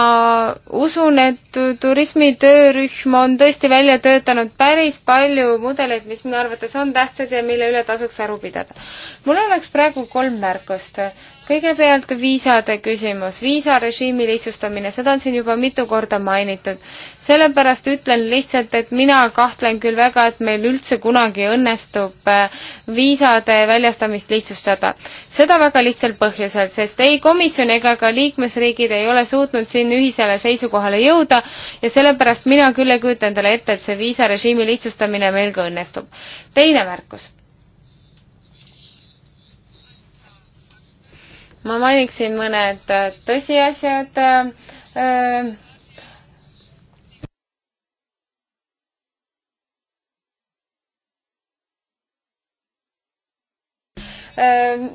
usun, et turismitöörühm on tõesti välja töötanud päris palju mudeleid, mis minu arvates on tähtsad ja mille üle tasuks aru pidada. mul oleks praegu kolm märkust kõigepealt viisade küsimus, viisarežiimi lihtsustamine, seda on siin juba mitu korda mainitud. sellepärast ütlen lihtsalt, et mina kahtlen küll väga, et meil üldse kunagi õnnestub äh, viisade väljastamist lihtsustada. seda väga lihtsal põhjusel, sest ei komisjon ega ka liikmesriigid ei ole suutnud siin ühisele seisukohale jõuda ja sellepärast mina küll ei kujuta endale ette, et see viisarežiimi lihtsustamine meil ka õnnestub. teine märkus ma mainiksin mõned äh, tõsiasjad äh,. Äh,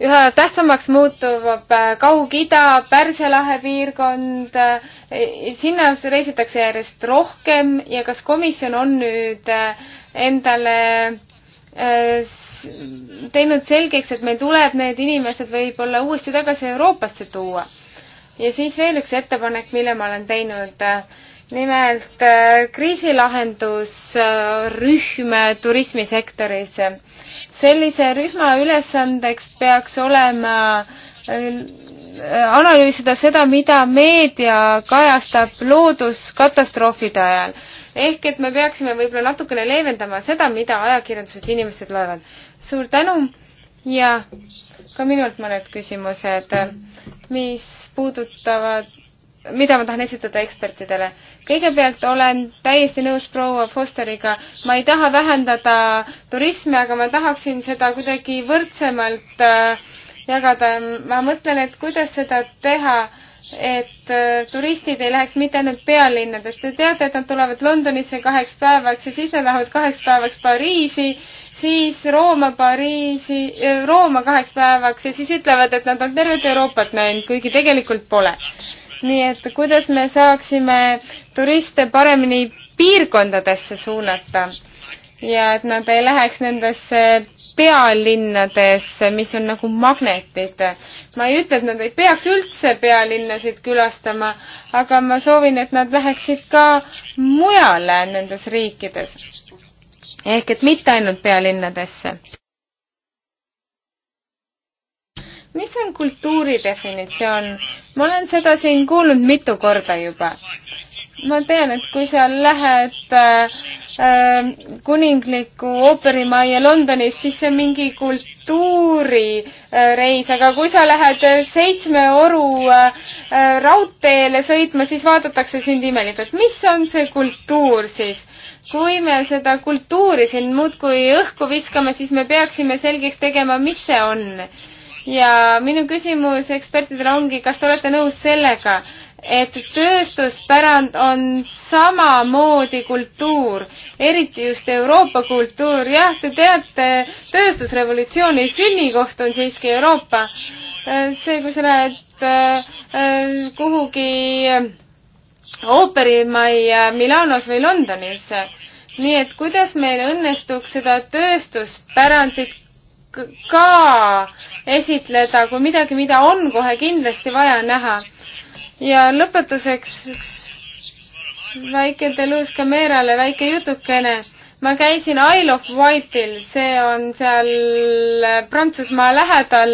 üha tähtsamaks muutub äh, Kaug-Ida, Pärsia lahe piirkond, äh, sinna reisitakse järjest rohkem ja kas komisjon on nüüd endale äh, Äh, teinud selgeks, et meil tuleb need inimesed võib-olla uuesti tagasi Euroopasse tuua. ja siis veel üks ettepanek, mille ma olen teinud. nimelt äh, kriisilahendusrühm turismisektoris. sellise rühma ülesandeks peaks olema äh, analüüsida seda, mida meedia kajastab looduskatastroofide ajal ehk et me peaksime võib-olla natukene leevendama seda, mida ajakirjandusest inimesed loevad. suur tänu ja ka minult mõned küsimused, mis puudutavad mida ma tahan esitada ekspertidele. kõigepealt olen täiesti nõus proua Fosteriga, ma ei taha vähendada turismi, aga ma tahaksin seda kuidagi võrdsemalt äh, jagada. ma mõtlen, et kuidas seda teha et äh, turistid ei läheks mitte ainult pealinnadest. Te teate, et nad tulevad Londonisse kaheks päevaks ja siis nad lähevad kaheks päevaks Pariisi, siis Rooma, Pariisi, äh, Rooma kaheks päevaks ja siis ütlevad, et nad on tervet Euroopat näinud, kuigi tegelikult pole. nii et kuidas me saaksime turiste paremini piirkondadesse suunata ja et nad ei läheks nendesse pealinnadesse, mis on nagu magnetid. ma ei ütle, et nad ei peaks üldse pealinnasid külastama, aga ma soovin, et nad läheksid ka mujale nendes riikides. ehk et mitte ainult pealinnadesse. mis on kultuuri definitsioon? ma olen seda siin kuulnud mitu korda juba ma tean, et kui sa lähed äh, äh, kuningliku ooperimajja Londonis, siis see on mingi kultuurireis äh,, aga kui sa lähed seitsme oru äh, äh, raudteele sõitma, siis vaadatakse sind imelikult, et mis on see kultuur siis kui me seda kultuuri siin muudkui õhku viskame, siis me peaksime selgeks tegema, mis see on. ja minu küsimus ekspertidele ongi, kas te olete nõus sellega, et tööstuspärand on samamoodi kultuur, eriti just Euroopa kultuur. jah, te teate, tööstusrevolutsiooni sünnikoht on siiski Euroopa. Äh, see, kui sa lähed äh, äh, kuhugi ooperimajja Milanos või Londonis. nii et kuidas meil õnnestuks seda tööstuspärandit ka esitleda kui midagi, mida on kohe kindlasti vaja näha ja lõpetuseks üks väike Deleuze Camerale väike jutukene. ma käisin Isle of Wightil, see on seal Prantsusmaa lähedal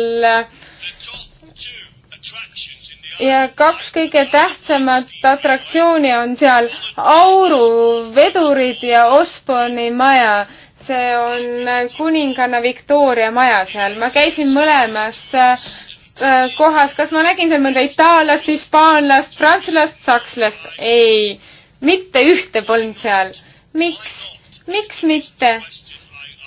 ja kaks kõige tähtsamat atraktsiooni on seal auruvedurid ja Osborne'i maja. see on kuninganna Victoria maja seal. ma käisin mõlemas Äh, kohas, kas ma nägin seal mõnda itaallast, hispaanlast, prantslast, sakslast? ei, mitte ühte polnud seal. miks, miks mitte?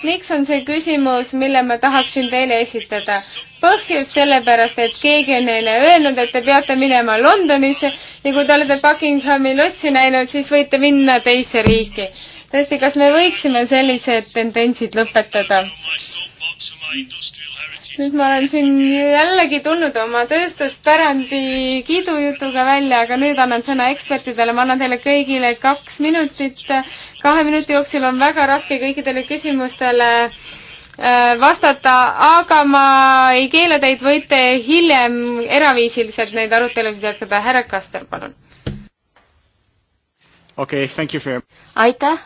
miks on see küsimus, mille ma tahaksin teile esitada? põhjus sellepärast, et keegi on neile öelnud, et te peate minema Londonisse ja kui te olete Buckinghami lossi näinud, siis võite minna teise riiki. tõesti, kas me võiksime sellised tendentsid lõpetada? nüüd ma olen siin jällegi tulnud oma tööstuspärandi kiidujutuga välja, aga nüüd annan sõna ekspertidele, ma annan teile kõigile kaks minutit. kahe minuti jooksul on väga raske kõikidele küsimustele äh, vastata, aga ma ei keela teid, võite hiljem eraviisiliselt neid arutelusid jätkata. härra Kastel, palun. okei okay,, thank you for. aitäh,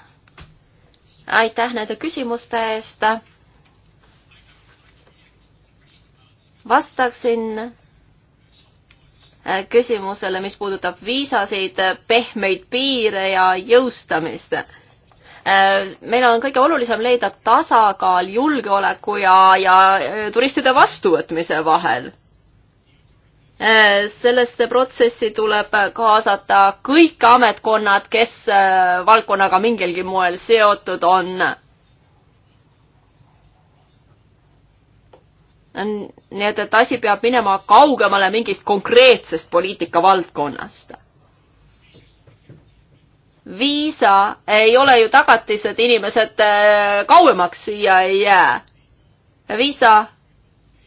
aitäh nende küsimuste eest vastaksin äh, küsimusele, mis puudutab viisasid, pehmeid piire ja jõustamist. Äh, meil on kõige olulisem leida tasakaal julgeoleku ja, ja äh, turistide vastuvõtmise vahel. sellesse protsessi tuleb kaasata kõik ametkonnad, kes valdkonnaga mingilgi moel seotud on nii et, et asi peab minema kaugemale mingist konkreetsest poliitikavaldkonnast. viisa ei ole ju tagatis, et inimesed äh, kauemaks siia ei jää. viisa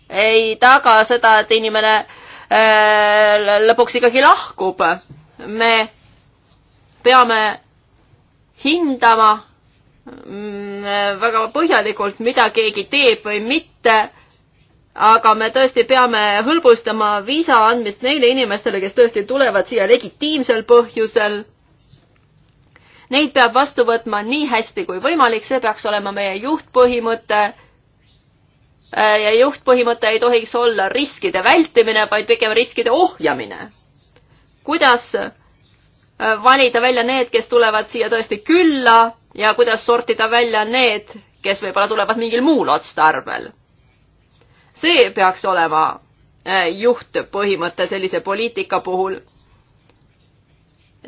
ei taga seda, et inimene äh, lõpuks ikkagi lahkub. me peame hindama mm, väga põhjalikult, mida keegi teeb või mitte aga me tõesti peame hõlbustama viisa andmist neile inimestele, kes tõesti tulevad siia legitiimsel põhjusel. Neid peab vastu võtma nii hästi kui võimalik, see peaks olema meie juhtpõhimõte. Äh, ja juhtpõhimõte ei tohiks olla riskide vältimine, vaid pigem riskide ohjamine. kuidas äh, valida välja need, kes tulevad siia tõesti külla ja kuidas sortida välja need, kes võib-olla tulevad mingil muul otstarbel see peaks olema äh, juhtpõhimõte sellise poliitika puhul.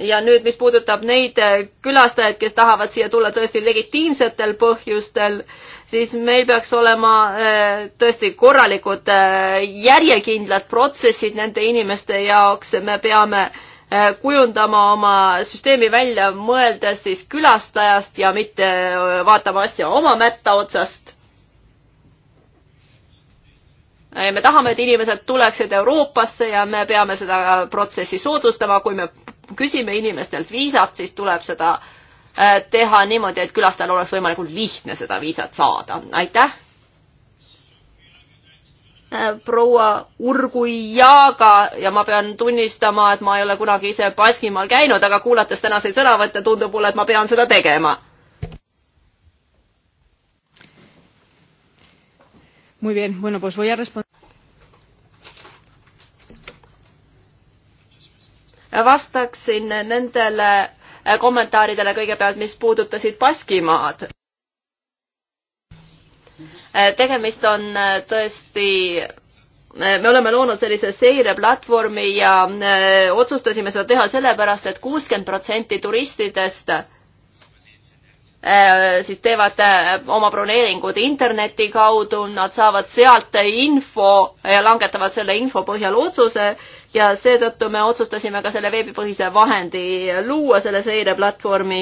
ja nüüd, mis puudutab neid äh, külastajaid, kes tahavad siia tulla tõesti legitiimsetel põhjustel, siis meil peaks olema äh, tõesti korralikud järjekindlad protsessid nende inimeste jaoks, me peame kujundama oma süsteemi välja, mõeldes siis külastajast ja mitte vaatama asja oma mätta otsast Äh, me tahame, et inimesed tuleksid Euroopasse ja me peame seda protsessi soodustama, kui me küsime inimestelt viisat, siis tuleb seda äh, teha niimoodi, et külastajal oleks võimalikult lihtne seda viisat saada. aitäh! Äh, proua Urgujaga ja ma pean tunnistama, et ma ei ole kunagi ise Baskimaal käinud, aga kuulates tänaseid sõnavõtte, tundub mulle, et ma pean seda tegema Muy bien, bueno, pues voy a responder. vastaksin nendele äh, kommentaaridele kõigepealt, mis puudutasid Baskimaad. Äh, tegemist on äh, tõesti me oleme loonud sellise seireplatvormi ja öö, otsustasime seda teha sellepärast et, et kuuskümmend protsenti turistidest öö, Äh, siis teevad äh, oma broneeringud interneti kaudu, nad saavad sealt info ja langetavad selle info põhjal otsuse ja seetõttu me otsustasime ka selle veebipõhise vahendi luua, selle seireplatvormi.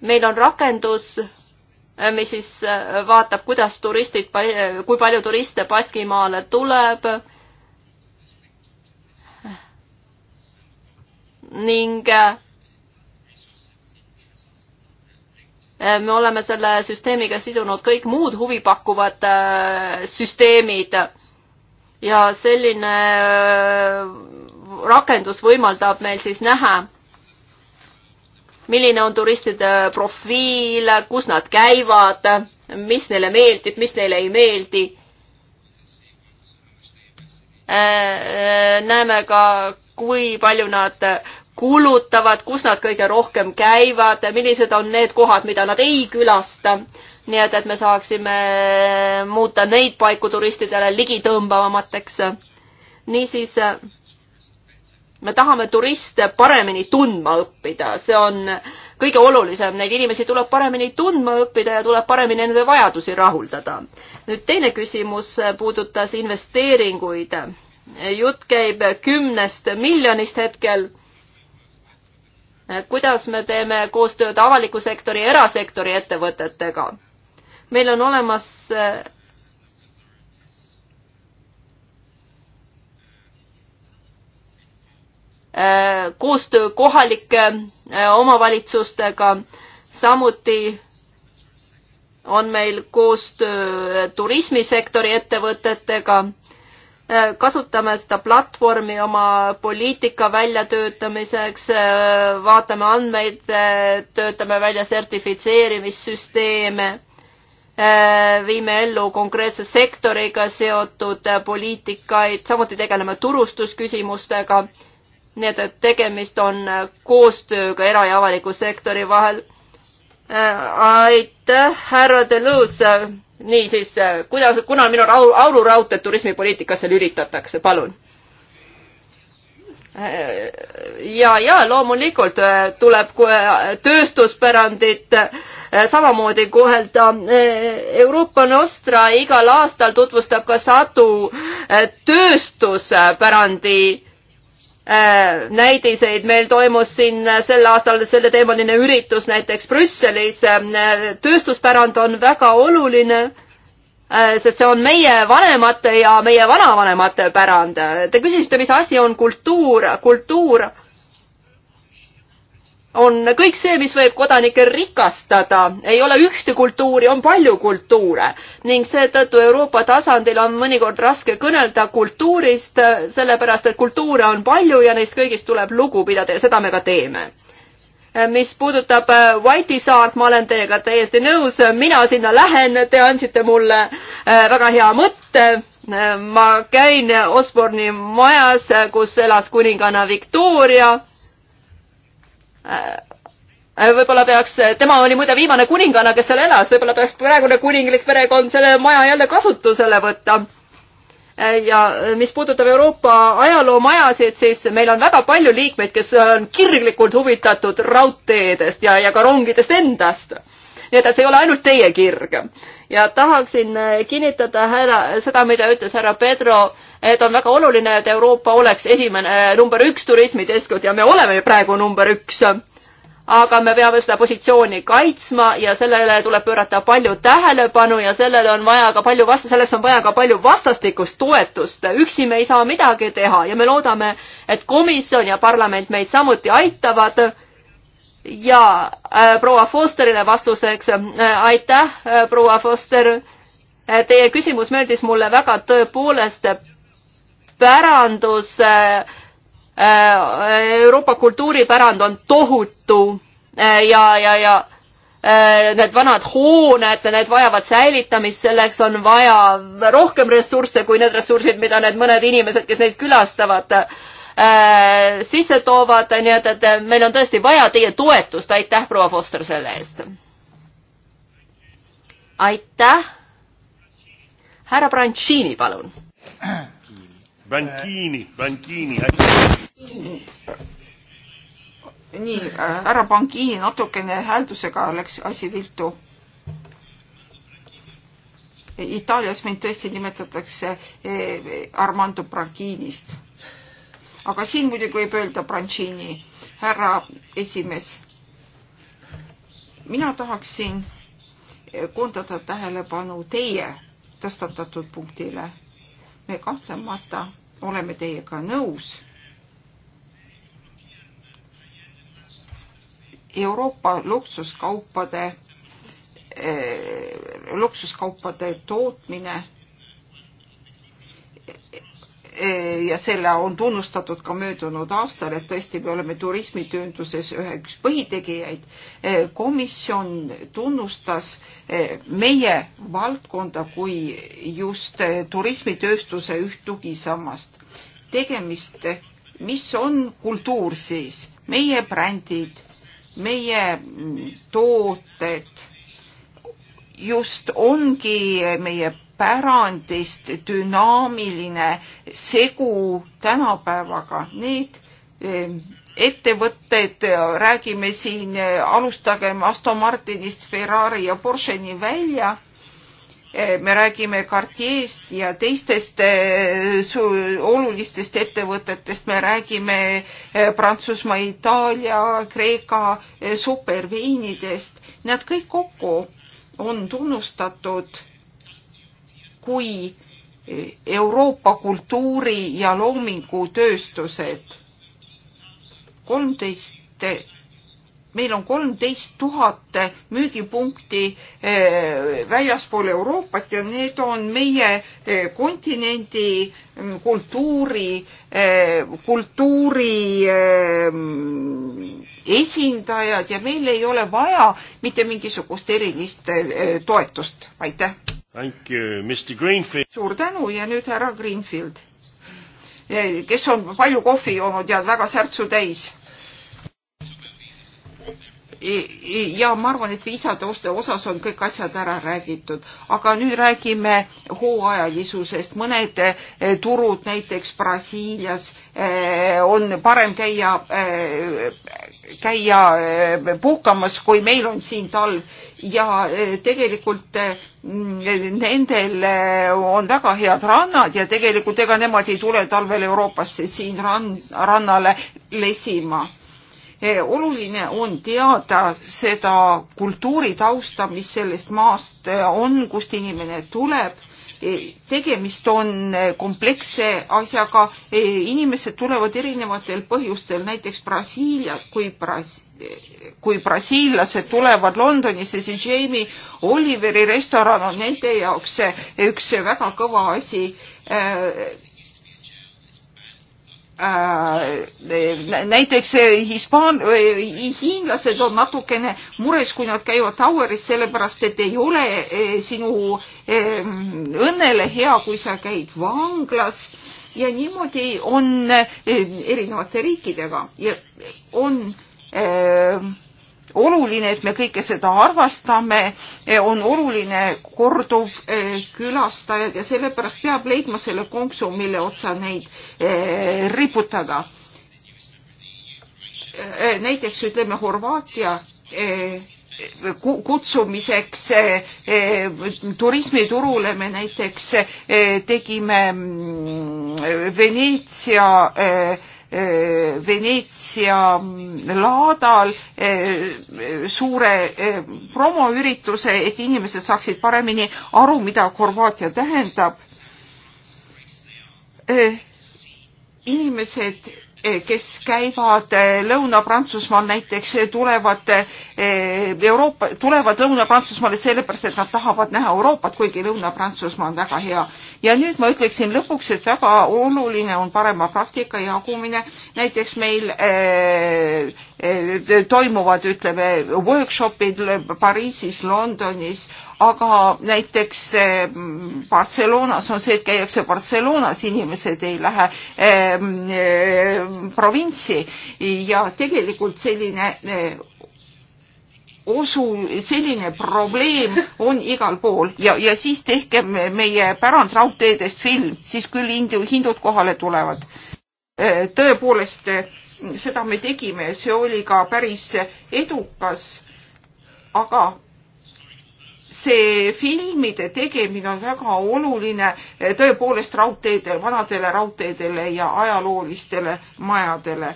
meil on rakendus, äh, mis siis vaatab, kuidas turistid, kui palju turiste Baskimaale tuleb ning äh, me oleme selle süsteemiga sidunud kõik muud huvipakkuvad äh, süsteemid ja selline äh, rakendus võimaldab meil siis näha, milline on turistide profiil, kus nad käivad, mis neile meeldib, mis neile ei meeldi. näeme ka, kui palju nad kulutavad, kus nad kõige rohkem käivad, millised on need kohad, mida nad ei külasta. nii et, et me saaksime muuta neid paiku turistidele ligitõmbavamateks. niisiis me tahame turiste paremini tundma õppida, see on kõige olulisem, neid inimesi tuleb paremini tundma õppida ja tuleb paremini nende vajadusi rahuldada. nüüd teine küsimus puudutas investeeringuid jutt käib kümnest miljonist hetkel. kuidas me teeme koostööd avaliku sektori ja erasektori ettevõtetega? meil on olemas äh, koostöö kohalike äh, omavalitsustega, samuti on meil koostöö turismisektori ettevõtetega Äh, kasutame seda platvormi oma poliitika väljatöötamiseks, äh, vaatame andmeid, äh, töötame välja sertifitseerimissüsteeme, viime ellu konkreetse sektoriga seotud poliitikaid, samuti tegeleme turustusküsimustega. nii et, et tegemist on koostööga era- ja avaliku sektori vahel. aitäh, härra Deleuze niisiis, äh, kuidas, kuna minu auru, aururaudteed turismipoliitikasse lülitatakse, palun? Äh, ja, ja loomulikult äh, tuleb tööstuspärandit samamoodi kohelda. Euroopa Nostra igal aastal tutvustab ka sadu tööstuspärandi Äh, näidiseid, meil toimus siin äh, sel aastal selleteemaline üritus näiteks Brüsselis. Ähm, äh, tööstuspärand on väga oluline, sest see on meie vanemate ja meie vanavanemate pärand. Te küsisite, mis asi on kultuur, kultuur on kõik see, mis võib kodanikke rikastada, ei ole ühte kultuuri, on palju kultuure ning seetõttu Euroopa tasandil on mõnikord raske kõnelda kultuurist, sellepärast et kultuure on palju ja neist kõigist tuleb lugu pidada ja seda me ka teeme mis puudutab Vaiti äh, saart, ma olen teiega täiesti nõus, mina sinna lähen, te andsite mulle äh, väga hea mõtte. Äh, ma käin Osborne'i majas, kus elas kuninganna Victoria Äh, äh, võib-olla peaks, äh, tema oli muide viimane kuninganna, kes seal elas, võib-olla peaks praegune kuninglik perekond selle maja jälle kasutusele võtta. ja mis puudutab Euroopa ajaloomajasid, siis meil on väga palju liikmeid, kes on kirglikult huvitatud raudteedest ja, ja ka rongidest endast. nii et, et see ei ole ainult teie kirg ja tahaksin äh, kinnitada härra, seda, mida ütles härra Pedro, et on väga oluline, et Euroopa oleks esimene, äh, number üks turismikeskkond ja me oleme ju praegu number üks. aga me peame seda positsiooni kaitsma ja sellele tuleb pöörata palju tähelepanu ja sellele on vaja ka palju vast-, selleks on vaja ka palju vastastikust toetust. üksi me ei saa midagi teha ja me loodame, et komisjon ja parlament meid samuti aitavad ja äh, proua Fosterile vastuseks äh,, aitäh äh,, proua Foster äh,, teie küsimus meeldis mulle väga, tõepoolest pärandus äh,, äh, Euroopa kultuuripärand on tohutu äh, ja, ja, ja äh, need vanad hooned, need vajavad säilitamist, selleks on vaja rohkem ressursse kui need ressursid, mida need mõned inimesed, kes neid külastavad äh,, Äh, sisse toovad, nii et, et meil on tõesti vaja teie toetust, aitäh, proua Foster, selle eest. aitäh. härra Brancini, palun. Brancini, Brancini, aitäh. nii, äh, härra Brancini natukene hääldusega läks asi viltu Itaalias mind tõesti nimetatakse äh, Armando Bracchinist aga siin muidugi võib öelda Brancini, härra esimees. mina tahaksin koondada tähelepanu teie tõstatatud punktile. me kahtlemata oleme teiega nõus. Euroopa luksuskaupade, eh, luksuskaupade tootmine Eh, ja selle on tunnustatud ka möödunud aastal, et tõesti me oleme turismitöönduses ühe üks põhitegijaid. Eh, komisjon tunnustas eh, meie valdkonda kui just turismitööstuse üht tugisammast. tegemist, mis on kultuur siis, meie brändid, meie mm, tooted just ongi meie pärandist dünaamiline segu tänapäevaga. Need ehm, ettevõtted, räägime siin, eh, alustagem Aston Martinist, Ferrari ja Porscheni välja. Eh, me räägime Cartier'st ja teistest eh, olulistest ettevõtetest, me räägime Prantsusmaa, Itaalia, Kreeka superviinidest, nad kõik kokku on tunnustatud kui Euroopa kultuuri ja loomingutööstused. kolmteist, meil on kolmteist tuhat müügipunkti eh, väljaspool Euroopat ja need on meie eh, kontinendi mm, kultuuri, eh, kultuuri esindajad ja meil ei ole vaja mitte mingisugust erilist toetust. aitäh! suur tänu ja nüüd härra Greenfield, kes on palju kohvi joonud ja väga särtsu täis. ja ma arvan, et viisade osas on kõik asjad ära räägitud, aga nüüd räägime hooajalisusest. mõned eh, turud, näiteks Brasiilias eh, on parem käia eh, käia puhkamas, kui meil on siin talv ja eh, tegelikult eh, mm, nendel eh, on väga head rannad ja tegelikult ega nemad ei tule talvel Euroopasse siin rann, rannale lesima. oluline on teada seda kultuuritausta, mis sellest maast on, kust inimene tuleb Eh, tegemist on eh, kompleksse asjaga, eh, inimesed tulevad erinevatel põhjustel, näiteks Brasiilia, kui Brasiilia kui brasiillased tulevad Londonisse, siis Jamie Oliveri restoran on nende jaoks üks väga kõva asi Äh, näiteks äh, hispaan-, hiinlased on natukene mures, kui nad käivad Toweris, sellepärast et ei ole äh, sinu õnnele hea, kui sa käid vanglas ja niimoodi on erinevate riikidega ja on äh, oluline, et me kõike seda arvestame, eh, on oluline korduv eh, külastajad ja sellepärast peab leidma selle konksu, mille otsa neid eh, riputada. näiteks ütleme Horvaatia kutsumiseks turismiturule me näiteks tegime mm, Veneetsia Eh, Veneetsia laadal eh, suure eh, promoürituse, et inimesed saaksid paremini aru, mida Horvaatia tähendab. inimesed Eh, kes käivad eh, Lõuna-Prantsusmaal näiteks, tulevad eh, Euroopa, tulevad Lõuna-Prantsusmaale sellepärast, et nad tahavad näha Euroopat, kuigi Lõuna-Prantsusmaa on väga hea. ja nüüd ma ütleksin lõpuks, et väga oluline on parema praktika jagumine. näiteks meil äh, Eh, toimuvad, ütleme, workshopid Pariisis, Londonis, aga näiteks eh, Barcelonas on see, et käiakse Barcelonas, inimesed ei lähe eh, provintsi ja tegelikult selline osu, selline probleem on igal pool ja, ja siis tehke meie pärandraudteedest film, siis küll hindu, hindud kohale tulevad. tõepoolest seda me tegime ja see oli ka päris edukas. aga see filmide tegemine on väga oluline tõepoolest raudteedel, vanadele raudteedele ja ajaloolistele majadele.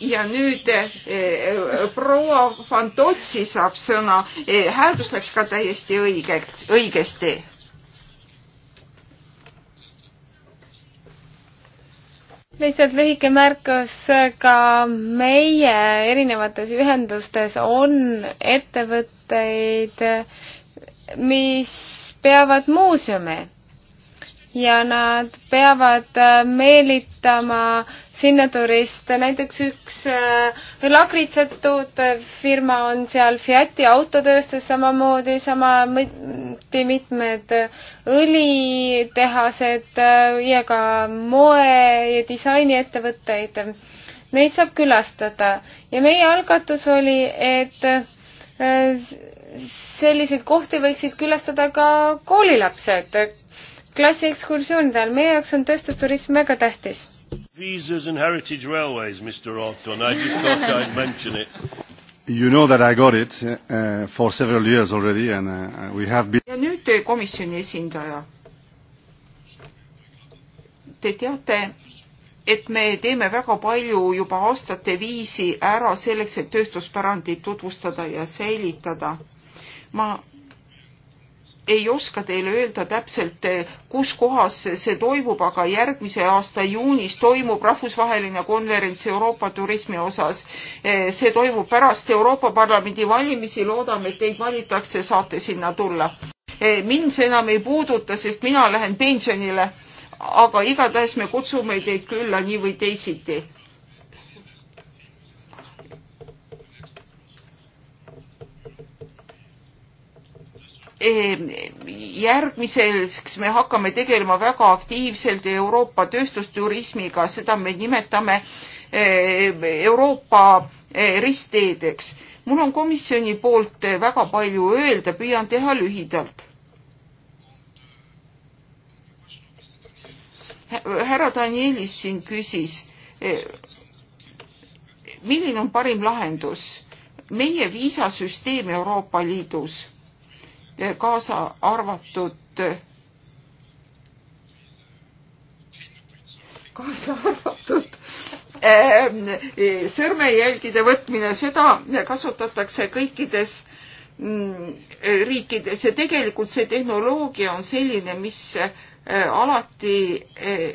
ja nüüd eh, proua Fantotsi saab sõna, eh, hääldus läks ka täiesti õigelt, õigesti lihtsalt lühike märkus, ka meie erinevates ühendustes on ettevõtteid, mis peavad muuseume ja nad peavad meelitama sinna turiste, näiteks üks äh, lakritsat tootev firma on seal, Fiati autotööstus samamoodi, samamoodi mitmed õlitehased äh, ja ka moe- ja disainiettevõtteid. Neid saab külastada ja meie algatus oli, et äh, selliseid kohti võiksid külastada ka koolilapsed klassiekskursioonide ajal. meie jaoks on tööstusturism väga tähtis Visas and heritage railways, Mr Orton, I just thought I'd mention it. You know that I got it uh, for several years already and uh, we have been ja nüüd komisjoni esindaja. Te teate, et me teeme väga palju juba aastate viisi ära selleks, et tööstuspärandit tutvustada ja säilitada. ma ei oska teile öelda täpselt, eh, kus kohas see toimub, aga järgmise aasta juunis toimub rahvusvaheline konverents Euroopa turismi osas. Eh, see toimub pärast Euroopa Parlamendi valimisi, loodame, et teid valitakse, saate sinna tulla. Eh, mind see enam ei puuduta, sest mina lähen pensionile, aga igatahes me kutsume teid külla nii või teisiti Ehm, järgmiseks me hakkame tegelema väga aktiivselt Euroopa tööstusturismiga, seda me nimetame ehm, Euroopa eh, ristteedeks. mul on komisjoni poolt eh, väga palju öelda, püüan teha lühidalt. härra Danielis siin küsis, eh, milline on parim lahendus? meie viisasüsteem Euroopa Liidus kaasa arvatud kaasa arvatud ähm, sõrmejälgide võtmine, seda kasutatakse kõikides mm, riikides ja tegelikult see tehnoloogia on selline, mis äh, alati äh,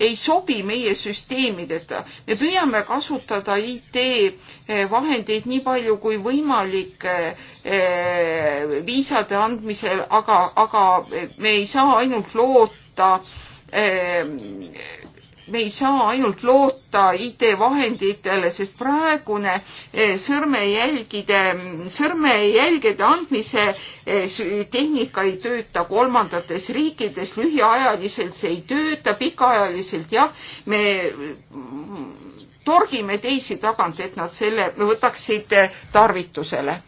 ei sobi meie süsteemideta. me püüame kasutada IT-vahendeid eh, nii palju kui võimalik eh, eh, viisade andmisel, aga, aga me ei saa ainult loota me ei saa ainult loota IT-vahenditele, sest praegune eh, sõrmejälgide, sõrmejälgede andmise eh, tehnika ei tööta kolmandates riikides, lühiajaliselt see ei tööta, pikaajaliselt jah, me torgime teisi tagant, et nad selle võtaksid eh, tarvitusele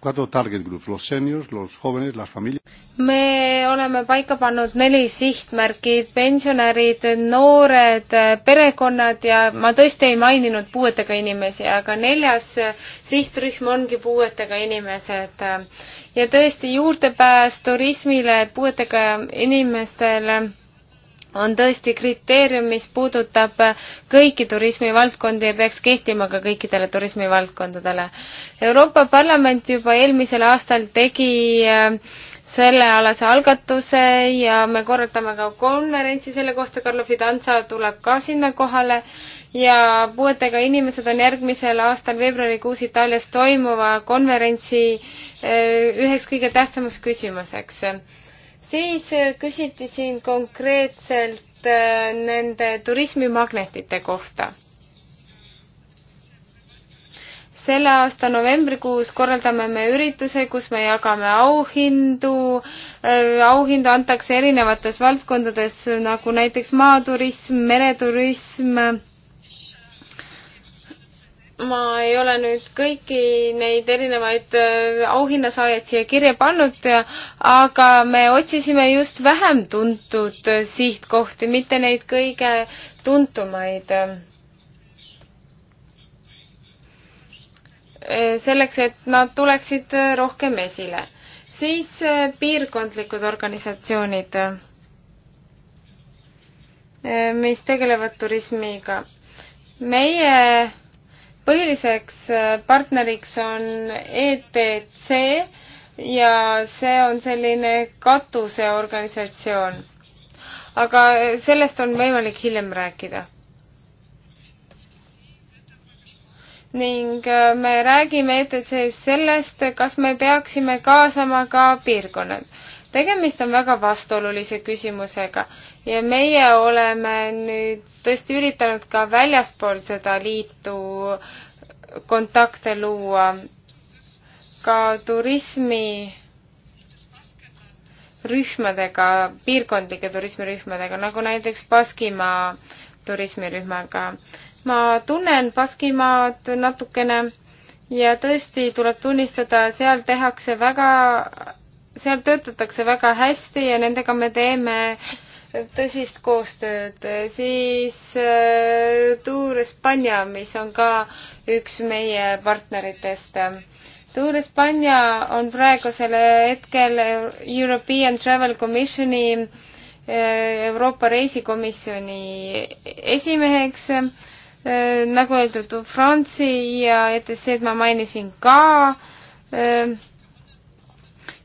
Cuatro target groups, los seniors, los jóvenes, las familias. me oleme paika pannud neli sihtmärki, pensionärid, noored, perekonnad ja ma tõesti ei maininud puuetega inimesi, aga neljas sihtrühm ongi puuetega inimesed. ja tõesti juurdepääs turismile puuetega inimestele on tõesti kriteerium, mis puudutab kõiki turismivaldkondi ja peaks kehtima ka kõikidele turismivaldkondadele. Euroopa Parlament juba eelmisel aastal tegi äh, sellealase algatuse ja me korraldame ka konverentsi selle kohta, Carlo Fidanza tuleb ka sinna kohale ja puuetega inimesed on järgmisel aastal veebruarikuus Itaalias toimuva konverentsi äh, üheks kõige tähtsamaks küsimuseks siis äh, küsiti siin konkreetselt äh, nende turismimagnetite kohta. selle aasta novembrikuus korraldame me ürituse, kus me jagame auhindu. Äh, auhindu antakse erinevates valdkondades nagu näiteks maaturism, mereturism ma ei ole nüüd kõiki neid erinevaid äh, auhinnasaajaid siia kirja pannud, aga me otsisime just vähem tuntud äh, sihtkohti, mitte neid kõige tuntumaid. Äh, selleks, et nad tuleksid rohkem esile. siis piirkondlikud organisatsioonid, mis tegelevad turismiga. meie põhiliseks äh, partneriks on ETC ja see on selline katuseorganisatsioon. aga äh, sellest on võimalik hiljem rääkida. ning äh, me räägime ETC-s sellest, kas me peaksime kaasama ka piirkonnad. tegemist on väga vastuolulise küsimusega ja meie oleme nüüd tõesti üritanud ka väljaspool seda liitu kontakte luua. ka turismi rühmadega, piirkondlike turismirühmadega, nagu näiteks Baskimaa turismirühmaga. ma tunnen Baskimaad natukene ja tõesti tuleb tunnistada, seal tehakse väga, seal töötatakse väga hästi ja nendega me teeme äh, tõsist koostööd, siis äh, Tour Espanja, mis on ka üks meie partneritest. Tour Espanja on praegusel hetkel European Travel Commissioni, äh, Euroopa reisikomisjoni esimeheks. Äh, nagu öeldud, Franzi ja ETC-d ma mainisin ka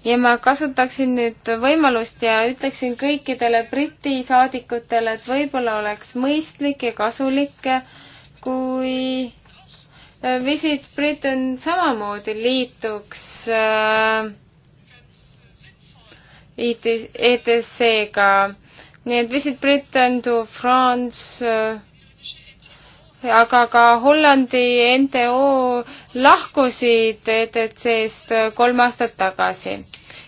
ja ma kasutaksin nüüd võimalust ja ütleksin kõikidele Briti saadikutele, et võib-olla oleks mõistlik ja kasulik, kui äh, Visit Britain samamoodi liituks äh, ETC-ga, nii et Visit Britain to France äh, aga ka Hollandi NTO lahkusid ETC-st kolm aastat tagasi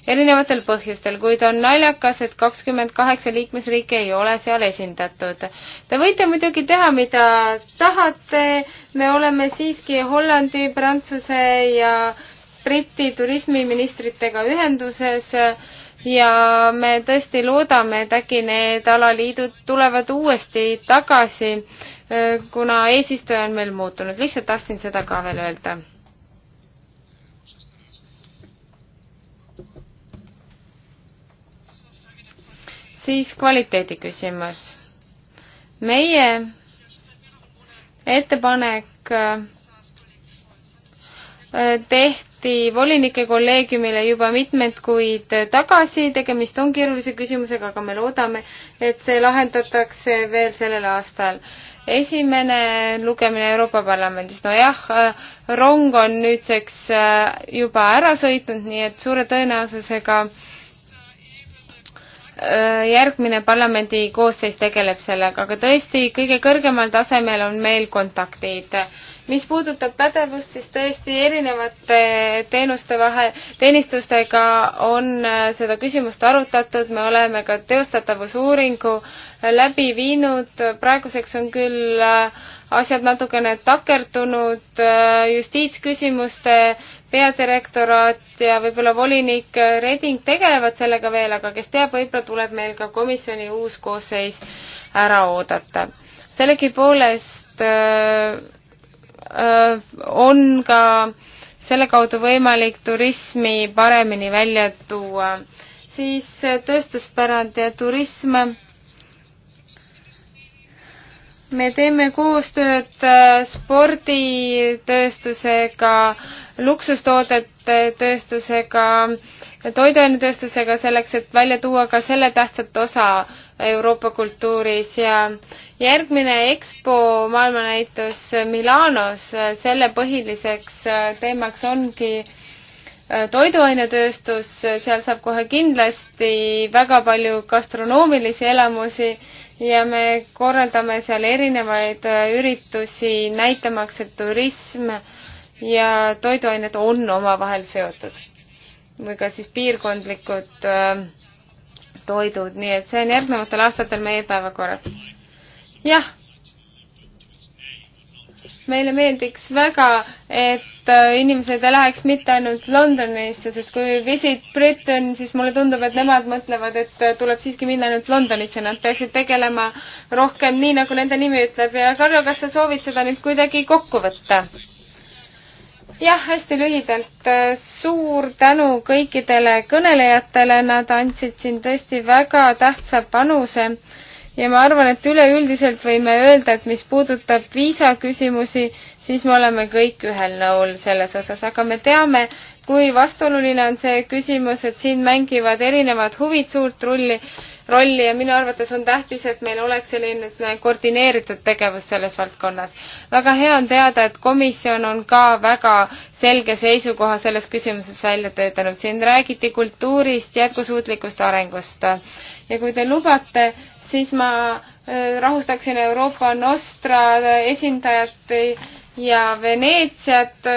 erinevatel põhjustel, kuid on naljakas, et kakskümmend kaheksa liikmesriiki ei ole seal esindatud. Te võite muidugi teha, mida tahate, me oleme siiski Hollandi, Prantsuse ja Briti turismiministritega ühenduses ja me tõesti loodame, et äkki need alaliidud tulevad uuesti tagasi Äh, kuna eesistuja on meil muutunud, lihtsalt tahtsin seda ka veel öelda. siis kvaliteedi küsimus. meie ettepanek äh, tehti volinike kolleegiumile juba mitmed kuid tagasi, tegemist on keerulise küsimusega, aga me loodame, et see lahendatakse veel sellel aastal esimene lugemine Euroopa Parlamendis, nojah, äh, rong on nüüdseks äh, juba ära sõitnud, nii et suure tõenäosusega äh, järgmine parlamendi koosseis tegeleb sellega, aga tõesti, kõige kõrgemal tasemel on meil kontaktid. mis puudutab pädevust, siis tõesti erinevate teenuste vahe, teenistustega on seda küsimust arutatud, me oleme ka teostatavusuuringu äh, läbi viinud, praeguseks on küll äh, asjad natukene takerdunud, äh, justiitsküsimuste peadirektoraat ja võib-olla volinik Reding tegelevad sellega veel, aga kes teab, võib-olla tuleb meil ka komisjoni uus koosseis ära oodata. sellegipoolest öö, äh, öö, on ka selle kaudu võimalik turismi paremini välja tuua. siis tööstuspärand ja turism me teeme koostööd äh, sporditööstusega, luksustoodete tööstusega, toiduainetööstusega selleks, et välja tuua ka selle tähtsat osa Euroopa kultuuris ja järgmine EXPO maailmanäitus Milanos, äh, selle põhiliseks äh, teemaks ongi toiduainetööstus, seal saab kohe kindlasti väga palju gastronoomilisi elamusi ja me korraldame seal erinevaid äh, üritusi, näitamaks, et turism ja toiduained on omavahel seotud. või ka siis piirkondlikud äh, toidud, nii et see on järgnevatel aastatel meie päevakorras. jah meile meeldiks väga, et äh, inimesed ei läheks mitte ainult Londonisse, sest kui Visit Britain, siis mulle tundub, et nemad mõtlevad, et äh, tuleb siiski minna ainult Londonisse, nad peaksid tegelema rohkem nii, nagu nende nimi ütleb ja Karro, kas sa soovid seda nüüd kuidagi kokku võtta? jah, hästi lühidalt, äh, suur tänu kõikidele kõnelejatele, nad andsid siin tõesti väga tähtsa panuse ja ma arvan, et üleüldiselt võime öelda, et mis puudutab viisaküsimusi, siis me oleme kõik ühel nõul selles osas, aga me teame, kui vastuoluline on see küsimus, et siin mängivad erinevad huvid suurt rulli, rolli ja minu arvates on tähtis, et meil oleks selline koordineeritud tegevus selles valdkonnas. väga hea on teada, et komisjon on ka väga selge seisukoha selles küsimuses välja töötanud. siin räägiti kultuurist, jätkusuutlikust arengust. ja kui te lubate, siis ma äh, rahustaksin Euroopa Nostra esindajat ja Veneetsiat.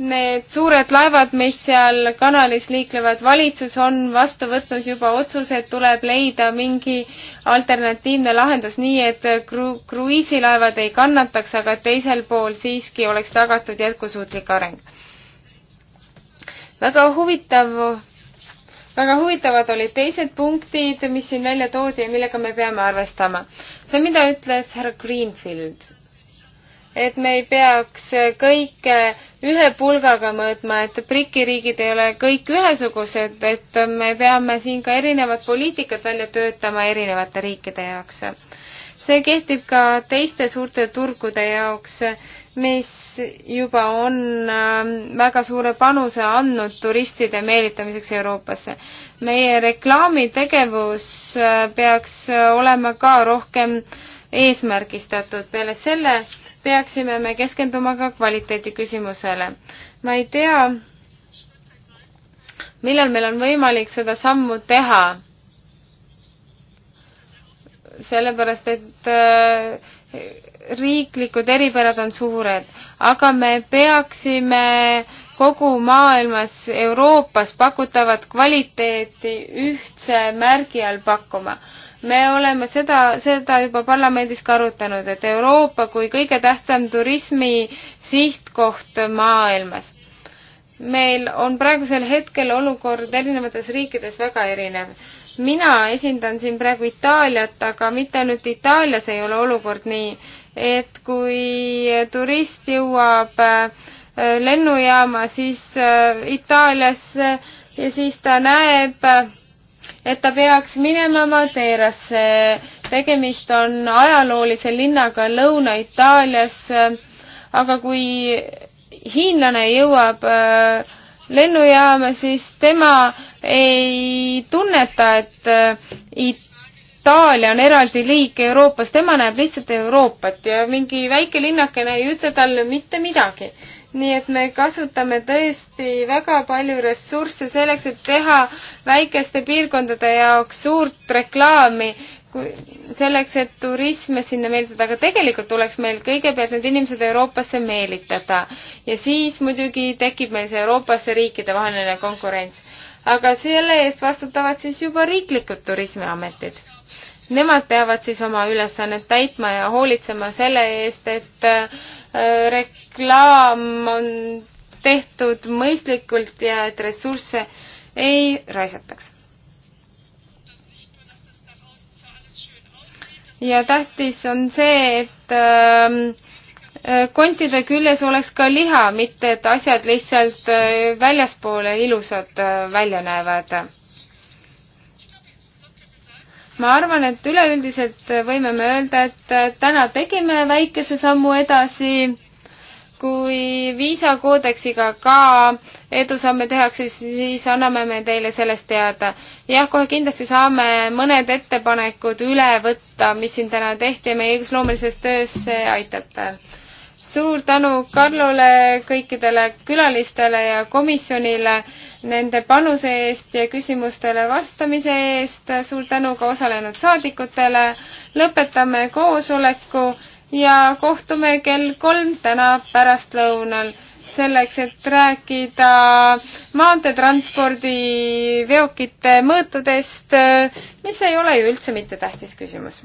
Need suured laevad, mis seal kanalis liiklevad, valitsus on vastu võtnud juba otsuse, et tuleb leida mingi alternatiivne lahendus, nii et kru-, kruiisilaevad ei kannataks, aga teisel pool siiski oleks tagatud jätkusuutlik areng. väga huvitav väga huvitavad olid teised punktid, mis siin välja toodi ja millega me peame arvestama. see, mida ütles härra Greenfield, et me ei peaks kõike ühe pulgaga mõõtma, et BRICS-i riigid ei ole kõik ühesugused, et me peame siin ka erinevad poliitikad välja töötama erinevate riikide jaoks. see kehtib ka teiste suurte turgude jaoks mis juba on ähm, väga suure panuse andnud turistide meelitamiseks Euroopasse. meie reklaamitegevus äh, peaks äh, olema ka rohkem eesmärgistatud, peale selle peaksime me keskenduma ka kvaliteedi küsimusele. ma ei tea, millal meil on võimalik seda sammu teha, sellepärast et äh, riiklikud eripärad on suured, aga me peaksime kogu maailmas, Euroopas pakutavat kvaliteeti ühtse märgi all pakkuma. me oleme seda, seda juba parlamendis ka arutanud, et Euroopa kui kõige tähtsam turismi sihtkoht maailmas. meil on praegusel hetkel olukord erinevates riikides väga erinev mina esindan siin praegu Itaaliat, aga mitte ainult Itaalias ei ole olukord nii, et kui turist jõuab äh, lennujaama, siis äh, Itaaliasse ja siis ta näeb, et ta peaks minema Madeirasse. tegemist on ajaloolise linnaga Lõuna-Itaalias. aga kui hiinlane jõuab äh, lennujaama, siis tema ei tunneta, et äh, Itaalia on eraldi liik Euroopas, tema näeb lihtsalt Euroopat ja mingi väike linnakene ei ütle talle mitte midagi. nii et me kasutame tõesti väga palju ressursse selleks, et teha väikeste piirkondade jaoks suurt reklaami kui, selleks, et turisme sinna meelitada, aga tegelikult tuleks meil kõigepealt need inimesed Euroopasse meelitada ja siis muidugi tekib meil see Euroopasse riikide vaheline konkurents. aga selle eest vastutavad siis juba riiklikud turismiametid. Nemad peavad siis oma ülesannet täitma ja hoolitsema selle eest, et äh, reklaam on tehtud mõistlikult ja et ressursse ei raisataks ja tähtis on see, et ähm, äh, kontide küljes oleks ka liha, mitte et asjad lihtsalt äh, väljaspoole ilusad äh, välja näevad. ma arvan, et üleüldiselt äh, võime me öelda, et äh, täna tegime väikese sammu edasi kui viisakoodeksiga ka edusamme tehakse, siis anname me teile sellest teada. jah, kohe kindlasti saame mõned ettepanekud üle võtta, mis siin täna tehti ja meie õigusloomelises töös aitate. suur tänu Karlole, kõikidele külalistele ja komisjonile nende panuse eest ja küsimustele vastamise eest. suur tänu ka osalenud saadikutele. lõpetame koosoleku ja kohtume kell kolm täna pärastlõunal selleks, et rääkida maanteetranspordi veokite mõõtudest, mis ei ole ju üldse mitte tähtis küsimus.